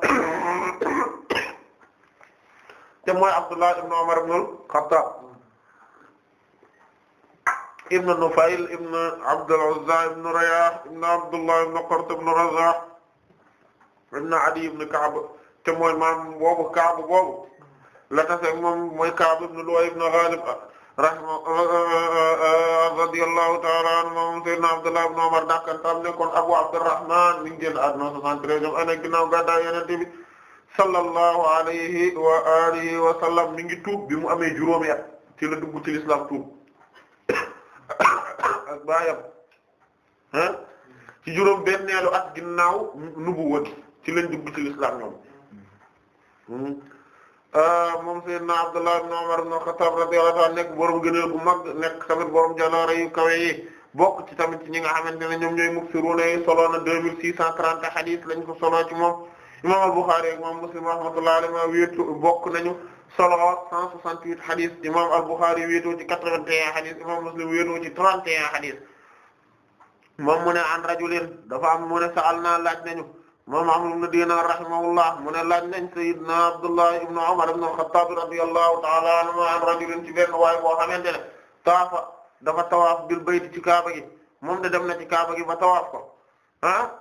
te mooy Abdullah ibnu Umar ibnul Xattaab ibn Nufayl ibn Abd al-Uzza ibn Riyah ibn Abdullah ibn Qurt ibn Razah ibn Adi ibn Ka'b te mooy maam boobu Ka'b boobu la tase moom mooy Ka'b ibn Lu'ay ibn Ghalib rahma euh, euh, euh, radiyallahu ta'ala anhu moom sayyidina Abdullah ibn Umar dakkantam ne kon Abu Abdurrahman mi ngi génn àdduna 73 jom année ginnaaw gàddaay Yonent bi sallallahu alayhi wa alihi wa sallam mi ngi tuub bi mu amee juróomi at ci la dugg ci l'islam tuub ak baayam ah ci juróom benneelu at ginnaaw di ci lañ dugg ci lislaam ñoom hmm? ah, moom sayyidna Abdullah ibn Umar ibn Khattab radiyallahu ta'ala nekk borom gëneel bu mag nekk tamit borom jaloore yu kawe yi bokk ci tamit ñi nga xamante ne ñoom ñooy muksiruna yi solo na deux mille six cent trente hadith lañ ko solo ci moom imam Al-Bukhârî ak imam Muslim rahmatullahi alayhi wéetu bokk nañu solo 168 hadis imam al-Bukhari wéetoo ci 81 hadis imam Muslim wéetoo ci 31 hadis moom mu ne an rajulin dafa am mu ne sa'alna laaj nañu moom Amr ibn Dinar rahimahullah mu ne laaj nañ sayyidna Abdullah ibn Umar ibn al-Khattab radiyallahu ta'ala anhu an rajulin ci benn waay boo xamante ne taafa dafa tawaaf bil bayt ci kaaba gi moom de dem na ci kaaba gi ba tawaaf ko ah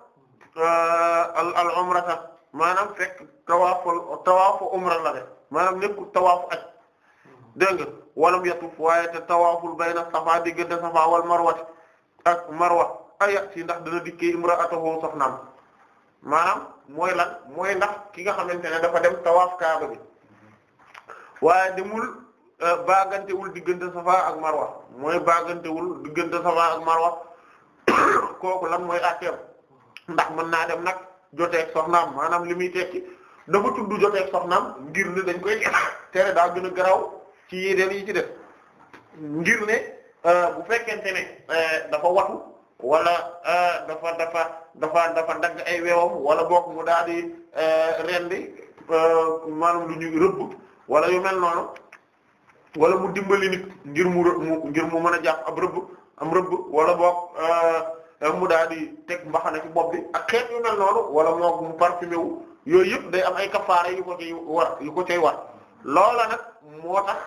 euh, al al umrata maanaam fekk tawaafu tawaafu umra la def maanaam nekkul tawaafu ak dégg nga walam yatuf waaye te tawaaful bayna safa diggante safa wal marwati ak marwa ayat si ndax dana dikkee imra'atuhu soxnaam maanaam mooy lan mooy ndax ki nga xamante ne dafa dem tawaaf kaaba bi waaye demul euh, baagantewul diggante safa ak marwa mooy baagantewul diggante safa ak marwa kooku lan mooy atteem ndax mën naa dem nag joteeg soxnaam maanaam li muy dafa tudd joteeg soxnaam ngir ne dañ koy tere daa gën a garaw ci yéedeel yi ci def ngir ne euh, bu fekkente ne euh, dafa watu walla euh, dafa dafa dafa dafa dagg ay weewam wala bokk mu daal di rendi maanaam lu ñu wala yu mel noonu wala mu dimbali nit ngir mu ngir mu mën a jàpp ab rëbb am rëbb wala boog daal di teg mbaxana ci bopp bi ak xeet yu mel noonu wala moog mu parfumé wu yooyu yëpp day am ay kafaara yu ko cay war yu loola nag moo tax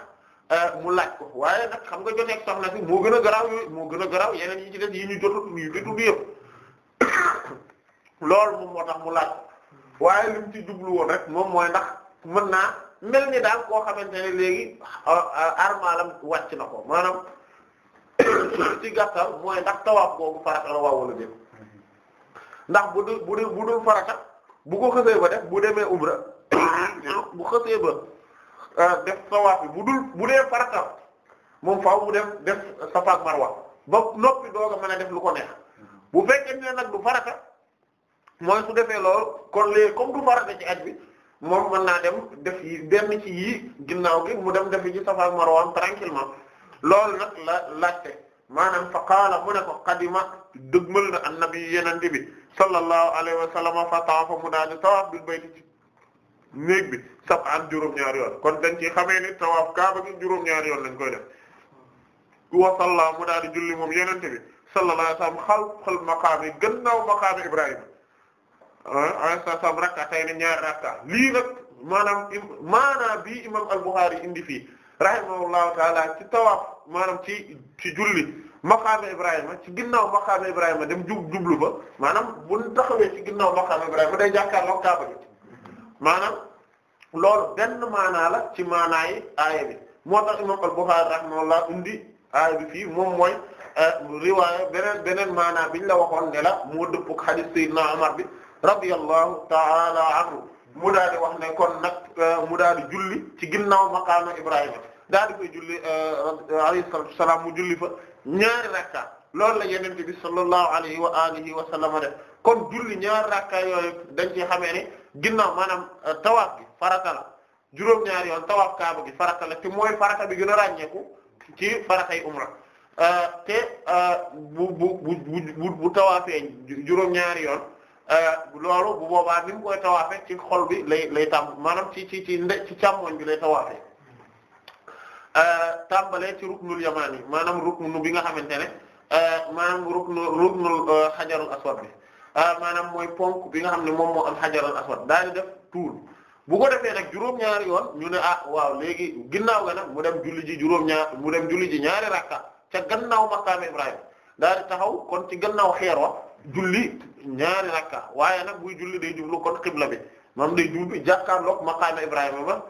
eh, mu laaj ko waaye nag xam nga joteeg soxna si moo gën a garaaw yooyu moo gën a garaaw yeneen yi ci des jot a yu tudd yëpp loolu moom moo tax mu laaj waaye li mu ci jublu woon rek moom mooy ndax mën naa mel ni daal koo xamante ne léegi ah, ah, armalam wàcc na ko maanaam ci gàttal mooy ndax tawaaf boobu farata la waaw wala déet ndax bu dul bu dul bu dul farata. bu ko xësee ba def bu demee umra bu xësee ba euh, def sawaaf bi bu dul bu dee farata moom faw mu def def safa ak marwa ba noppi doog a mën a def lu ko neex bu fekkee ne nag du farata mooy su defee loolu kon léegi comme du farata ci at bi moom mën naa dem def yi benn ci yii ginnaaw gi mu dem defi ci safa ak marwa am tranquillement loolu nag la laajte maanaam fa qaala mu ne ko qadima dëgmal na annabi yeneen bi sallallahu alayhi wa sallam fa taafa mu daal di tawaaf bil bayti ci néeg bi sab'an juróom-ñaari yoon kon dañ ci xamee ni tawaaf kaaba gi juróom-ñaari yoon lañ koy def wa salla mu daal di julli moom yenente bi sallallahu alayhi wa sallam xal xal maqaam yi gannaaw maqaami Ibrahima ah, alayhi salaam rak'atayn ñaari rakka lii nag maanaam maanaam bii imam al-Bukhari indi fii rahimahullahu ta'ala ci tawaaf maanaam ci ci julli maqaama Ibrahima ci ginnaaw maqaama Ibrahima dem jub jublu ba maanaam bu ñu taxawee ci ginnaaw maqaama Ibrahima day jàkkaarloo Kaaba gi maanaam loolu benn maana la ci maanaa yi aaya bi moo tax imam al-Bukhari rahimahullah indi aaya bi fii moom mooy euh, riwaaya beneen beneen maanaa biñ la waxoon ne la moo dëpp ak hadith Umar bi radiyallahu ta'ala anhu mu daal di wax ne kon nag euh, mu daal julli ci ginnaaw maqaama Ibrahima daal di julli euh, alayhi mu julli fa ñaari rakka loolu la yonent bi sallallahu alayhi wa alihi wa sallam def kon julli ñaari rakka yooyu dañ ci xamee ne ginnaaw maanaam euh, tawaaf gi farata la juróom ñaari yoon tawaaf kaaba gi farata la te mooy farata bi gën a ràññeeku ci faratay umra euh, te euh, bu bu bu bu tawaafee juróom ñaari yoon loolu bu boobaa ni booy koy tawaafee ci xol bi lay lay tàmm maanaam ci ci ci ci càmmoñ bi lay tawaafee Euh, tàmbalee ci ruknul yamaani maanaam ruknu bi nga xamante ne euh, maanaam ruknu ruknul euh, xajarul aswad bi maanaam mooy ponk bi nga xam ne moom moo am xajarul aswad daal di def tuur bu ko defee nag juróom-ñaari yoon ñu ne ah waaw léegi ginnaaw ga nag mu dem julli ji juróom-ñaar mu dem julli ji ñaari rakka ca gannaaw maqaam Ibrahim daal di taxaw kon ci gannaaw xeer wa julli ñaari rakka waaye nag buy julli day jublu kon xibla bi moom day jublu jàkkaarloog maqaam Ibrahima ba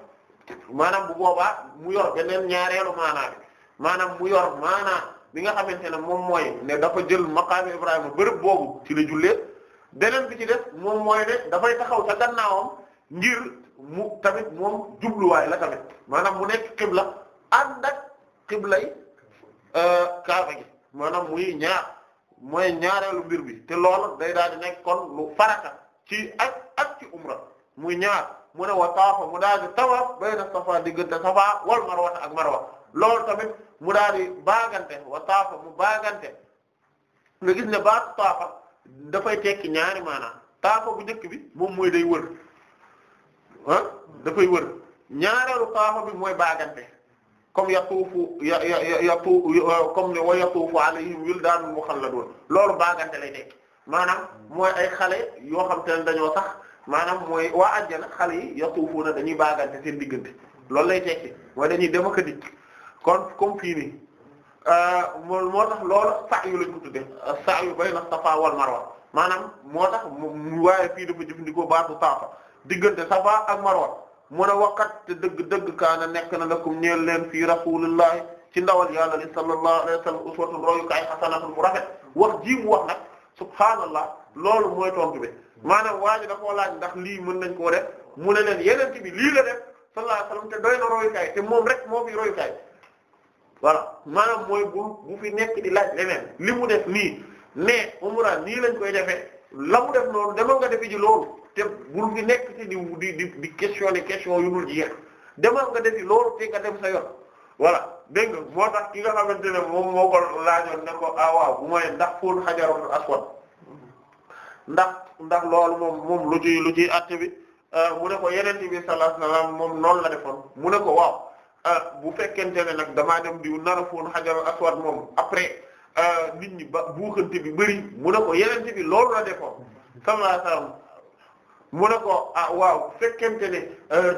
maanaam bu boobaa mu yor beneen ñaareelu maanaa bi maanaam mu yor maanaa bi nga xamante ne moom mooy ne dafa jël maqaam Ibrahima bërëb boobu ci la jullee beneen bi ci def moom mooy ne dafay taxaw ca gannaawam ngir mu tamit moom jubluwaay la tamit maanaam mu nekk xibla ànd ak xiblay euh, kaaba gi maanaam muy ñaar mooy ñaareelu mbir bi te loolu day daal di nekk kon lu farata ci ak ak ci umra muy ñaar. mu ne wa mu daal di tawaf bayna safa diggante safa wal marwa ak marwa loolu tamit mu daal di baagante wa taafa mu baagante nga gis ne baatu taafa dafay tekki ñaari maanaam taafa bu njëkk bi moom mooy day wër ah dafay wër ñaareelu taafa bi mooy baagante comme yatuufu ya ya yatu comme ne wa yatuufu alayhim wildaanun mukhalladun loolu baagante lay tekki maanaam mooy ay xale yoo xam te ne dañoo sax. maanaam mooy waa àjjana xale yi yatuufuuna dañuy baagante seen diggante loolu lay tekki mooy dañuy dem ak kon comme fii nii euh, moo moo tax loolu sa'yu lañ ko tudde sa'yu bayna safa wal marwa maanaam moo tax mu waaye fii dafa jëfandikoo baatu saafa diggante safa ak marwa mun a waqat te dëgg dëgg kaana nekk na lakum ñeel leen fii rasuulullahi ci ndawal yàlla li sallallahu alayhi wa sallam uswatun bu rafet wax ji mu wax nag subhaanallah loolu mooy tontu maanaam waa ji da laaj ndax lii mën nañ koo def mu ne leen yeneen bi lii nga def sallallahu alayhi wasallam te doy na royukaay te moom rek moo fi royukaay voilà maanaam mooy bu bu fi nekk di laaj leneen li mu def nii ne umra nii lañ koy defee la mu def loolu demal nga defi ji loolu te bul fi nekk ci di di di questionner question yu dul jeex demal nga defi loolu te nga dem sa yoon voilà dégg nga moo tax ki nga xamante ne moom moo ko laajoon ne ko ah waaw bu mooy ndax fóon xajarul aswad ndax ndax loolu moom moom lu ciy lu ciy àtte bi euh, mu ne ko yenente bi sallallahu alayhi moom noonu la defoon mu ne ko waaw euh, bu fekkente ne nag damaa dem di nar a foon xajaral aswad moom après euh, nit ñi ba buuxante bi bëri mu ne ko yenente bi loolu la defoon sallallahu mu ne ko ah waaw fekkente ne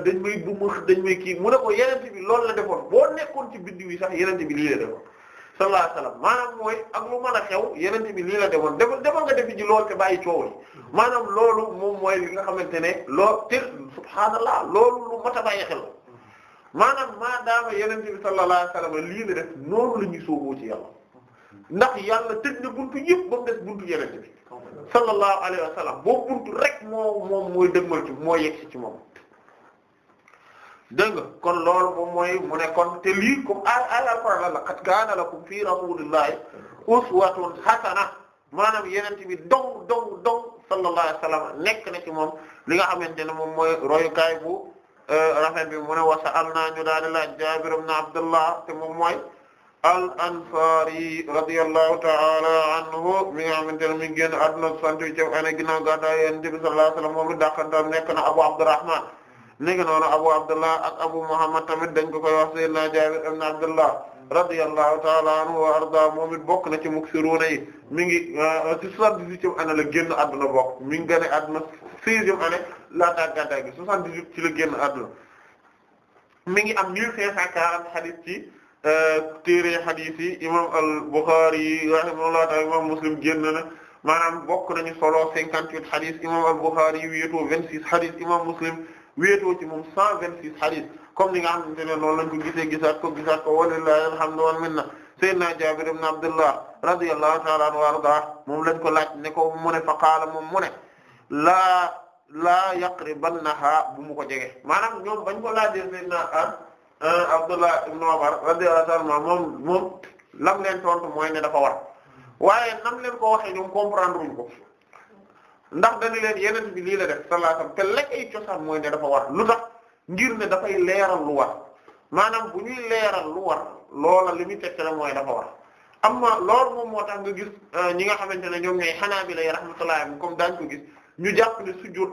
dañ may bu dañ may kii mu ne ko yenente bi loolu la defoon boo nekkoon ci biddi wi sax yenente bi lii la defoon sallallahu alayhi wasallam maanaam mooy ak lu mën a xew yeneen bi lii la demoon defal defal nga defi ji lool te bàyyi coow li maanaam loolu moom mooy li nga xamante ne loo te subhaanallah loolu lu mat a bàyyi xel maanaam maadaama yeneen bi sallallahu alayhi wasallam lii la def noonu la ñuy sooboo ci yàlla ndax yàlla tëj na buntu yëpp ba mu des buntu yeneen bi sallallahu alayhi wasallam boo buntu rek moo moom mooy dëgmal moo yegg ci moom. dégg nga kon loolu moom mooy mu ne kon te lii comme alquran la qad kaana lakum fii rasulillahi uswatun hasana maanaam yeneen bi dong dong dong sallallahu nekk na ci moom li nga xamante ne moom mooy royukaay bu euh, rafet bi mu ne wa sa'alnaa ñu daal di laaj Jaabir ibn Abdullah te moom mooy al ansari radiyallahu ta'ala anhu mi nga xamante ne mi ngi génn àdduna sant yu ca année ginnaaw gàddaay Yonent bi nekk na Abu Abdurrahman léegi noonu Abu Abdullah ak Abu Muhammad tamit dañ ko koy wax Sayyidina Jaabir ibn Abdullah radiyallahu ta'ala anhu wa arda moom it bokk na ci muksiruuna yi mi ngi ah, ci soixante dix génn àdduna bokk mi ngi gane àdduna seizième année laataa gàddaay dix huit ci la génn àdduna mi ngi am mille cinq cent quarante hadith ci eh, téere hadith yi imam al-Bukhari yi rahimahullahu ta'ala imam Muslim génn na maanaam bokk nañu solo cinquante-huit hadith imam al-Bukhari yi wéetoo vingt-six hadith imam Muslim wéetoo ci moom cent vingt six hadith comme ni nga xamante ne noonu lañ ko gisee gisaat ko gisaat ko walillahi alhamdu wal minna sayyidina Jaabir ibn Abdullah radiyallahu ta'ala anhu wa arda moom lañ ko laaj ne ko mu ne fa qaala moom mu ne laa laa yaqribannaha bu mu ko jege maanaam ñoom bañ ko laajee sayyidina ah, ah, Abdullah am Umar radiyallahu ta'ala moom moom lam leen tontu mooy ne dafa war waaye nam leen ko waxee ñoom comprendre wuñ ko ndax dañu leen yeneen bi lii la def sallallahu alayhi wasallam te lekk ay cosaan mooy ne dafa war lu tax ngir ne dafay leeral lu war maanaam bu leeral lu war loola li muy tegtale mooy dafa war amma loolu moom moo tax nga gis euh, ñi nga xamante ne ñoom ñooy Hanaabila yi rahmatullahi comme daañu ko ñu jàpp ne sujjóot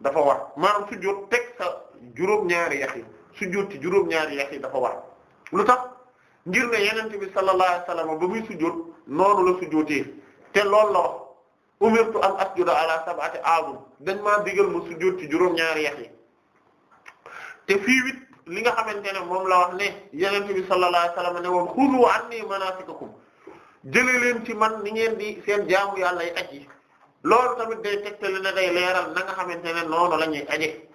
dafa war maanaam sujjóot teg sa juróom-ñaari yax yi ci juróom-ñaari yax yi dafa war lu tax ngir ne yeneen bi sallallahu alayhi wasallam ba muy sujjóot noonu la sujjóotee te loolu la umirtu an asjuda ala sab'ati aabun dañ maa digal ma sujjóot ci juróom-ñaari yax yi te fii li nga xamante ne moom la wax ne yenente bi sallallahu alayhi wasallam ne woon xudu anni manasikakum jële leen ci man ni ngeen di seen jaamu yàlla yi aj yi loolu tamit day tegtale na day leeral na nga xamante ne noonu lañuy ñuy aje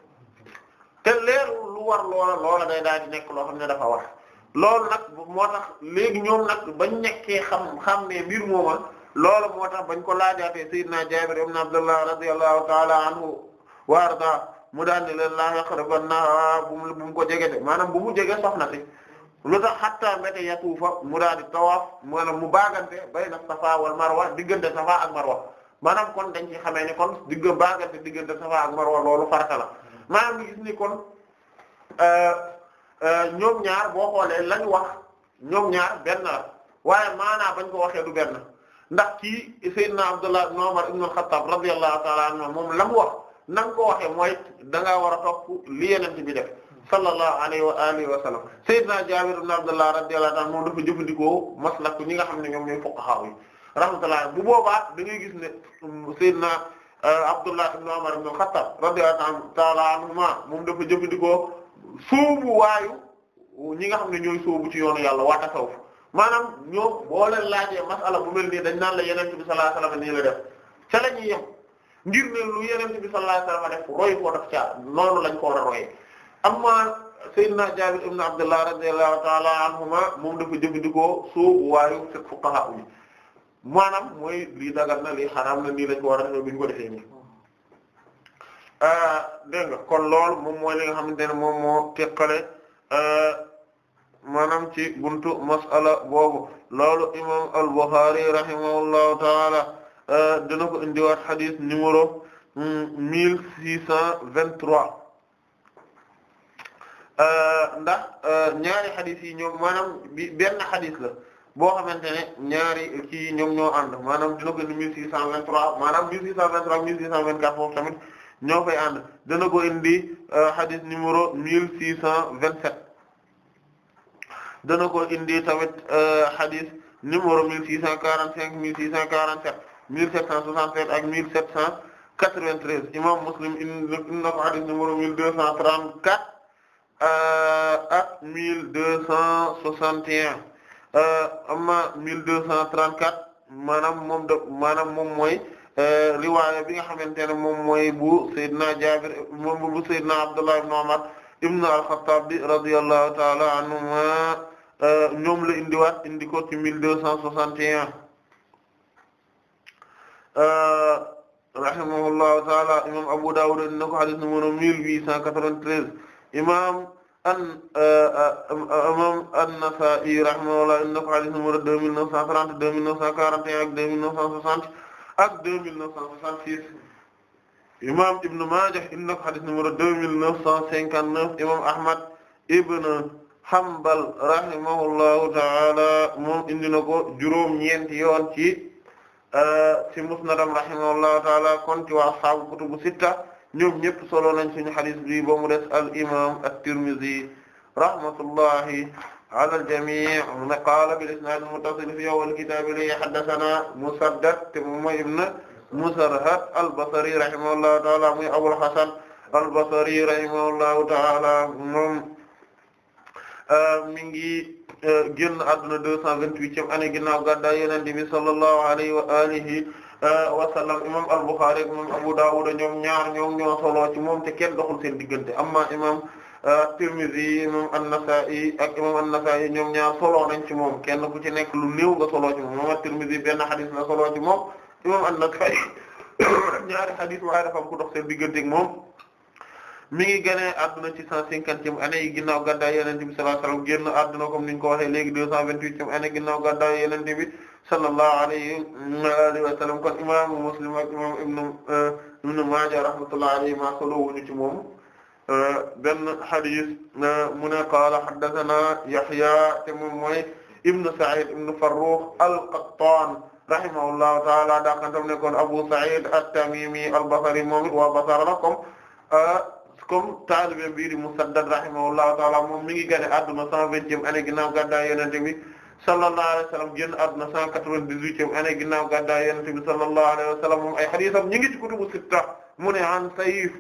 te leeru lu war loola loola day daal di nekk loo xam ne dafa war loolu nag moo tax léegi ñoom nag bañ nekkee xam xam ne mbir mooma loolu moo tax bañ ko laajaatee sayyidina Jaabir ibn Abdullah radiyallahu ta'ala anhu wa arda mu daan ne leen laa yaqrabannaha bu mu bu ko jege de maanaam bu mu jege soxna si lu tax hatta mbéte yatuufa mu daal di tawaaf maanaam mu baagante bayna Safa wal Marwa diggante Safa ak Marwa maanaam kon dañ ci xamee ni kon digg baagante diggante Safa ak Marwa loolu farata la maanaam ñu gis ni kon euh, euh, ñoom ñaar boo xoolee lañ wax ñoom ñaar benn la waaye maanaam bañ ko waxee du benn. ndax kii Seydina Abdullah ibn Umar ibn al-Khattab radiyallahu ta'ala anhu moom la mu wax na nga ko waxee mooy da ngaa war a topp li yeneen bi def sallallahu alayhi wa alihi wa sallam Seydina Jaabir ibn Abdullah radiyallahu ta'ala moom dafa jëfandikoo maslak ñi nga xam ne ñoom ñooy fuqaha yi rahmatullah bu boobaa da ngay gis ne um, Seydina uh, Abdullah ibn Umar ibn al-Khattab radiyallahu ta'ala anhuma moom dafa jëfandikoo sóobu waayu ñi nga xam ne ñooy sóobu ci yoonu yàlla waa tasawuf maanaam ñoom boo leen laajee masala bu mel nii dañ naan la yeneen bi sallallahu alayhi wasallam nii la def ca la ñuy ngir ne lu yeneen bi sallallahu alayhi wasallam roy ko daf ca noonu lañ ko war a royee amma Seydina Jaabir ibn Abdullah radiyallahu ta'ala anhuma moom dafa jëfandikoo soobu waayu fekk fuqaha yi maanaam mooy lii dagal na lii xaraam na nii lañ ko war a defee bu ñu ko defee nii ah, dégg nga kon lool moom mooy li nga xamante ne moom moo teqale ah, maanaam ci buntu mas'ala boobu loolu imam al-Bukhari rahimahullahu taala euh, dina ko indiwaat hadith numéro hmm, mille six cent vingt-trois euh, ndax euh, ñaari hadith yi ñoom maanaam bi benn hadith la boo xamante ne ñaari kii ñoom ñoo ànd maanaam dina ko indi mille six cent vingt-trois maanaam mille six cent vingt-trois mille six cent vingt-quatre foofu tamit ñoo fay ànd dina ko indi hadith numéro mille six cent vingt-sept dana ko indi tamit euh, hadith numéro 1645 1647 1767 ak 1793 imam Muslim indi na ko hadith numéro 1234 euh, ak 1261 euh, amma 1234 maanaam moom da maanaam moom mooy riwaaya bi nga xamante ne moom mooy bu Seydina Jaabir moom bu Seydina Abdullah ibn Umar ibn al-Khattab ta'ala anhuma euh, ñoom la indiwaat indi ko ci mille deux cent soixante et un euh, rahimahullahu ta'ala imam Abu Dawud indi ko hadith numéro mille huit cent quatre-vingt-treize imam an euh, imam an-Nasa'i ko hadith numéro deux mille neuf cent trente deux mille neuf cent quarante et un ak deux mille neuf cent soixante ak deux mille neuf cent soixante-six imam Ibn Maaja indi na ko xadis numéro deux mille neuf cent cinquante neuf imam Ahmad Ibn Hanbal rahimahullahu taala moom indi na ko juróom-ñeenti yoon ci euh, ci musnadam rahimahullahu taala kon ci waa ashaabu kutubu sitta ñoom ñëpp solo nañ suñu xadis bi ba mu des al imam at-Tirmidhi rahmatullahi ala al-jamii' mu ne qaala bil isnaad al-muttasil fi awwal kitaab li haddathana Musaddad te moom mooy ibn Musarhad al-Basri rahimahullahu ta'ala muy Abul Hasan al-Basri rahimahullahu ta'ala moom euh, mi ngi euh, génn àdduna deux cent vingt-huitième année ginnaaw gàddaay Yonent bi sallallahu alayhi wa alihi euh, wa sallam imam al-Bukhari ak moom Abu Dawud ñoom ñaar ñoom ñoo solo ci te kenn doxul seen diggante amma imam Tirmidhi imam an ak imam an-Nasa'i ñoom ñaar solo nañ kenn ku ci nekk lu néew nga solo ci moom imam benn hadith la solo ci imam an-Nasa'i ñaari xadis waaye dafa am ku dox seen digganteeg moom mi ngi génnee adduna ci cent cinquantième année yi ginnaaw gàddaay yonent bi sallallahu alayhi wa sallam génn adduna comme ni ñu ko waxee léegi deux cent vingt-huitième année ginnaaw gàddaay yonent bi sallallahu alayhi wa sallam kon imaamu Muslim ak imam ibnu euh, ibnu Maaja rahmatullahi alayhi ma solo wuñu ci moom euh, benn xadis euh, mu ne qaala haddathana Yahya te moom mooy ibnu Sa'id ibnu Farrukh al-Qattan rahimahullahu taala dakantam nekkoon Abu Sa'id at-Tamimi al-Basri moom it waa Basra la comme euh, comme taalibe bii di Musaddad rahimahullahu taala moom mi ngi génn àdduna 120e année ginnaaw gàddaay Yonent bi sallallahu alayhi wa sallam génn àdduna 198e année ginnaaw gàddaay Yonent bi sallallahu alayhi wa sallam moom ay hadiisam ñi ngi kutubu sitta mu ne an Sayf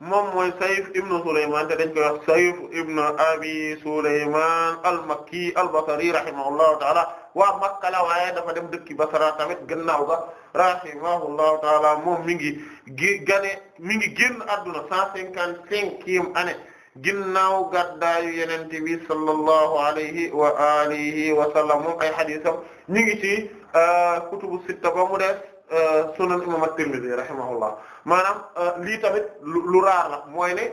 moom mooy Sayf ibn Sulaymaan te dañ koy wax Sayf ibn Abi Sulaymaan al-Makki al-Basri ta'ala waa Makka la waaye dafa dem dëkki Basra tamit gannaaw ga rahimahullahu ta'ala moom mi ngi gi gane mi ngi génn adduna cent cinquante-cinquième année ginnaaw gàddaayu Yonent bi sallallahu alayhi wa alihi wa sallam moom ay hadiisam ñu ngi ci euh, kutubu sitta ba mu def Euh, sunan imam at-Tirmidhi rahimahullah maanaam euh, lii tamit lu raar la mooy ne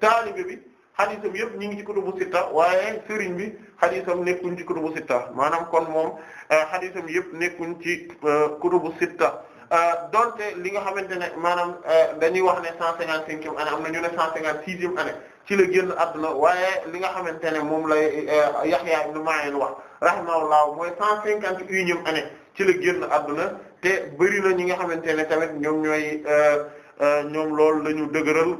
taalibe bi xadisam yëpp ñu ngi ci kutubu sitta waaye sëriñ bi xadisam nekkuñ ci kutubu sitta maanaam kon moom euh, xadisam yëpp nekkuñ ci kutubu sitta donte li nga xamante ne maanaam dañuy wax ne cent cinquante ane am na ñu ne cent cinquante-sixième année ci la génn àdduna waaye li nga xamante ne moom la Yahya ibn Ma'in wax rahimahullah mooy cent cinquante et unième année ci la génn àdduna te bëri na ñi nga xamante ne tamit ñoom ñooy euh, euh, ñoom loolu lañu ñu dëgëral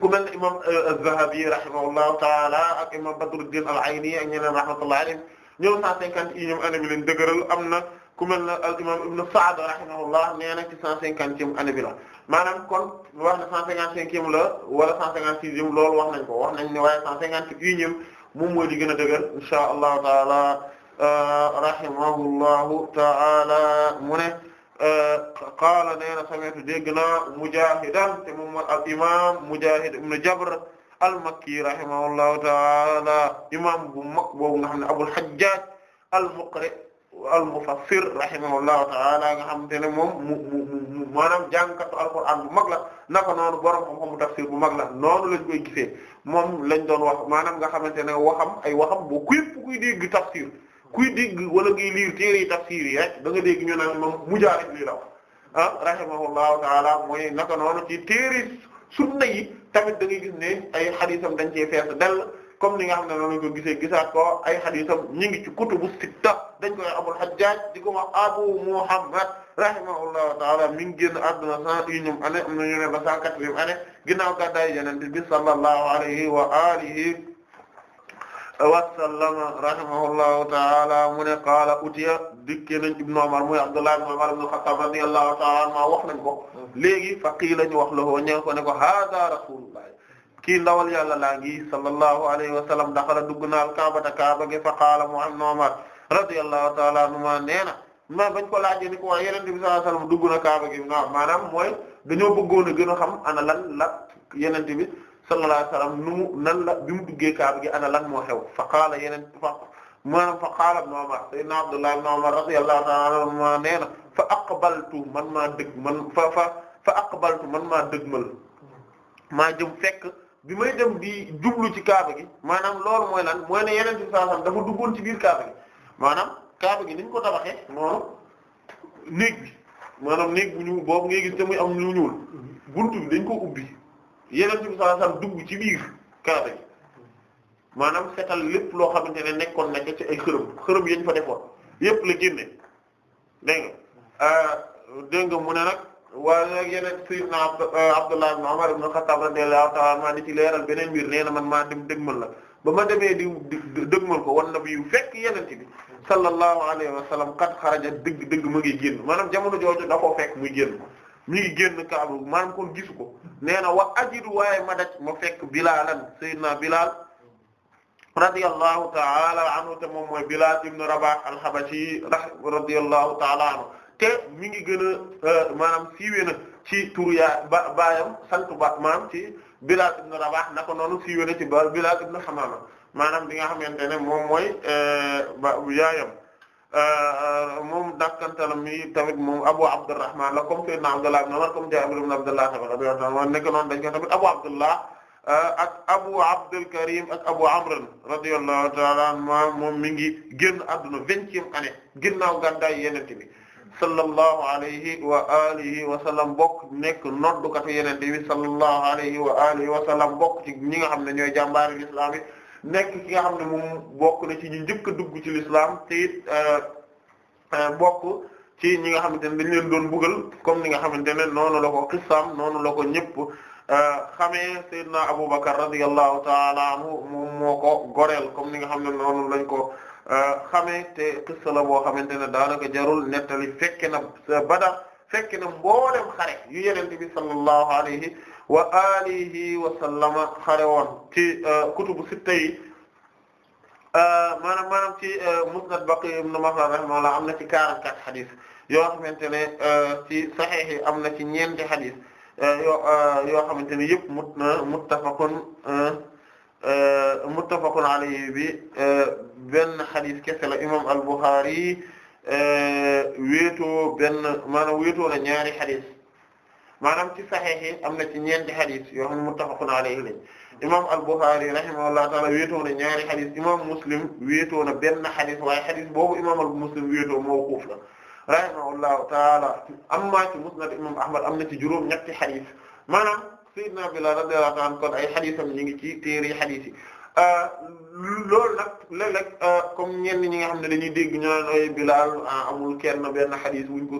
ku mel ne imam euh, az-Zahabi rahimahullahu taala ak imam Badruddin al-Ayni ak ñeneen rahmatullahi alayhim ñoom cent cinquante yi ñoom année bi leen dëgëral am na ku mel ne al imam Ibn Sa'd rahimahullah nee na ci cent cinquantième année bi la maanaam kon wax na cinquante-cinquième la wala cent cinquante-sixième loolu wax nañ ko wax nañ ne waaye cent cinquante-huitième moom moo di gën a dëgër insha taala rahimahullahu ta'ala mu ne euh, qaala nee na sami'tu dégg naa Mujaahidan te moom al imaam Mujaahid ibn Jabr al-Makki rahimahullahu ta'ala imaam bu mag boobu nga xam ne Abul Hajjaj al-Muqri al-Mufassir rahimahullahu ta'ala nga xam te ne moom mu mu maanaam jàngkatu Alqur'aan bu mag la naka noonu borom xam-xamu tafsir bu mag la noonu lañ koy gisee moom lañ doon wax maanaam nga xamante ne waxam ay waxam bu képp kuy dégg tafsir kuy dégg wala ngay liir téere yi tafsiir yi rek da nga dégg ñu naan moom Mujaahid lii la wax ah rahimahullahu taala mooy naka noonu ci téere sunna yi tamit da ngay gis ne ay xadiisam dañ cee fees dell comme ni nga xam ne noonu ko gisee gisaat ko ay xadiisam ñu ngi ci kutubu sitta dañ koy Abul Hajjaj di ko wax Abu Muhammad rahimahullahu taala mi ngi génn àdduna cent u ñum année am na ñu ne la cent quatrième année ginnaaw gàddaayu Yonent bi sallallahu alayhi wa alihi wasallama rahimahullahu taala mu ne qaala utiya dikkee nañ ibnu Umar muy Abdullah ibn Umar ibn Khattab radiyallahu taala anhu wax nañ ko léegi fa qiila ñu wax lahoo ña ko ne ko hada rasulullah kii ndawal yàlla laa ngi sallallahu alayhi wa sallam daxala dugg naal kaabata kaaba gi fa qaala mu am Umar radiyallahu taala anhu ma nee na ma bañ ko laajee ni ko waaye yeneen bi sallallahu alayhi wa sallam dugg na kaaba gi maanaam mooy dañoo bëggoon a gën xam ana lan la yeneen sallallahu alayhi wasallam nu mu nan la bi mu duggee kaaba gi ana lan moo xew fa qaala yeneen fa maanaam fa qaala ibn Umar sayyidina Abdullah ibn Umar radiyallahu ta'ala anhuma nee na fa dëgg ma fa fa fa aqbaltu man maa dëgmal maa jëm fekk bi may dem di jublu ci kaaba gi maanaam loolu mooy lan mooy ne yeneen ci saasam dafa duggoon ci biir kaaba gi maanaam kaaba gi niñ ko tabaxee noonu néeg bi maanaam néeg bu ñu boobu ngay gis te muy am lu ñuul buntu bi dañ ko ubbi yeneen bi sallallahu alayhi dugg ci biir kaaba gi maanaam setal lépp loo xamante ne nekkoon na ci ay xërëm xërëm yañ fa defoon yépp la génne dégg nga euh, dégg nga mu ne nag waaye yeneen sayyidna euh, Abdullah ibn Umar ibn Khattab radiyallahu ta'ala anhu ci leeral beneen mbir nee na man maa dem mën la ba ma demee di dëgmal ko wan na bi fekk yeneen bi sallallahu alayhi wa sallam kat xaraja dëgg dëgg ma ngi génn maanaam jamono jooju da koo fekk muy génn mi ngi génn Kaaba maanaam kon gisu ko nee na wa ajidu waaye ma daj ma fekk Bilalan Seydina Bilal radiyallahu ta'ala anhu te moom mooy Bilal ibn Rabah al-Habashi radiyallahu ta'ala anhu te mi ngi gën a euh, maanaam siiwee na ci turu yaa ba baayam sant ba maam ci Bilal ibn Rabah naka noonu siiwee na ci ba Bilal ibn Hamama maanaam bi nga xamante ne moom mooy euh, ba yaayam. Euh, moom dakkantalam mi tamit moom Abu Abdurrahman la comme Sayyidina Abdullah ibn Umar comme Jaabir ibn Abdullah radiyallahu anhu nekk noonu dañ ko tamit Abu Abdullah euh, ak Abu Abdul Karim ak Abu Amr radiyallahu ta'ala anhu moom mi ngi génn àdduna vingtième année ginnaaw gàddaay Yonent bi sallallahu alayhi wa alihi wa sallam bokk nekk noddukatu Yonent bi sallallahu alayhi wa alihi wa sallam bokk ci ñi nga xam ne ñooy jàmbaari lislaam yi nekk ki nga xam ne moom bokk na ci ñu njëkk a dugg ci l'islam te it euh, euh, bokk ci ñi nga xamante ne dañ leen doon bugal comme ni nga xamante ne noonu la ko noonu la ko ñëpp euh, xamee Seydina Aboubacar radiyallahu taala anhu moom moo ko goreel comme ni nga xam ne noonu lañ ko xamee te xissa la boo xamante ne daanaka jarul nettali fekke na Badar fekke na mboolem xare yu yenente bi sallallahu alayhi wa alihi wa sallama xare woon ci euh, kutubu sitta yi euh, maanaam maanaam ci euh, musnad Baqi ibn Makhlad rahimahullah am na ci 44 xadis yoo xamante ne ci saxiix yi am na ci ñeenti xadis yoo yoo xamante ne yëpp mut muttafaqun muttafaqun alayhi bi benn xadis kese la imam al-Bukhari wéetoo benn maanaam wéetoo na ñaari xadis. maanaam ci saxiix am na ci ñeenti xadis yoo xam ne muttafaqun alayhi lañ imam al-Bukhari rahimahullah taala wéetoo na ñaari xadis imam Muslim wéetoo na benn xadis waaye xadis boobu imam al-Muslim wéetoo mawquuf la rahimahullahu taala amma ci musnad imam Ahmad am na ci juróom ñetti xadis maanaam sayyidina Bilal radiyallahu anhu kon ay xadisam ñu ngi ci téere xadis yi euh, loolu nag léeg-léeg euh, comme ñenn ñi nga xam ne dañuy dégg ñoo nooy Bilal ah, amul kenn benn xadis wuñ ko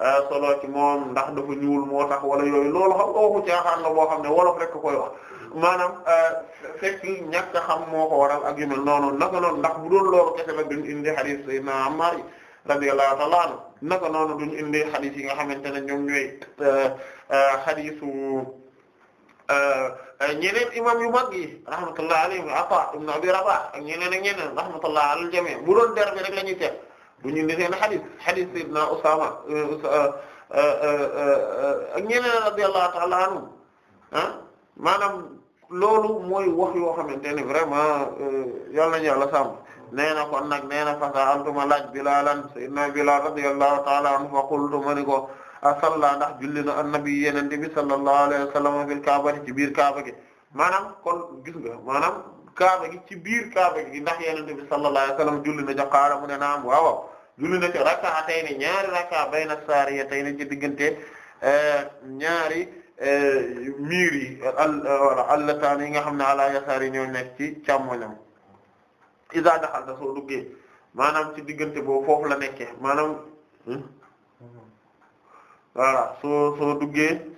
Euh, solo ci moom ndax dafa ñuul moo tax wala yooyu lool xam nga waxu caaxaan la boo xam ne wolof rek koy maanaam euh, fekk ñàkk xam moo ko waral ak yu mel noonu naka noonu ndax bu doon loolu kese la duñ indi hadith Sayyidina Ammar radiyallahu ta'ala anhu naka noonu duñ indi hadith yi nga xamante ne ñoom ñooy hadithu euh, ñeneen imam yu mag yi rahmatullah alayhi Ataa ibn Abi ñeneen ak ñeneen rahmatullah alal bu doon der bi rek la ñuy teg. bu ñu lisee na xadis xadis sayyidina Usaama euh, euh, euh, ak ñeneen radiyallahu ta'ala anhum ah loolu mooy wax yoo xamante ne vraiment yal nañu yàlla sàmm nee na kon nag nee na fasa antuma laaj Bilaalan sayyidina Bilaal radiyallahu ta'ala anhu fa qultu ma ni ko asalla ndax julli na annabi yenente bi sallallahu alayhi wa sallam fil kaaba ci biir kaaba gi maanaam kon gis nga maanaam kaaba gi ci biir kaaba gi ndax yenente bi sallallahu alayhi wa julli na jaqaara mu ne naam waaw julli na ci rak'atayni ñaari rak'a bayna sariyatayni ci diggante eh, ñaari eh, miir yi wala allataan yi nga xam ne ala yasaar yi ñoo nekk ci càmmoñam isa daxalta soo duggee maanaam ci diggante boobu foofu la nekkee maanaam hmm? voilà soo soo duggee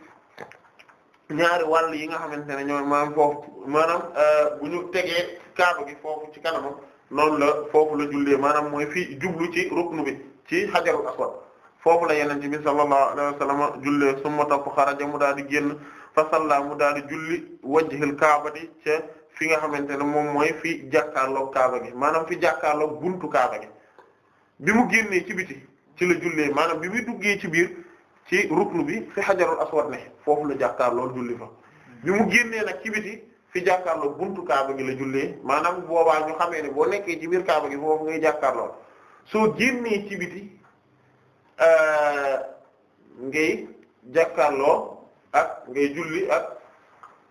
ñaari wàll yi nga xamante ne ñoo maanaam foofu maanaam eh, bu ñu tegee kaaba gi foofu ci kanamam noonu la foofu la jullee maanaam mooy fii jublu ci ruknu bi ci xajarul aswad foofu la yeneen ci bi sallallahu alayhi wa sallam jullee summa topp xaraja mu daal di génn fa salla mu daal di julli wajhil kaaba di ca fi nga xamante ne moom mooy fi jàkkaarloog kaaba gi maanaam fi jàkkaarloog buntu kaaba gi bi mu génnee ci biti ci la jullee maanaam bi muy duggee ci biir ci ruknu bi fi xajarul aswad ne foofu la jàkkaarlool julli fa bi mu génnee nag ci biti fi jàkkaarloo buntu kaaba gi la jullee maanaam boobaa ñu xamee ne boo nekkee ci biir kaaba gi foofu ngay jàkkaarloo soo génnee ci biti euh, ngay jàkkarloo ak ngay julli ak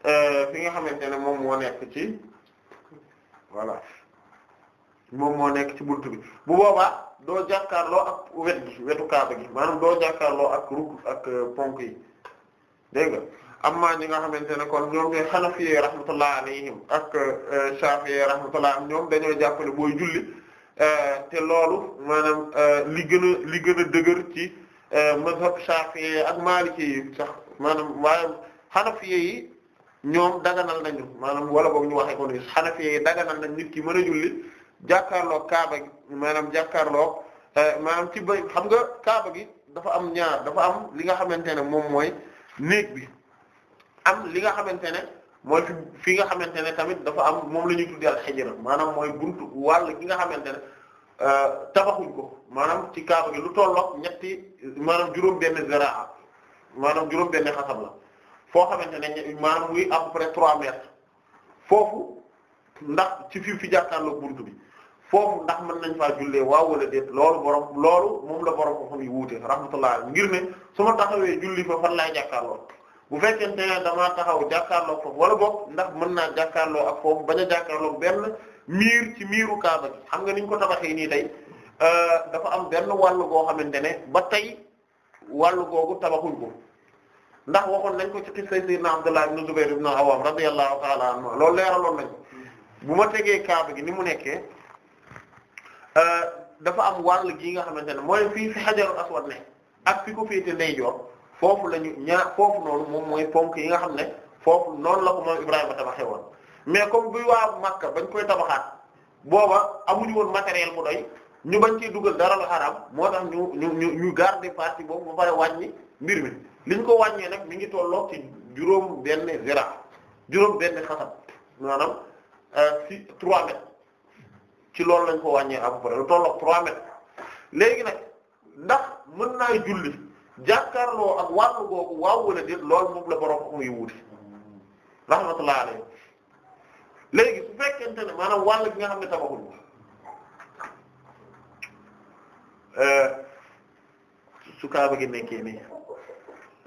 euh, fi nga xamante ne moom moo nekk ci voilà moom moo nekk ci bunt bi bu boobaa doo jàkkaarloo ak wet gi wetu kaaba gi maanaam doo jàkkaarloo ak rukk ak euh, ponk yi dégg amma ñi nga xamante ne kon ñoom ñooy xanafi rahmatullah alayhim ak euh, shafi'i rahmatullah ñoom dañoo jàppale booy julli euh, te loolu maanaam euh, li gën li gën a dëgër ci mazhab shafi'i ak maliki yi sax maanaam waaye xanafi yi ñoom daganal nañu maanaam wala boog ñu waxee ko ni xanafi yi daganal nañ nit ki mën a julli jàkkaarloog kaaba gi manam jàkkaarloog maanaam ci bay xam nga kaaba gi dafa am ñaar dafa am li nga xamante ne moom mooy néeg bi am li nga xamante ne mooy fi fi nga xamante ne tamit dafa am moom la ñuy tuddee al xijra maanaam mooy buntu wàll gi nga xamante ne euh, tabaxuñ ko maanaam ci kaaba gi lu tollook ñetti maanaam juróom-benn zara'a maanaam juróom-benn xasam la foo xamante ne maanaam muy à peu près 3 mètres foofu ndax ci fi fi jàkkaarloo buntu bi foofu ndax mën nañ faa jullee waaw wala déet loolu borom loolu moom la borom ko xam yi wuute rahmatullah ngir ne su ma taxawee julli fa fan laay jàkkaarloo. bu fekkente ne damaa taxaw jàkkaarloo foofu wala book ndax mën naa jàkkaarloo ak foofu bañ a jàkkaarloo benn miir ci miiru kaaba gi xam nga niñ ko tabaxee nii tey euh, dafa am benn wàll goo xamante ne ba tey wàll googu tabaxuñ ko ndax waxoon nañ ko ci xis sayyidina Abdullah ibn Zubayr ibn Awwam radiyallahu ta'ala anhu loolu leeraloon nañ bu ma tegee kaaba gi ni mu nekkee euh, dafa am wàll gii nga xamante ne mooy fii fi xajarul aswad ne ak fi ko féete ndeyjoor foofu la ñu ñaar foofu noonu moom mooy ponk yi nga xam ne foofu noonu la ko moom Ibrahima tabaxee woon mais comme buy waa Makka bañ koy tabaxaat booba amuñu woon matériel bu doy ñu bañ ciy dugal dara la araam moo tax ñu ñu ñu ñu garder partie boobu ba pare ni mbir mi liñ ko wàññee nag mi ngi tolloo ci juróom benn zira juróom benn xasam maanaam ci euh, 3 ci loolu lañ ko wàññee à peu près lu tolloo 3 mètres léegi nag ndax mën naa julli. jàkkaarloo ak wàllu googu waaw wala déet loolu moom la borom ko muy wuute rahmatullahi alayhi léegi su fekkente ne maanaam wàll gi nga xam ne tabaxul eh, su kaaba gi nekkee nii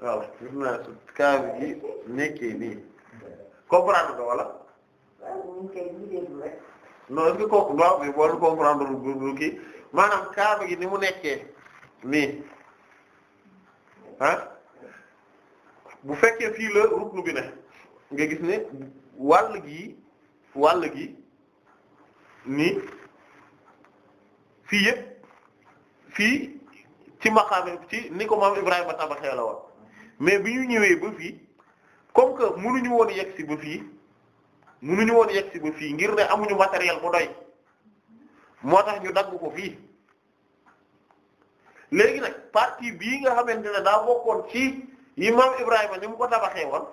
waaw gis naa su kaaba gi nekkee nii comprendre nga wala. non est-ce que kooku waaw mais boo comprendre maanaam kaaba gi ni mu nekkee nii. ah bu fekkee fii la ruknu bi ne nga gis ne wàll gi wàll gi ni fii yëpp fii ci maqaame ci ni ko maam Ibrahima tabaxee la woon mais bi ñu ñëwee ba fii comme que mënuñu woon yegg si ba fii mënuñu woon yegg si ba fii ngir ne amuñu materiel bu doy moo tax ñu dagg ko fii léegi nag partie bii nga xamante ne daa wokkoon ci yi maam Ibrahima ni mu ko tabaxee woon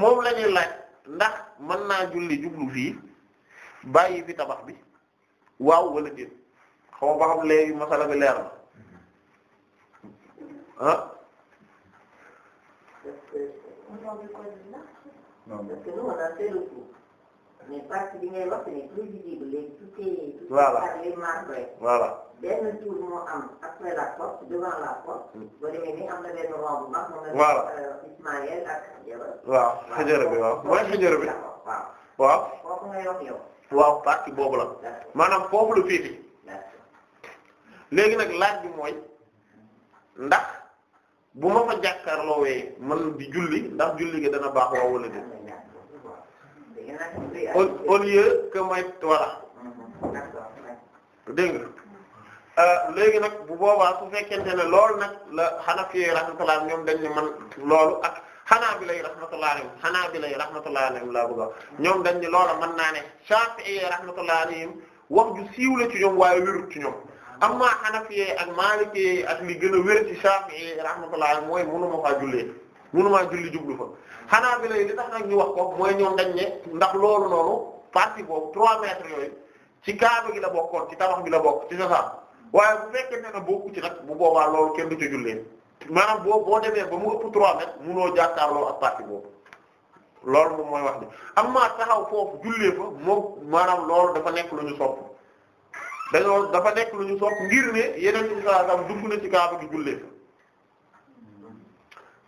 moom la laaj ndax man naa julli jublu fii bàyyi bi tabax bi waaw wala déet xaw ba xam léegi masala bi leer na ah. voilà benn tour moo am après hmm. waaw xajara euh, bi waaw mooy xajara bi. waaw waaw. foofu nga maanaam foofu la léegi nag laaj bi mooy ndax bu ma fa jàkkaarloowee man di julli ndax julli gi dana baax waaw wala déet. au lieu que may voilà. Mm-hmm. dégg nga. Euh, léegi nag bu boobaa su fekkente ne loolu nag la Hanafi rahmatullah ñoom dañ ne man loolu ak Hanabila rahmatullah alayhim Hanabila rahmatullah alayhim laa bëgg ñoom dañ ne loola man naa ne Shafi'i rahmatullah alayhim wax ju siiw la ci ñoom waaye wérut ci ñoom amma Hanafi ak Maliki ak li gën a wér ci Shafi'i rahmatullah alayhim mooy mënuma faa jullee mënuma julli jublu fa Hanabila li tax nag ñu wax ko mooy ñoom dañ ne ndax loolu noonu partie boobu 3 mètres yooyu ci kaaba gi la bokkoon ci tabax bi la bokk ci sa waaye bu fekkente ne bokku ci nag bu boobaa loolu kenn du ci jullee maanaam boo boo demee ba mu ëpp 3 mètres munoo jàkkaarloo ak partie boobu loolu moom mooy wax am amma taxaw foofu jullee fa moom maanaam loolu dafa nekk lu ñu sopp dañoo dafa nekk lu ñu sopp ngir ne yeneen ci saasam dugg na ci kaaba gi jullee fa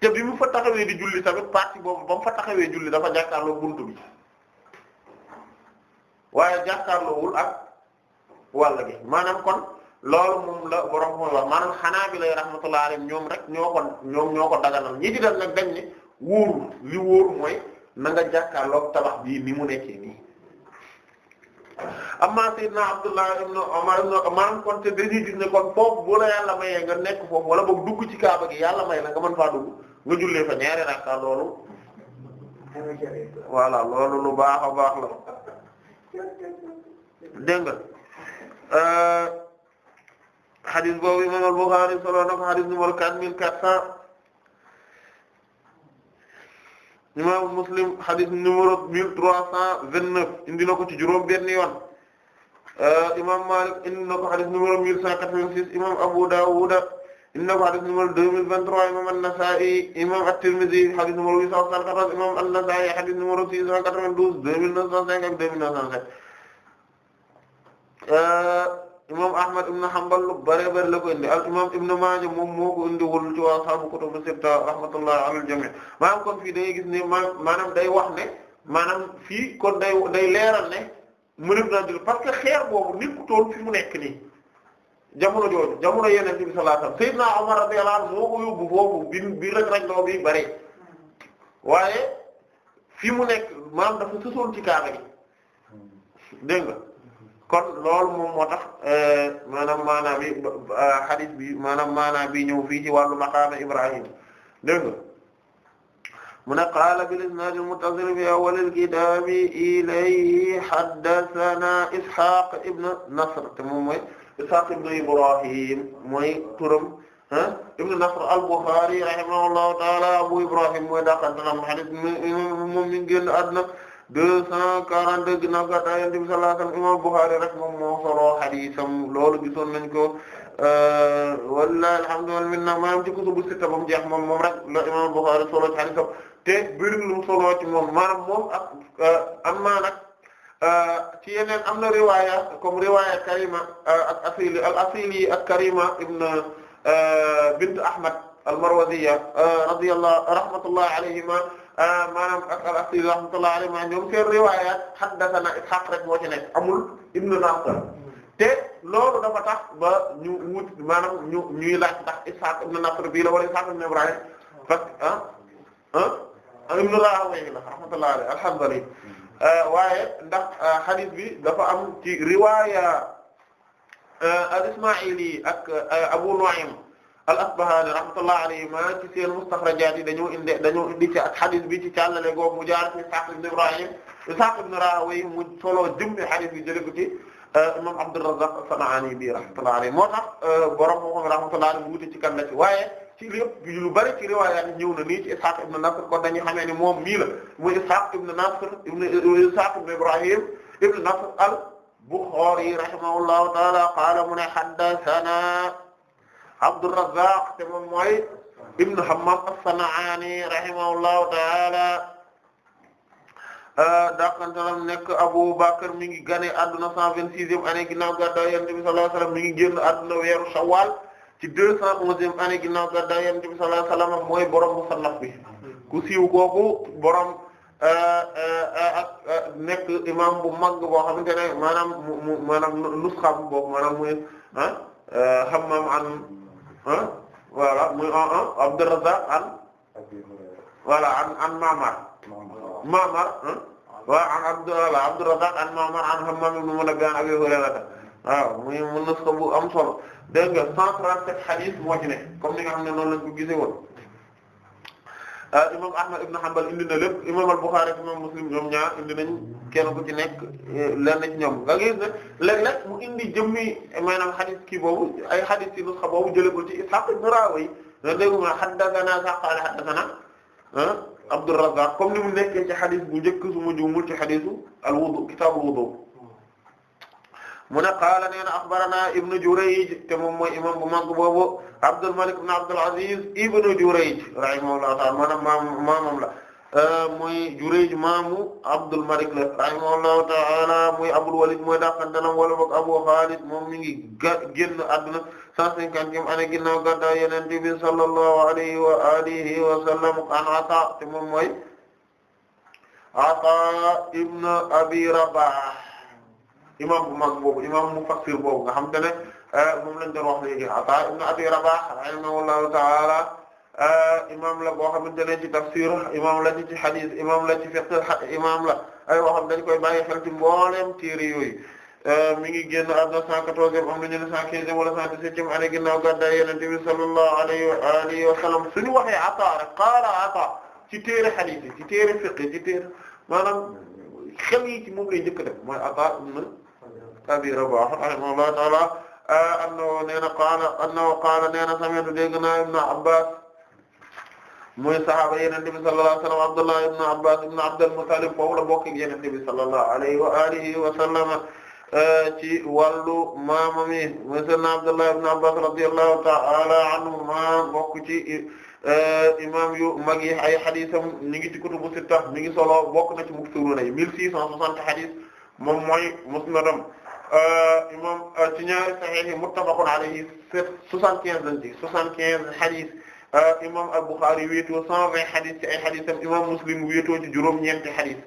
te bi mu fa taxawee di julli tamit partie boobu ba mu fa taxawee julli dafa jàkkaarloo buntu bi waaye jàkkaarloowul ak wàll bi maanaam kon loolu moom la borom mooy wax maanaam xanaa bi lay rahmatullah alayhim ñoom rek ñoo ko ñoom ñoo ko daganal ñi di dal nag dañ ne wóorul li wóor mooy na nga jàkkaarloog tabax bii ni mu nekkee nii amma sayyidna Abdullah ibn Umar ibn te dañuy gis ne yàlla mayee nga nekk foofu wala boog dugg ci kaaba gi yàlla may la nga mën faa dugg nga jullee fa ñaari rakka loolu voilà loolu lu baax a baax la xadis boobu imam al-Bukhari solo na ko xadis numéro quatre mille quatre Muslim xadis numéro mille trois cent vingt-neuf indi ci juróom benn yoon euh, imam Malik indi na ko xadis numéro mille cent quatre-vingt-six Abu Dawud indi na ko xadis numéro deux vingt-trois imam An-Nasa'i imam At-Tirmidhi xadis numéro huit cent soixante-quatorze imam An-Nasa'i xadis numéro six cent quatre-vingt-douze imam ahmad ibn hanbal lu bare bare la ko indi al imam ibn maaja moom moo ko indiwul ci waa ashaabu kutubu sitta rahmatullahi ala al jami' maanaam kon fii da gis ne ma maanaam day wax ne maanaam fii kon day day leeral ne parce que xeer mu nekk nii jamono jooju jamono yeneen bi sallallahu alayhi wasallam sayyidna umar radiyallahu moo ko yóbbu foofu bi bi rek rek bare waaye fi mu nekk maanaam dafa sësoon ci kaaba gi kon loolu moom moo tax euh, maanaam maanaam bi hadith euh, bi maanaam maanaam bi ñëw fii ci wàllu maqaama Ibrahim dégg nga mu ne qaala bil isnaad al muttasil fi awwal al kitaab ilayhi haddathana Ishaq ibn Nasr te moom mooy Ishaq ibn Ibrahim mooy turam ah ibn Nasr al Bukhari rahimahullahu ta'ala Abu Ibrahim mooy dàqan dana am hadith moom mi ngi génn àdduna deux cent quarante-deux ginnaaw gàddaay Yonent imam Bukhari rek moom moo solo xadiisam loolu gisoon nañ ko euh, wallahi alhamdu wal minna maanaam ci kutubu sitta ba mu jeex moom moom rek la imam Bukhari solo ci xadiisam te lu solo ci moom maanaam moom ak euh, am maa nag euh, ci yeneen am na riwaaya comme riwaaya Karima ak Asili al Karima ibn bint Ahmad al-Marwaziya radiyallahu rahmatullahi alayhima Ah, maanaam ak al-Asadi rahmatullahi alayhi ma ñoom seen riwaayaat haddathana Ishaq rek moo ci nekk amul ibnu Nasr te loolu dafa tax ba ñu wut maanaam ñu ñuy laaj ndax Ishaq ibnu Nasr bii la wala Ishaq ibnu Ibrahim parce que ah ah, ah ibnu Rahawayh la rahmatullahi alayhi alhamdulillah ah, waaye ndax hadith bi dafa am ci riwaaya al-Ismaa'ili ak Abu Nu'aym al asbahani rahmatullah alayhima ci seen mustaxrajaat yi dañoo indi dañoo indi ci xadis bi ci càllale googu mu jaar ci Isaaq ibn Ibrahim Isaaq ibn Rahawayh mu solo jëmmi xadis bi jëlee ko ci euh, imam Abdurrazzaq as-San'ani bi rahmatullah alayhi moo tax euh, borom moo xam rahmatullah alayhi mu wute ci kan la ci waaye ci lépp lu bari ci riwaayaat ñëw na nii ci Isaaq ibn Nasr kon dañuy xamee ni moom mii la muy Isaaq ibn Nasr ibn euh, Isaaq ibn Ibrahim ibn Nasr al-Bukhari rahimahullahu ta'ala qaala mu ne haddathana Abdurrazzaq te moom mooy Ibn Hammam as-San'ani rahimahullahu ta'ala euh, dakantalam nekk Abu Bakr mi ngi gane adduna cent vingt-sixième année ginnaaw gàddaay Yonent bi sallallahu alayhi wasallam mi ngi génn adduna weeru Shawwal ci deux cent onzième année ginnaaw gàddaay Yonent bi sallallahu alayhi wasallam borom Musannaf bi ku siiw kooku borom euh, euh, nekk imam bu mag boo xamante ne maanaam mu maanaam nusxa bu boobu maanaam muy ah, Hammam an ah voilà muy ah ah Abdurrazzaq an. voilà an an Ma'mar. Ma'mar wa an Abdurrazzaq Abdurrazzaq an Ma'mar an Hammam ibn Munabbi' Abi Hurayra waaw muy mën na bu am solo dégg nga 137 hadith moo ci ne comme ni nga xam ne noonu lañ ko gisee woon. Euh, imam Ahmad ibn Hanbal indi na lépp imam al-Bukhari ak imam Muslim ñoom ñaar indi nañ kenn ku ci nekk euh, lenn ci ñoom nga gis ne léeg-léeg mu indi jëmmi maanaam xadis kii boobu ay xadis ci nusxa boobu jëlee ko ci Ishaq ibn Rawi da déggu ma haddathana Ishaq qala haddathana ah, Abdurrazzaq comme ni mu nekkee ci xadis bu njëkk su ma juumul ci xadisu al-wudu kitabul wudu mu ne qaala nee na axbaranaa ibnu Jurayj te moom mooy imam bu mag boobu Abdul Malik ibn Abdul Aziz ibnu Jurayj rahimahullahu ta'ala maanaam maam maamam la euh, mooy Jurayj maamu Abdul Malik la rahimahullahu ta'ala muy Abul Walid mooy dàqantanam wala boog Abu Khalid moom mi ngi ga génn àdduna cent cinquante yim ané ginnaaw gàddaay Yonent bi sallallahu alayhi wa alihi wa sallam an Ata te moom mooy Ata ibn Abi Rabah imam bu mag boobu imam mufassir boobu nga xam te ne eh, moom lañ doon wax léegi Ataa ibn Abi Rabah rahimahullahu ta'ala eh, imam la boo xamante ne ci tafsir imam la ci hadith imam la ci fiqh imam la ay boo xam dañ koy bàyyi xel ci mbooleem téere yooyu eh, mi ngi génn àdduna 114 am nañu ne 115 wala 117 année ginnaaw gàddaay Yonent bi sallallahu alayhi wa alihi wa sallam i waxee Ataa rek qaala Ataa ci téere hadith ci téere fiqh ci téere maanaam xel yi ci moom lay njëkk def mooy Ataa Abi Rabah rahimahullahu ta'ala ah, annahu nee na qaala annahu qaala nee na sami'tu dégg naa Ibn Abbas muy sahaaba Yonent bi sallallahu alayhi wa sallam Abdullah ibn Abbas ibn Abdul Muttalib foofu la bokk ah, ci imam ah, yu mag yi ay xadisam ñu ngi Euh, imam euh, ci ñaari sahih yi muttafaqun alayhi soixante-quinze lañ ci soixante-quinze hadith euh, imam al-Bukhari wéetoo cent vingt hadith ci ay haditham imam Muslim wéetoo ci juróom-ñeenti hadith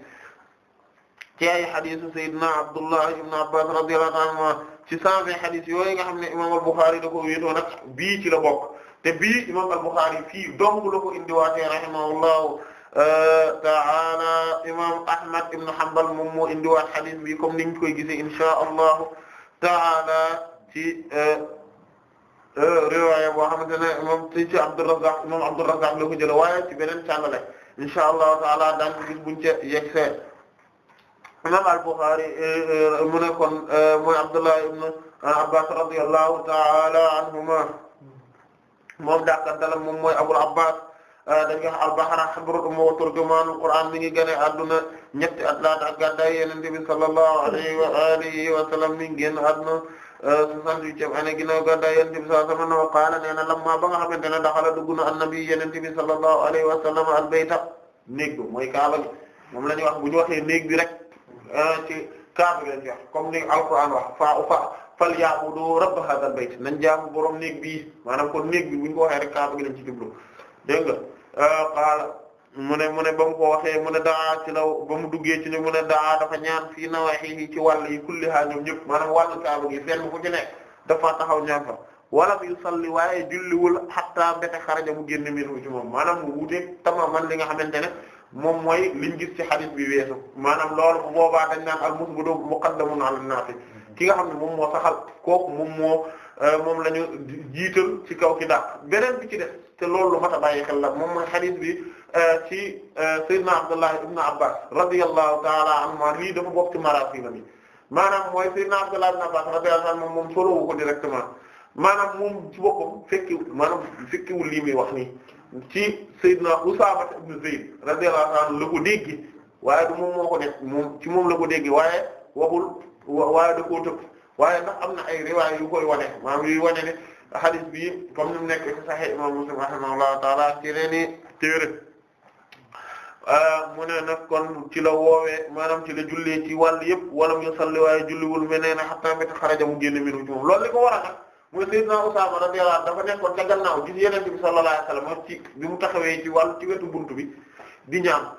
ci ay hadith Seydina Abdullah ibn Abbas radiyallahu anhu ci cent vingt hadith yooyu nga xam ne imam al-Bukhari da ko wéetoo nag bii ci la bokk te bii imam al-Bukhari fii dong la ko indiwaatee rahimahullahu Euh, ta'ala imam Ahmad ibn Hanbal moom moo indiwaat xadis bi comme niñ koy gisee insha allahu ta'ala ci euh, euh, riwaaya boo xamante ne moom ci Abdurrazzaq moom Abdurrazzaq la ko jëlee waaye ci beneen càllale insha allahu ta'ala daan ko gis buñ ca yegsee imam al-Bukhari mu Abbas radiyallahu ta'ala Abbas Euh, dañ koy wax al-Bahra habrul umma wa turjumanul Qur'an mi ngi gane adduna ñetti at laata ak gàddaay Yonent bi sallallahu alayhi wa alihi wa sallam mi ngi génn adduna euh, soixante-huitième année ginnaaw gàddaay Yonent bi sallallahu alayhi wa sallam qaala nee na lamma ba nga xamante na an-nabi Yonent bi sallallahu alayhi wa sallam al-bayta néeg bi mooy Kaaba gi moom la ñuy wax bu ñu waxee néeg bi rek euh, ci Kaaba gi lañ wax comme ni al-Qur'an wax fa fa falya'budu rabb hadha al-bayt nañ jaamu borom néeg bii maanaam kon néeg bi bu ñu ko waxee gi lañ ci jublu dégg nga Euh, qaala mu ne mu ne ba mu ko waxee mu ne daa ci law ba mu duggee ci ne mu ne daa dafa ñaan fii nawaahihi ci wàll yi kullihaa ñoom ñëpp maanaam wàllu kaaba gi fenn fu ci nekk dafa taxaw ñaan fa walam yusalli waaye julliwul hatta mbete xaraja mu génn minu ci moom maanaam mu a man li nga xamante ne moom mooy liñ gis ci hadith bi weesu maanaam loolu naa bu boobaa dañ naan al musbidu naa ala naafi ki nga xam ne moom moo saxal kooku moom moo Euh, moom la ñu jiital ci kaw ki dàq beneen bi ci def te loolu lu mat a bàyyi xel la moom mooy xadiis bi euh, ci euh, Seydina Abdullah ibn Abbas radiyallahu ta'ala anhuma lii dafa bokk ci maraasila bi maanaam mooy Seydina Abdullah ibn Abbas radiyallahu anhu moom solowu ko directement maanaam moom ci boppam fekkiwul maanaam fekkiwul lii muy wax nii ci Seydina Usaama ibn Zayd radiyallahu anhu la ko dégg waaye du moom moo ko def moom ci moom la ko dégg waaye waxul waaye da koo tëb waaye ndax am na ay riwaay yu koy wane maanaam yuy wane ne hadith bi comme ni mu nekk ci Sahih imam Muslim rahimahullahu ta'ala ci leen téere mu ne nag kon ci la woowe maanaam ci la jullee ci wàll yëpp walam yu waaye julliwul menee na hatta mét xaraja mu génn minu ci moom loolu li ko war a nag mooy Usaama radiyallahu dafa nekkoon ca gannaaw gis Yonent bi sallallahu bi mu taxawee ci wàllu ci wetu buntu bi di ñaan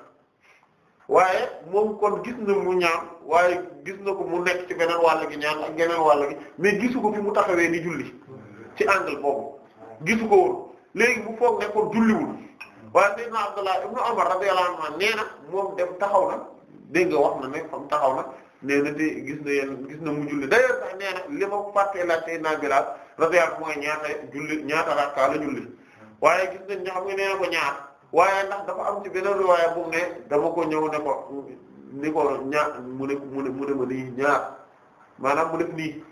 waaye moom kon gis na mu ñaan waaye gis na ko mu nekk ci beneen wàll gi ñaan ak geneen wàll gi mais gisu ko fi mu taxawee ni julli ci angle boobu gisu ko woon léegi bu foog ne kon julliwul waaye sayyidna Abdullah ibn Umar radiyallahu anhu nee na moom dem taxaw na dégg nga wax na ne fam taxaw na nee na te gis na yéen gis na mu julli d'ailleurs sax nee na li ma fàttee la sayyidna Bilal radiyallahu anhu mooy ñaata julli ñaata rakka la julli waaye gis nañ ñoo xam nga nee na ko ñaar waaye ndax dafa am ci beneen riwaaya bu ne dama ko ñëw ne ko ni ko ñaar mu ne mu ne mu ne ma nii ñaar maanaam mu def nii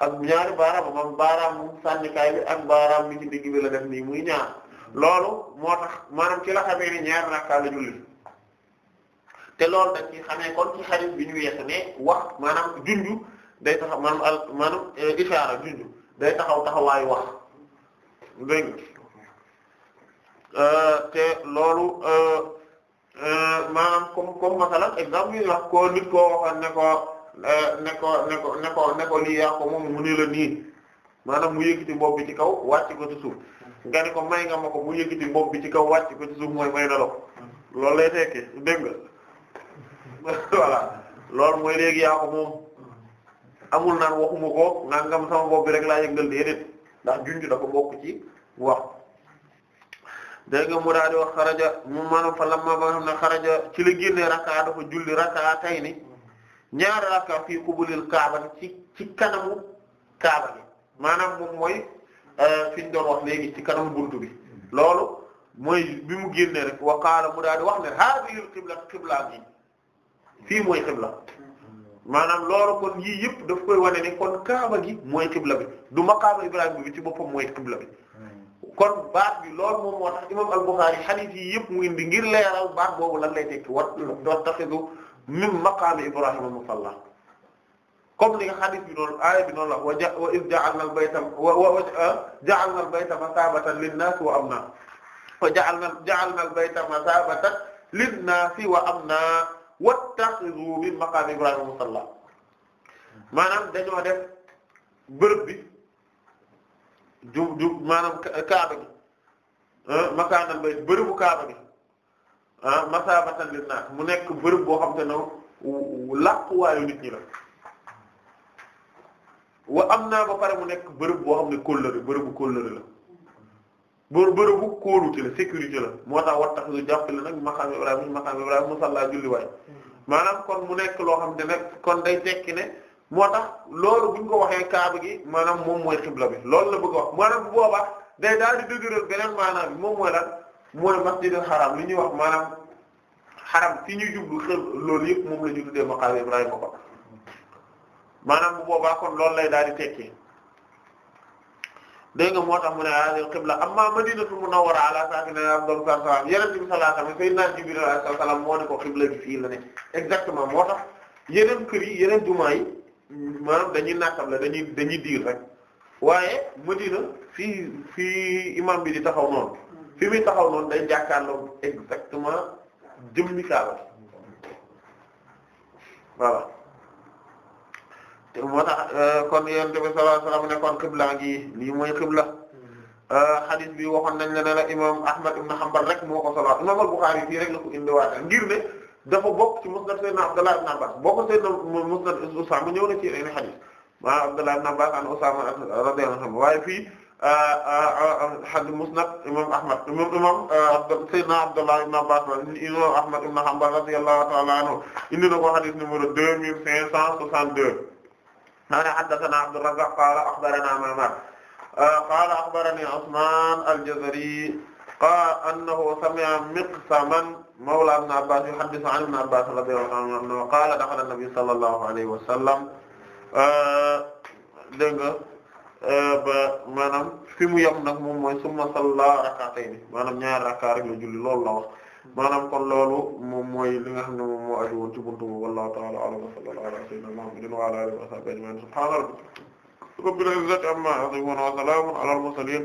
ak ñaari baaraam moom baaraam sànnikaay bi ak baaraam mi ci digg bi la def nii muy ñaar loolu moo tax maanaam ci la xamee ni ñaar rakka la julli te loolu dañ ci xamee kon ci xarit bi ñu weesu ne wax maanaam junju day taxaw maanaam al maanaam eh, ishaara junju day taxaw taxawaayu wax dégg Euh, te loolu euh, euh, maanaam comme comme masalan exemple yi wax ko nit koo waxoon ne ko ne ko ne ko ne ko ne ko lii yaa ko moom mu ne la nii maanaam mu yëkkati bopp bi ci kaw wàcc ko ci suuf nga ne ko may nga ma ko mu yëkkati bopp bi ci kaw wàcc ko ci suuf mooy may na la ko loolu lay tekki nga voilà loolu mooy léegi yaa ko moom amul naan waxuma ko naan ngam sama bopp bi rek laa yëngal déedéet ndax junj ko bokk ci wax. dégg nga mu daal di wax xaraja mu maanaam fa lamma ba nga xam ne xaraja ci la génnee rakka dafa julli rakka tay ni ñaari rakka fii qubulil kaaba ci ci kanamu kaaba moom mooy euh, fi ñu léegi ci kanamu buntu bi loolu mooy bi mu génnee rek wa mu daal di wax ne haadihil qibla qibla bi fii mooy qibla maanaam loolu kon yii yëpp daf koy wane ne kon kaaba gi mooy qibla bi du maqaama Ibrahima bi ci boppam mooy qibla bi kon baat bi loolu moom moo tax imam al-Bukhârî hadith yi yëpp mu indi ngir leeral baat boobu lan lay tekki wat wattaxidu min maqaami Ibrahima musalla comme li nga hadith bi noonu aaya bi noonu la wa ja wa iz ja'alna al-bayta wa wa ah, ja'alna al-bayta masaabatan lin-naasi wa amna wa ja'alna ja'alna al-bayta masaabatan lin-naasi wa amna wattaxidu min maqaami Ibrahima musalla maanaam dañoo def bërëb bi. jub jub maanaam kaaba gi ah, makaanan bay bërëbu kaaba gi ah mu nekk bërëb boo xam te ne làquwaayu nit ñi la wa am naa ba pare mu nekk bërëb boo xam ne kóllëre bërëbu kóllëre la bër bërëbu kóolute la sécurité la moo tax war tax lu jàpp la nag maqaam Ibrahima maqaam Ibrahima julli waay hmm. maanaam kon mu nekk loo xam ne kon day tekki ne moo tax loolu bu ñu ko waxee kaaba gi maanaam moom mooy xibla bi loolu la bëgg a wax maanaam bu boobaa day daal di dëgëral beneen maanaam bi moom mooy lan mooy masjidul xaram li ñuy wax maanaam xaram fi ñuy jublu loolu yëpp moom la ñu tuddee maqaam ko maanaam bu boobaa kon loolu lay daal di tekki dégg nga moo tax mu ne hadhihi qibla amma madinatu munawwara ala saakinihaa afdalu salaam yonent bi sallallahu alayhi wa sallam sayyidina Jibril alayhi salaam moo ne ko la exactement moo tax yeneen kër yi yeneen jumaa yi maanaam dañuy nattab la dañuy dañuy diir rek waaye Madina fii fii imam bi di taxaw noonu fi muy taxaw noonu day jàkkaarloo exactement jëmmi Kaaba voilà te moo tax euh, kon yonent bi sallallahu alayhi wasallam ne kon xibla gi lii mooy xibla hadith euh, bi waxoon nañ ne la imam Ahmad ibn Hanbal rek moo ko solo imam al-Bukhari fii rek la ko indiwaat ngir ne dafa bokk ci musnad sayyidina Abdullah ibn Abbas boo ko sayyidina musnad Usaama ñëw na ci yeneen xadis ma Abdullah ibn Abbas an Usaama radiyallahu anhu waaye fii ah, ah, ah, xadis musnad imam Ahmad imam imam sayyidina Abdullah ibn Abbas imam Ahmad ibn Hanbal radiyallahu ta'ala anhu indi na ko xadis numéro deux mille cinq cent soixante-deux maanaam haddathana Abdurrazzaq qaala akhbarana Ma'mar qaala akhbarani Usman al-Jazari qaala annahu sami'a Miqsaman mawla ibn Abbas yuhaddithu an ibn Abbas radiyallahu anhu qaala dakhala an-nabi sallallahu alayhi wa sallam euh, dégg nga euh, ba maanaam fi mu yem nag moom mooy summa salla rak'atayni maanaam ñaari rakka rek la julli loolu la wax maanaam kon loolu moom mooy li nga xam ne moom moo aju woon ci buntu boobu wallahu ta'ala a'lam wa sallallahu ala sayyidina Muhammadin wa ala alihi wa sahbihi ajma'in subhana rabbika rabbil izzati amma yasifun wa salamun ala al mursalin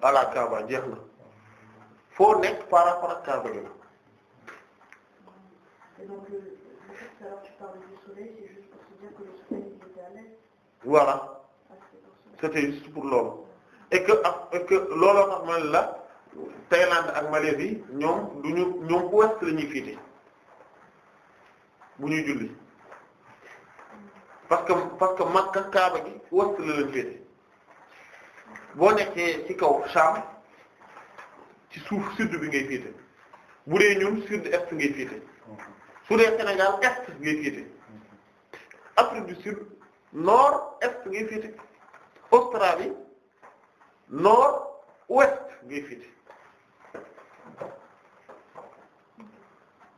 voilà Kaaba ah, jeex na foo nekk par rapport Kaaba gi la. voilà ah, c'était juste loolu et que ak ah, looloo tax man la Thaïlande ak Malaisie ñoom du ñu ñoom ouest la ñuy féete bu ñuy julli parce que parce que Kaaba gi ouest la leen féete. boo nekkee ci kaw Sham ci suuf sud bi ngay féete bu dee ñun sud est ngay féete su dee Sénégal est ngay féete Afrique du Sud nord est ngay féete Australie nord ouest ngay féete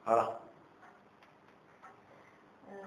voilà. Euh,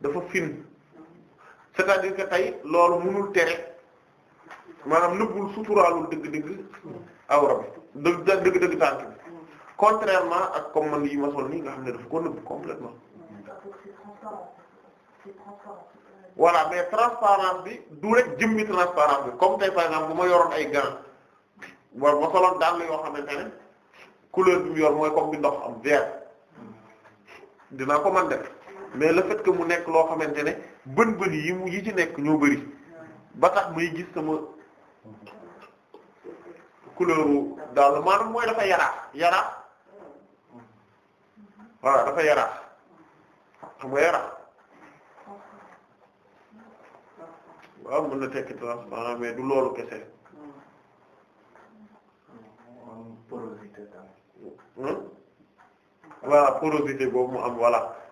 dafa fin c'est-à-dire tey loolu mënul tere maanaam nëbbul suturaalul dëgg-dëgg awra dëgg dëgg-dëgg bi contrairement ak comme man yi ma sol nii nga xam ne dafa ko nëbb complètement voilà mais transparence bi du rek jëmmi transparence bi comme tey par exemple bu ma yoroon ay gants war ma soloon dàll yoo xamante ne couleur bi mu yor mooy comme bi ndox am vert dinaa ko mën def mais le fait que mu nekk loo xamante ne bën bën yi mu yi ci nekk ñoo bëri ba tax muy gis sama couleur daal maanaam mooy dafa yaraax yaraax voilà dafa yaraax xam nga yaraax waaw mën na tekki transparent mais du loolu kese. porosité tamit. Hmm? boobu mu am voilà.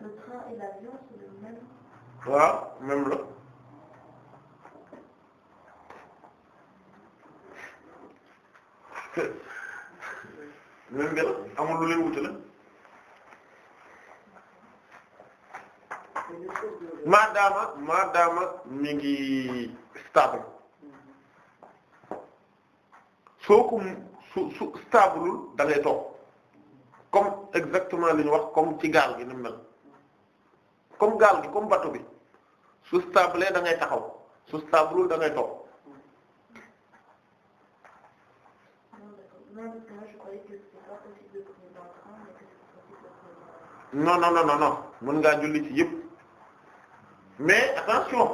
le train et lu leen wutale maadaama maadaama mi ngi stable soo ko su su stableul da ngay comme exactement li ñu wax comme ci gaal gi ni mel comme gaal gi comme bateau bi su stable da ngay taxaw su stable da ngay toog. non non non non mën ngaa julli ci yëpp mais attention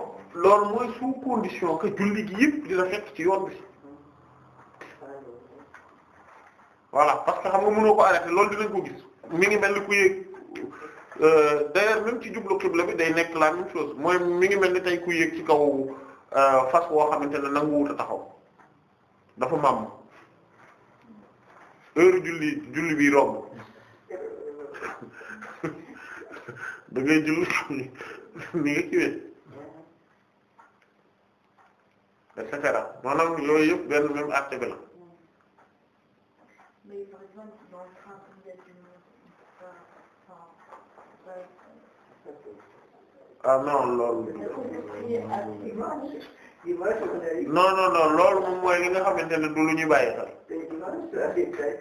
loolu mooy sous condition que julli gi yëpp dina fekk ci yoon bi. voilà parce que xam nga mënoo ko arrêté loolu dinañ ko gis mi ngi mel ni ku yéeg euh, d'ailleurs même ci jublu xibla bi day nekk la même chose mooy mi ngi mel ni tey ku yéeg ci kaw euh, fas woo xam ne nanguwut a taxaw dafa màmm heure julli julli bi romb da julli ni nga ciwee et cetera maanaam yooyu yëpp benn même acte ah non loolu non non moom mooy nga xamante ne du lu ñuy bàyyi sax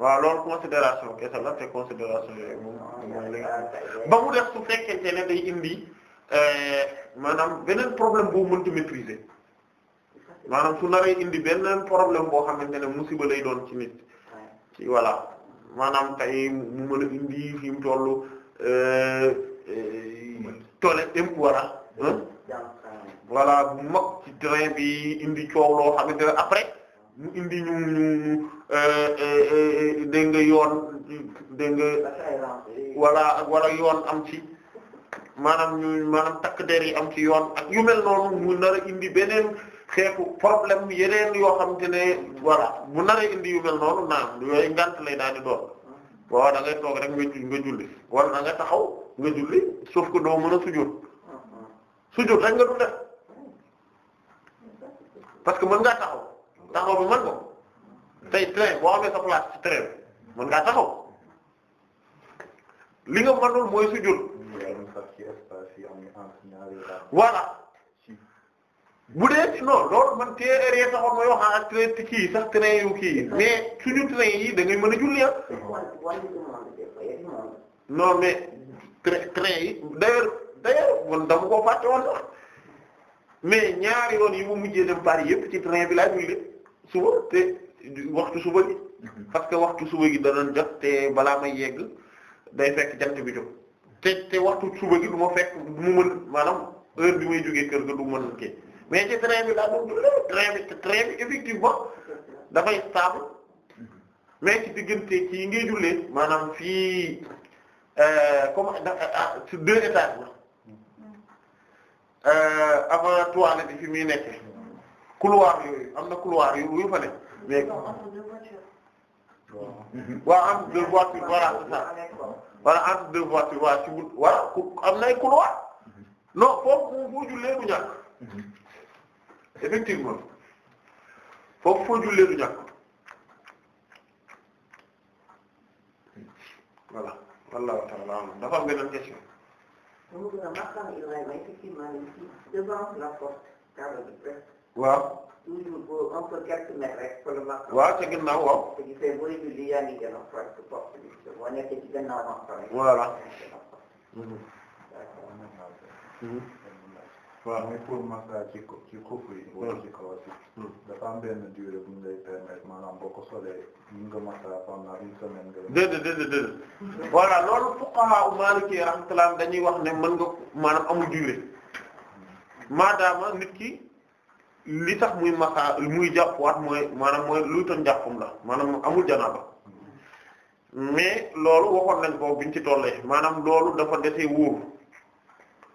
waaw loolu considération kese la te considération yooyu moom mooy li nga ba mu def su fekkente ne day indi eh, maanaam beneen problème boo mënti maîtriser maanaam su naree indi beneen problème boo xamante ne musiba lay doon ci nit ci voilà maanaam tey mu mën a indi fi mu toll euh, euh, toole impora voilà bu mag ci train bi indi coow loo xamante ne après mu indi ñu ñu euh, dégg nga yoon dégg nga voilà wala yoon am ci maanaam ñu takk der yi am ci yoon ak yu mel noonu mu nar indi beneen xeetu problème yeneen yoo xamante ne voilà bu nar a indi noonu naan yooyu ngant lay daal di doon waaw da ngay toog rek nga nga julli wala na nga taxaw nga julli sauf que doo mën a sujjóot sujjóot rek nga du def parce que mën ngaa taxaw taxaw bi mën ko tey train boo mën ngaa taxaw li nga mënul mooy sujjóot voilà bu dee non loolu man téere yi taxoon mooy wax ak train kii yi sax train yu kii yi mais suñu train yi da ngay mën a julli ah. non mais train train yi d'ailleurs d'ailleurs man dama koo fàtte mais ñaari yoon yi mu mujjee dem Paris yëpp ci train bi laa julli suba te waxtu suba gi parce que waxtu suba gi da doon jot te balaa may yegg day fekk jant bi jóg te te waxtu suba gi du ma fekk du ma mën maanaam heure bi may jógee kër ga du ma mën kii. mais ci train bi daa doon train bi train bi effectivement dafay stable mais ci diggante ci ngay jullee maanaam fii euh, comme ah, ci deux étages la euh, avant toilette bi fi muy nekk couloir yooyu am na couloir yu yu fa nekk mais waaw entre deux voitures waa ci wut voilà am na ay couloir foofu bu bu bu ñàkk effectivement foofu foo jullee du ñàkk voilà wallahu ta'ala alam dafa am beneen question. donc Maqaama Ibrahima effectivement devant la porte Kaaba bi presque. waaw. toujours un peu quelques mètres a waaw muy pour massa ci ci xufu yi. Hmm. wala ci kaw hmm. si. dafa am benn durée bu ko solee ñu nga dañuy wax ne mën nga maanaam amul durée hmm. maadaama nit ki li tax muy massa muy jàppuwaat mooy maanaam mooy luy toon jàppum la maanaam amul janaaba mais loolu waxoon nañ ko biñ ci tollee maanaam loolu dafa dese wóor.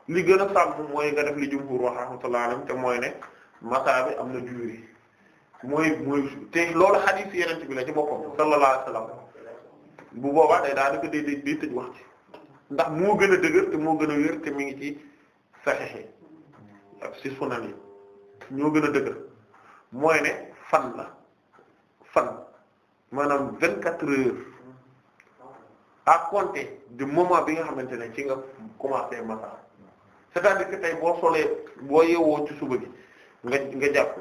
li gën a sàmm mooy nga def li jumhur wa rahmatullahi alayhim te mooy ne masaa bi am na juuri mooy mooy te loolu xadiis yeneen la ci boppam sallallahu alayhi wasallam bu boobaa day daa dako day tëj wax ci ndax moo gën a dëgër te moo gën a wér te mi ngi ci saxiix yi ci sunan yi ñoo gën a dëgër mooy ne fan la fan maanaam vingt quatre heures à compter du bi nga xamante ne ci nga commencé masaa c'est-à-dire que boo solee boo yewoo ci suba gi nga nga jàpp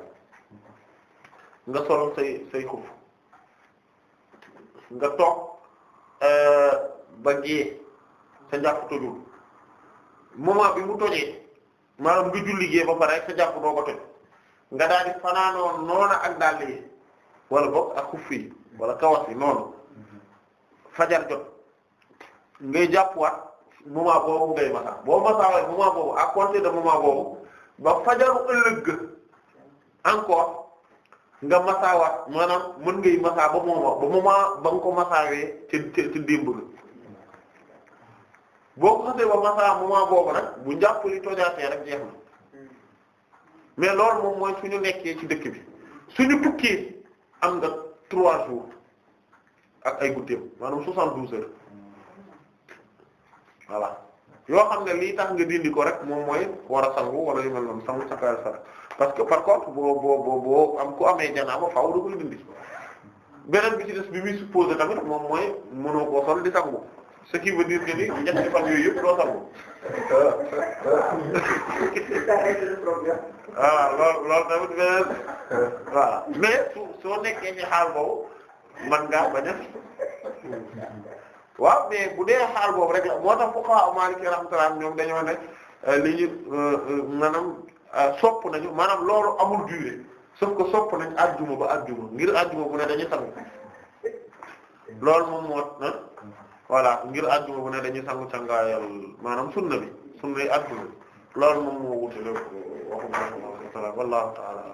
nga sol say say xuf nga toog euh, ba gée sa jàpp tojul moment bi mu tojee maanaam nga julli gée ba pare sa jàpp doo ko toj nga daal di fanaanoo noona ak dàll yi wala boog ak xuf yi wala kawas yi noonu mm-hmm. fajar jot ngay jàppuwaat moment boobu ngay masa boo masaa moment boobu à compter de moment boobu ba fajaru ëllëg encore nga masaawaat maanaam mën ngay masaa ba moment ba moment ba nga ko masaawee ci ci démb la boo ko ba masaa moment boobu nag bu njàpp li tojaatee rek jeex na mais loolu moom mooy suñu nekkee ci dëkk bi suñu tukkee am nga trois jours ay guddeem maanaam soixante-douze voilà yoo xam ne lii tax nga dindi ko rek moom mooy war a sangu wala yu mel noonu sangu sa kawar sa parce que par contre boo boo boo am ku amee janaaba faaw da dindi beneen bi ci des bi muy supposé tamit moom mooy mënoo koo sol di sangu ce qui veut dire que ni ñetti fan yooyu yëpp doo sangu. voilà loolu loolu tamit beneen voilà mais soo nekkee ci xaal boobu ngaa bañ waaw mais bu dee xaal boobu rek la moo tax boo fuqaha Maliki rahmatullah ñoom dañoo ne euh, lii ñu euh, euh, maanaam sopp nañu maanaam loolu amul durée sauf que sopp nañ àjjuma ba àjjuma ngir àjjuma bu ne dañuy sangu loolu moom moo na ah, voilà ngir àjjuma ne dañuy sangu maanaam sunna bi sunna yi àjjuma loolu moom moo wute lépp waxum rahmatullah wallahu ta'ala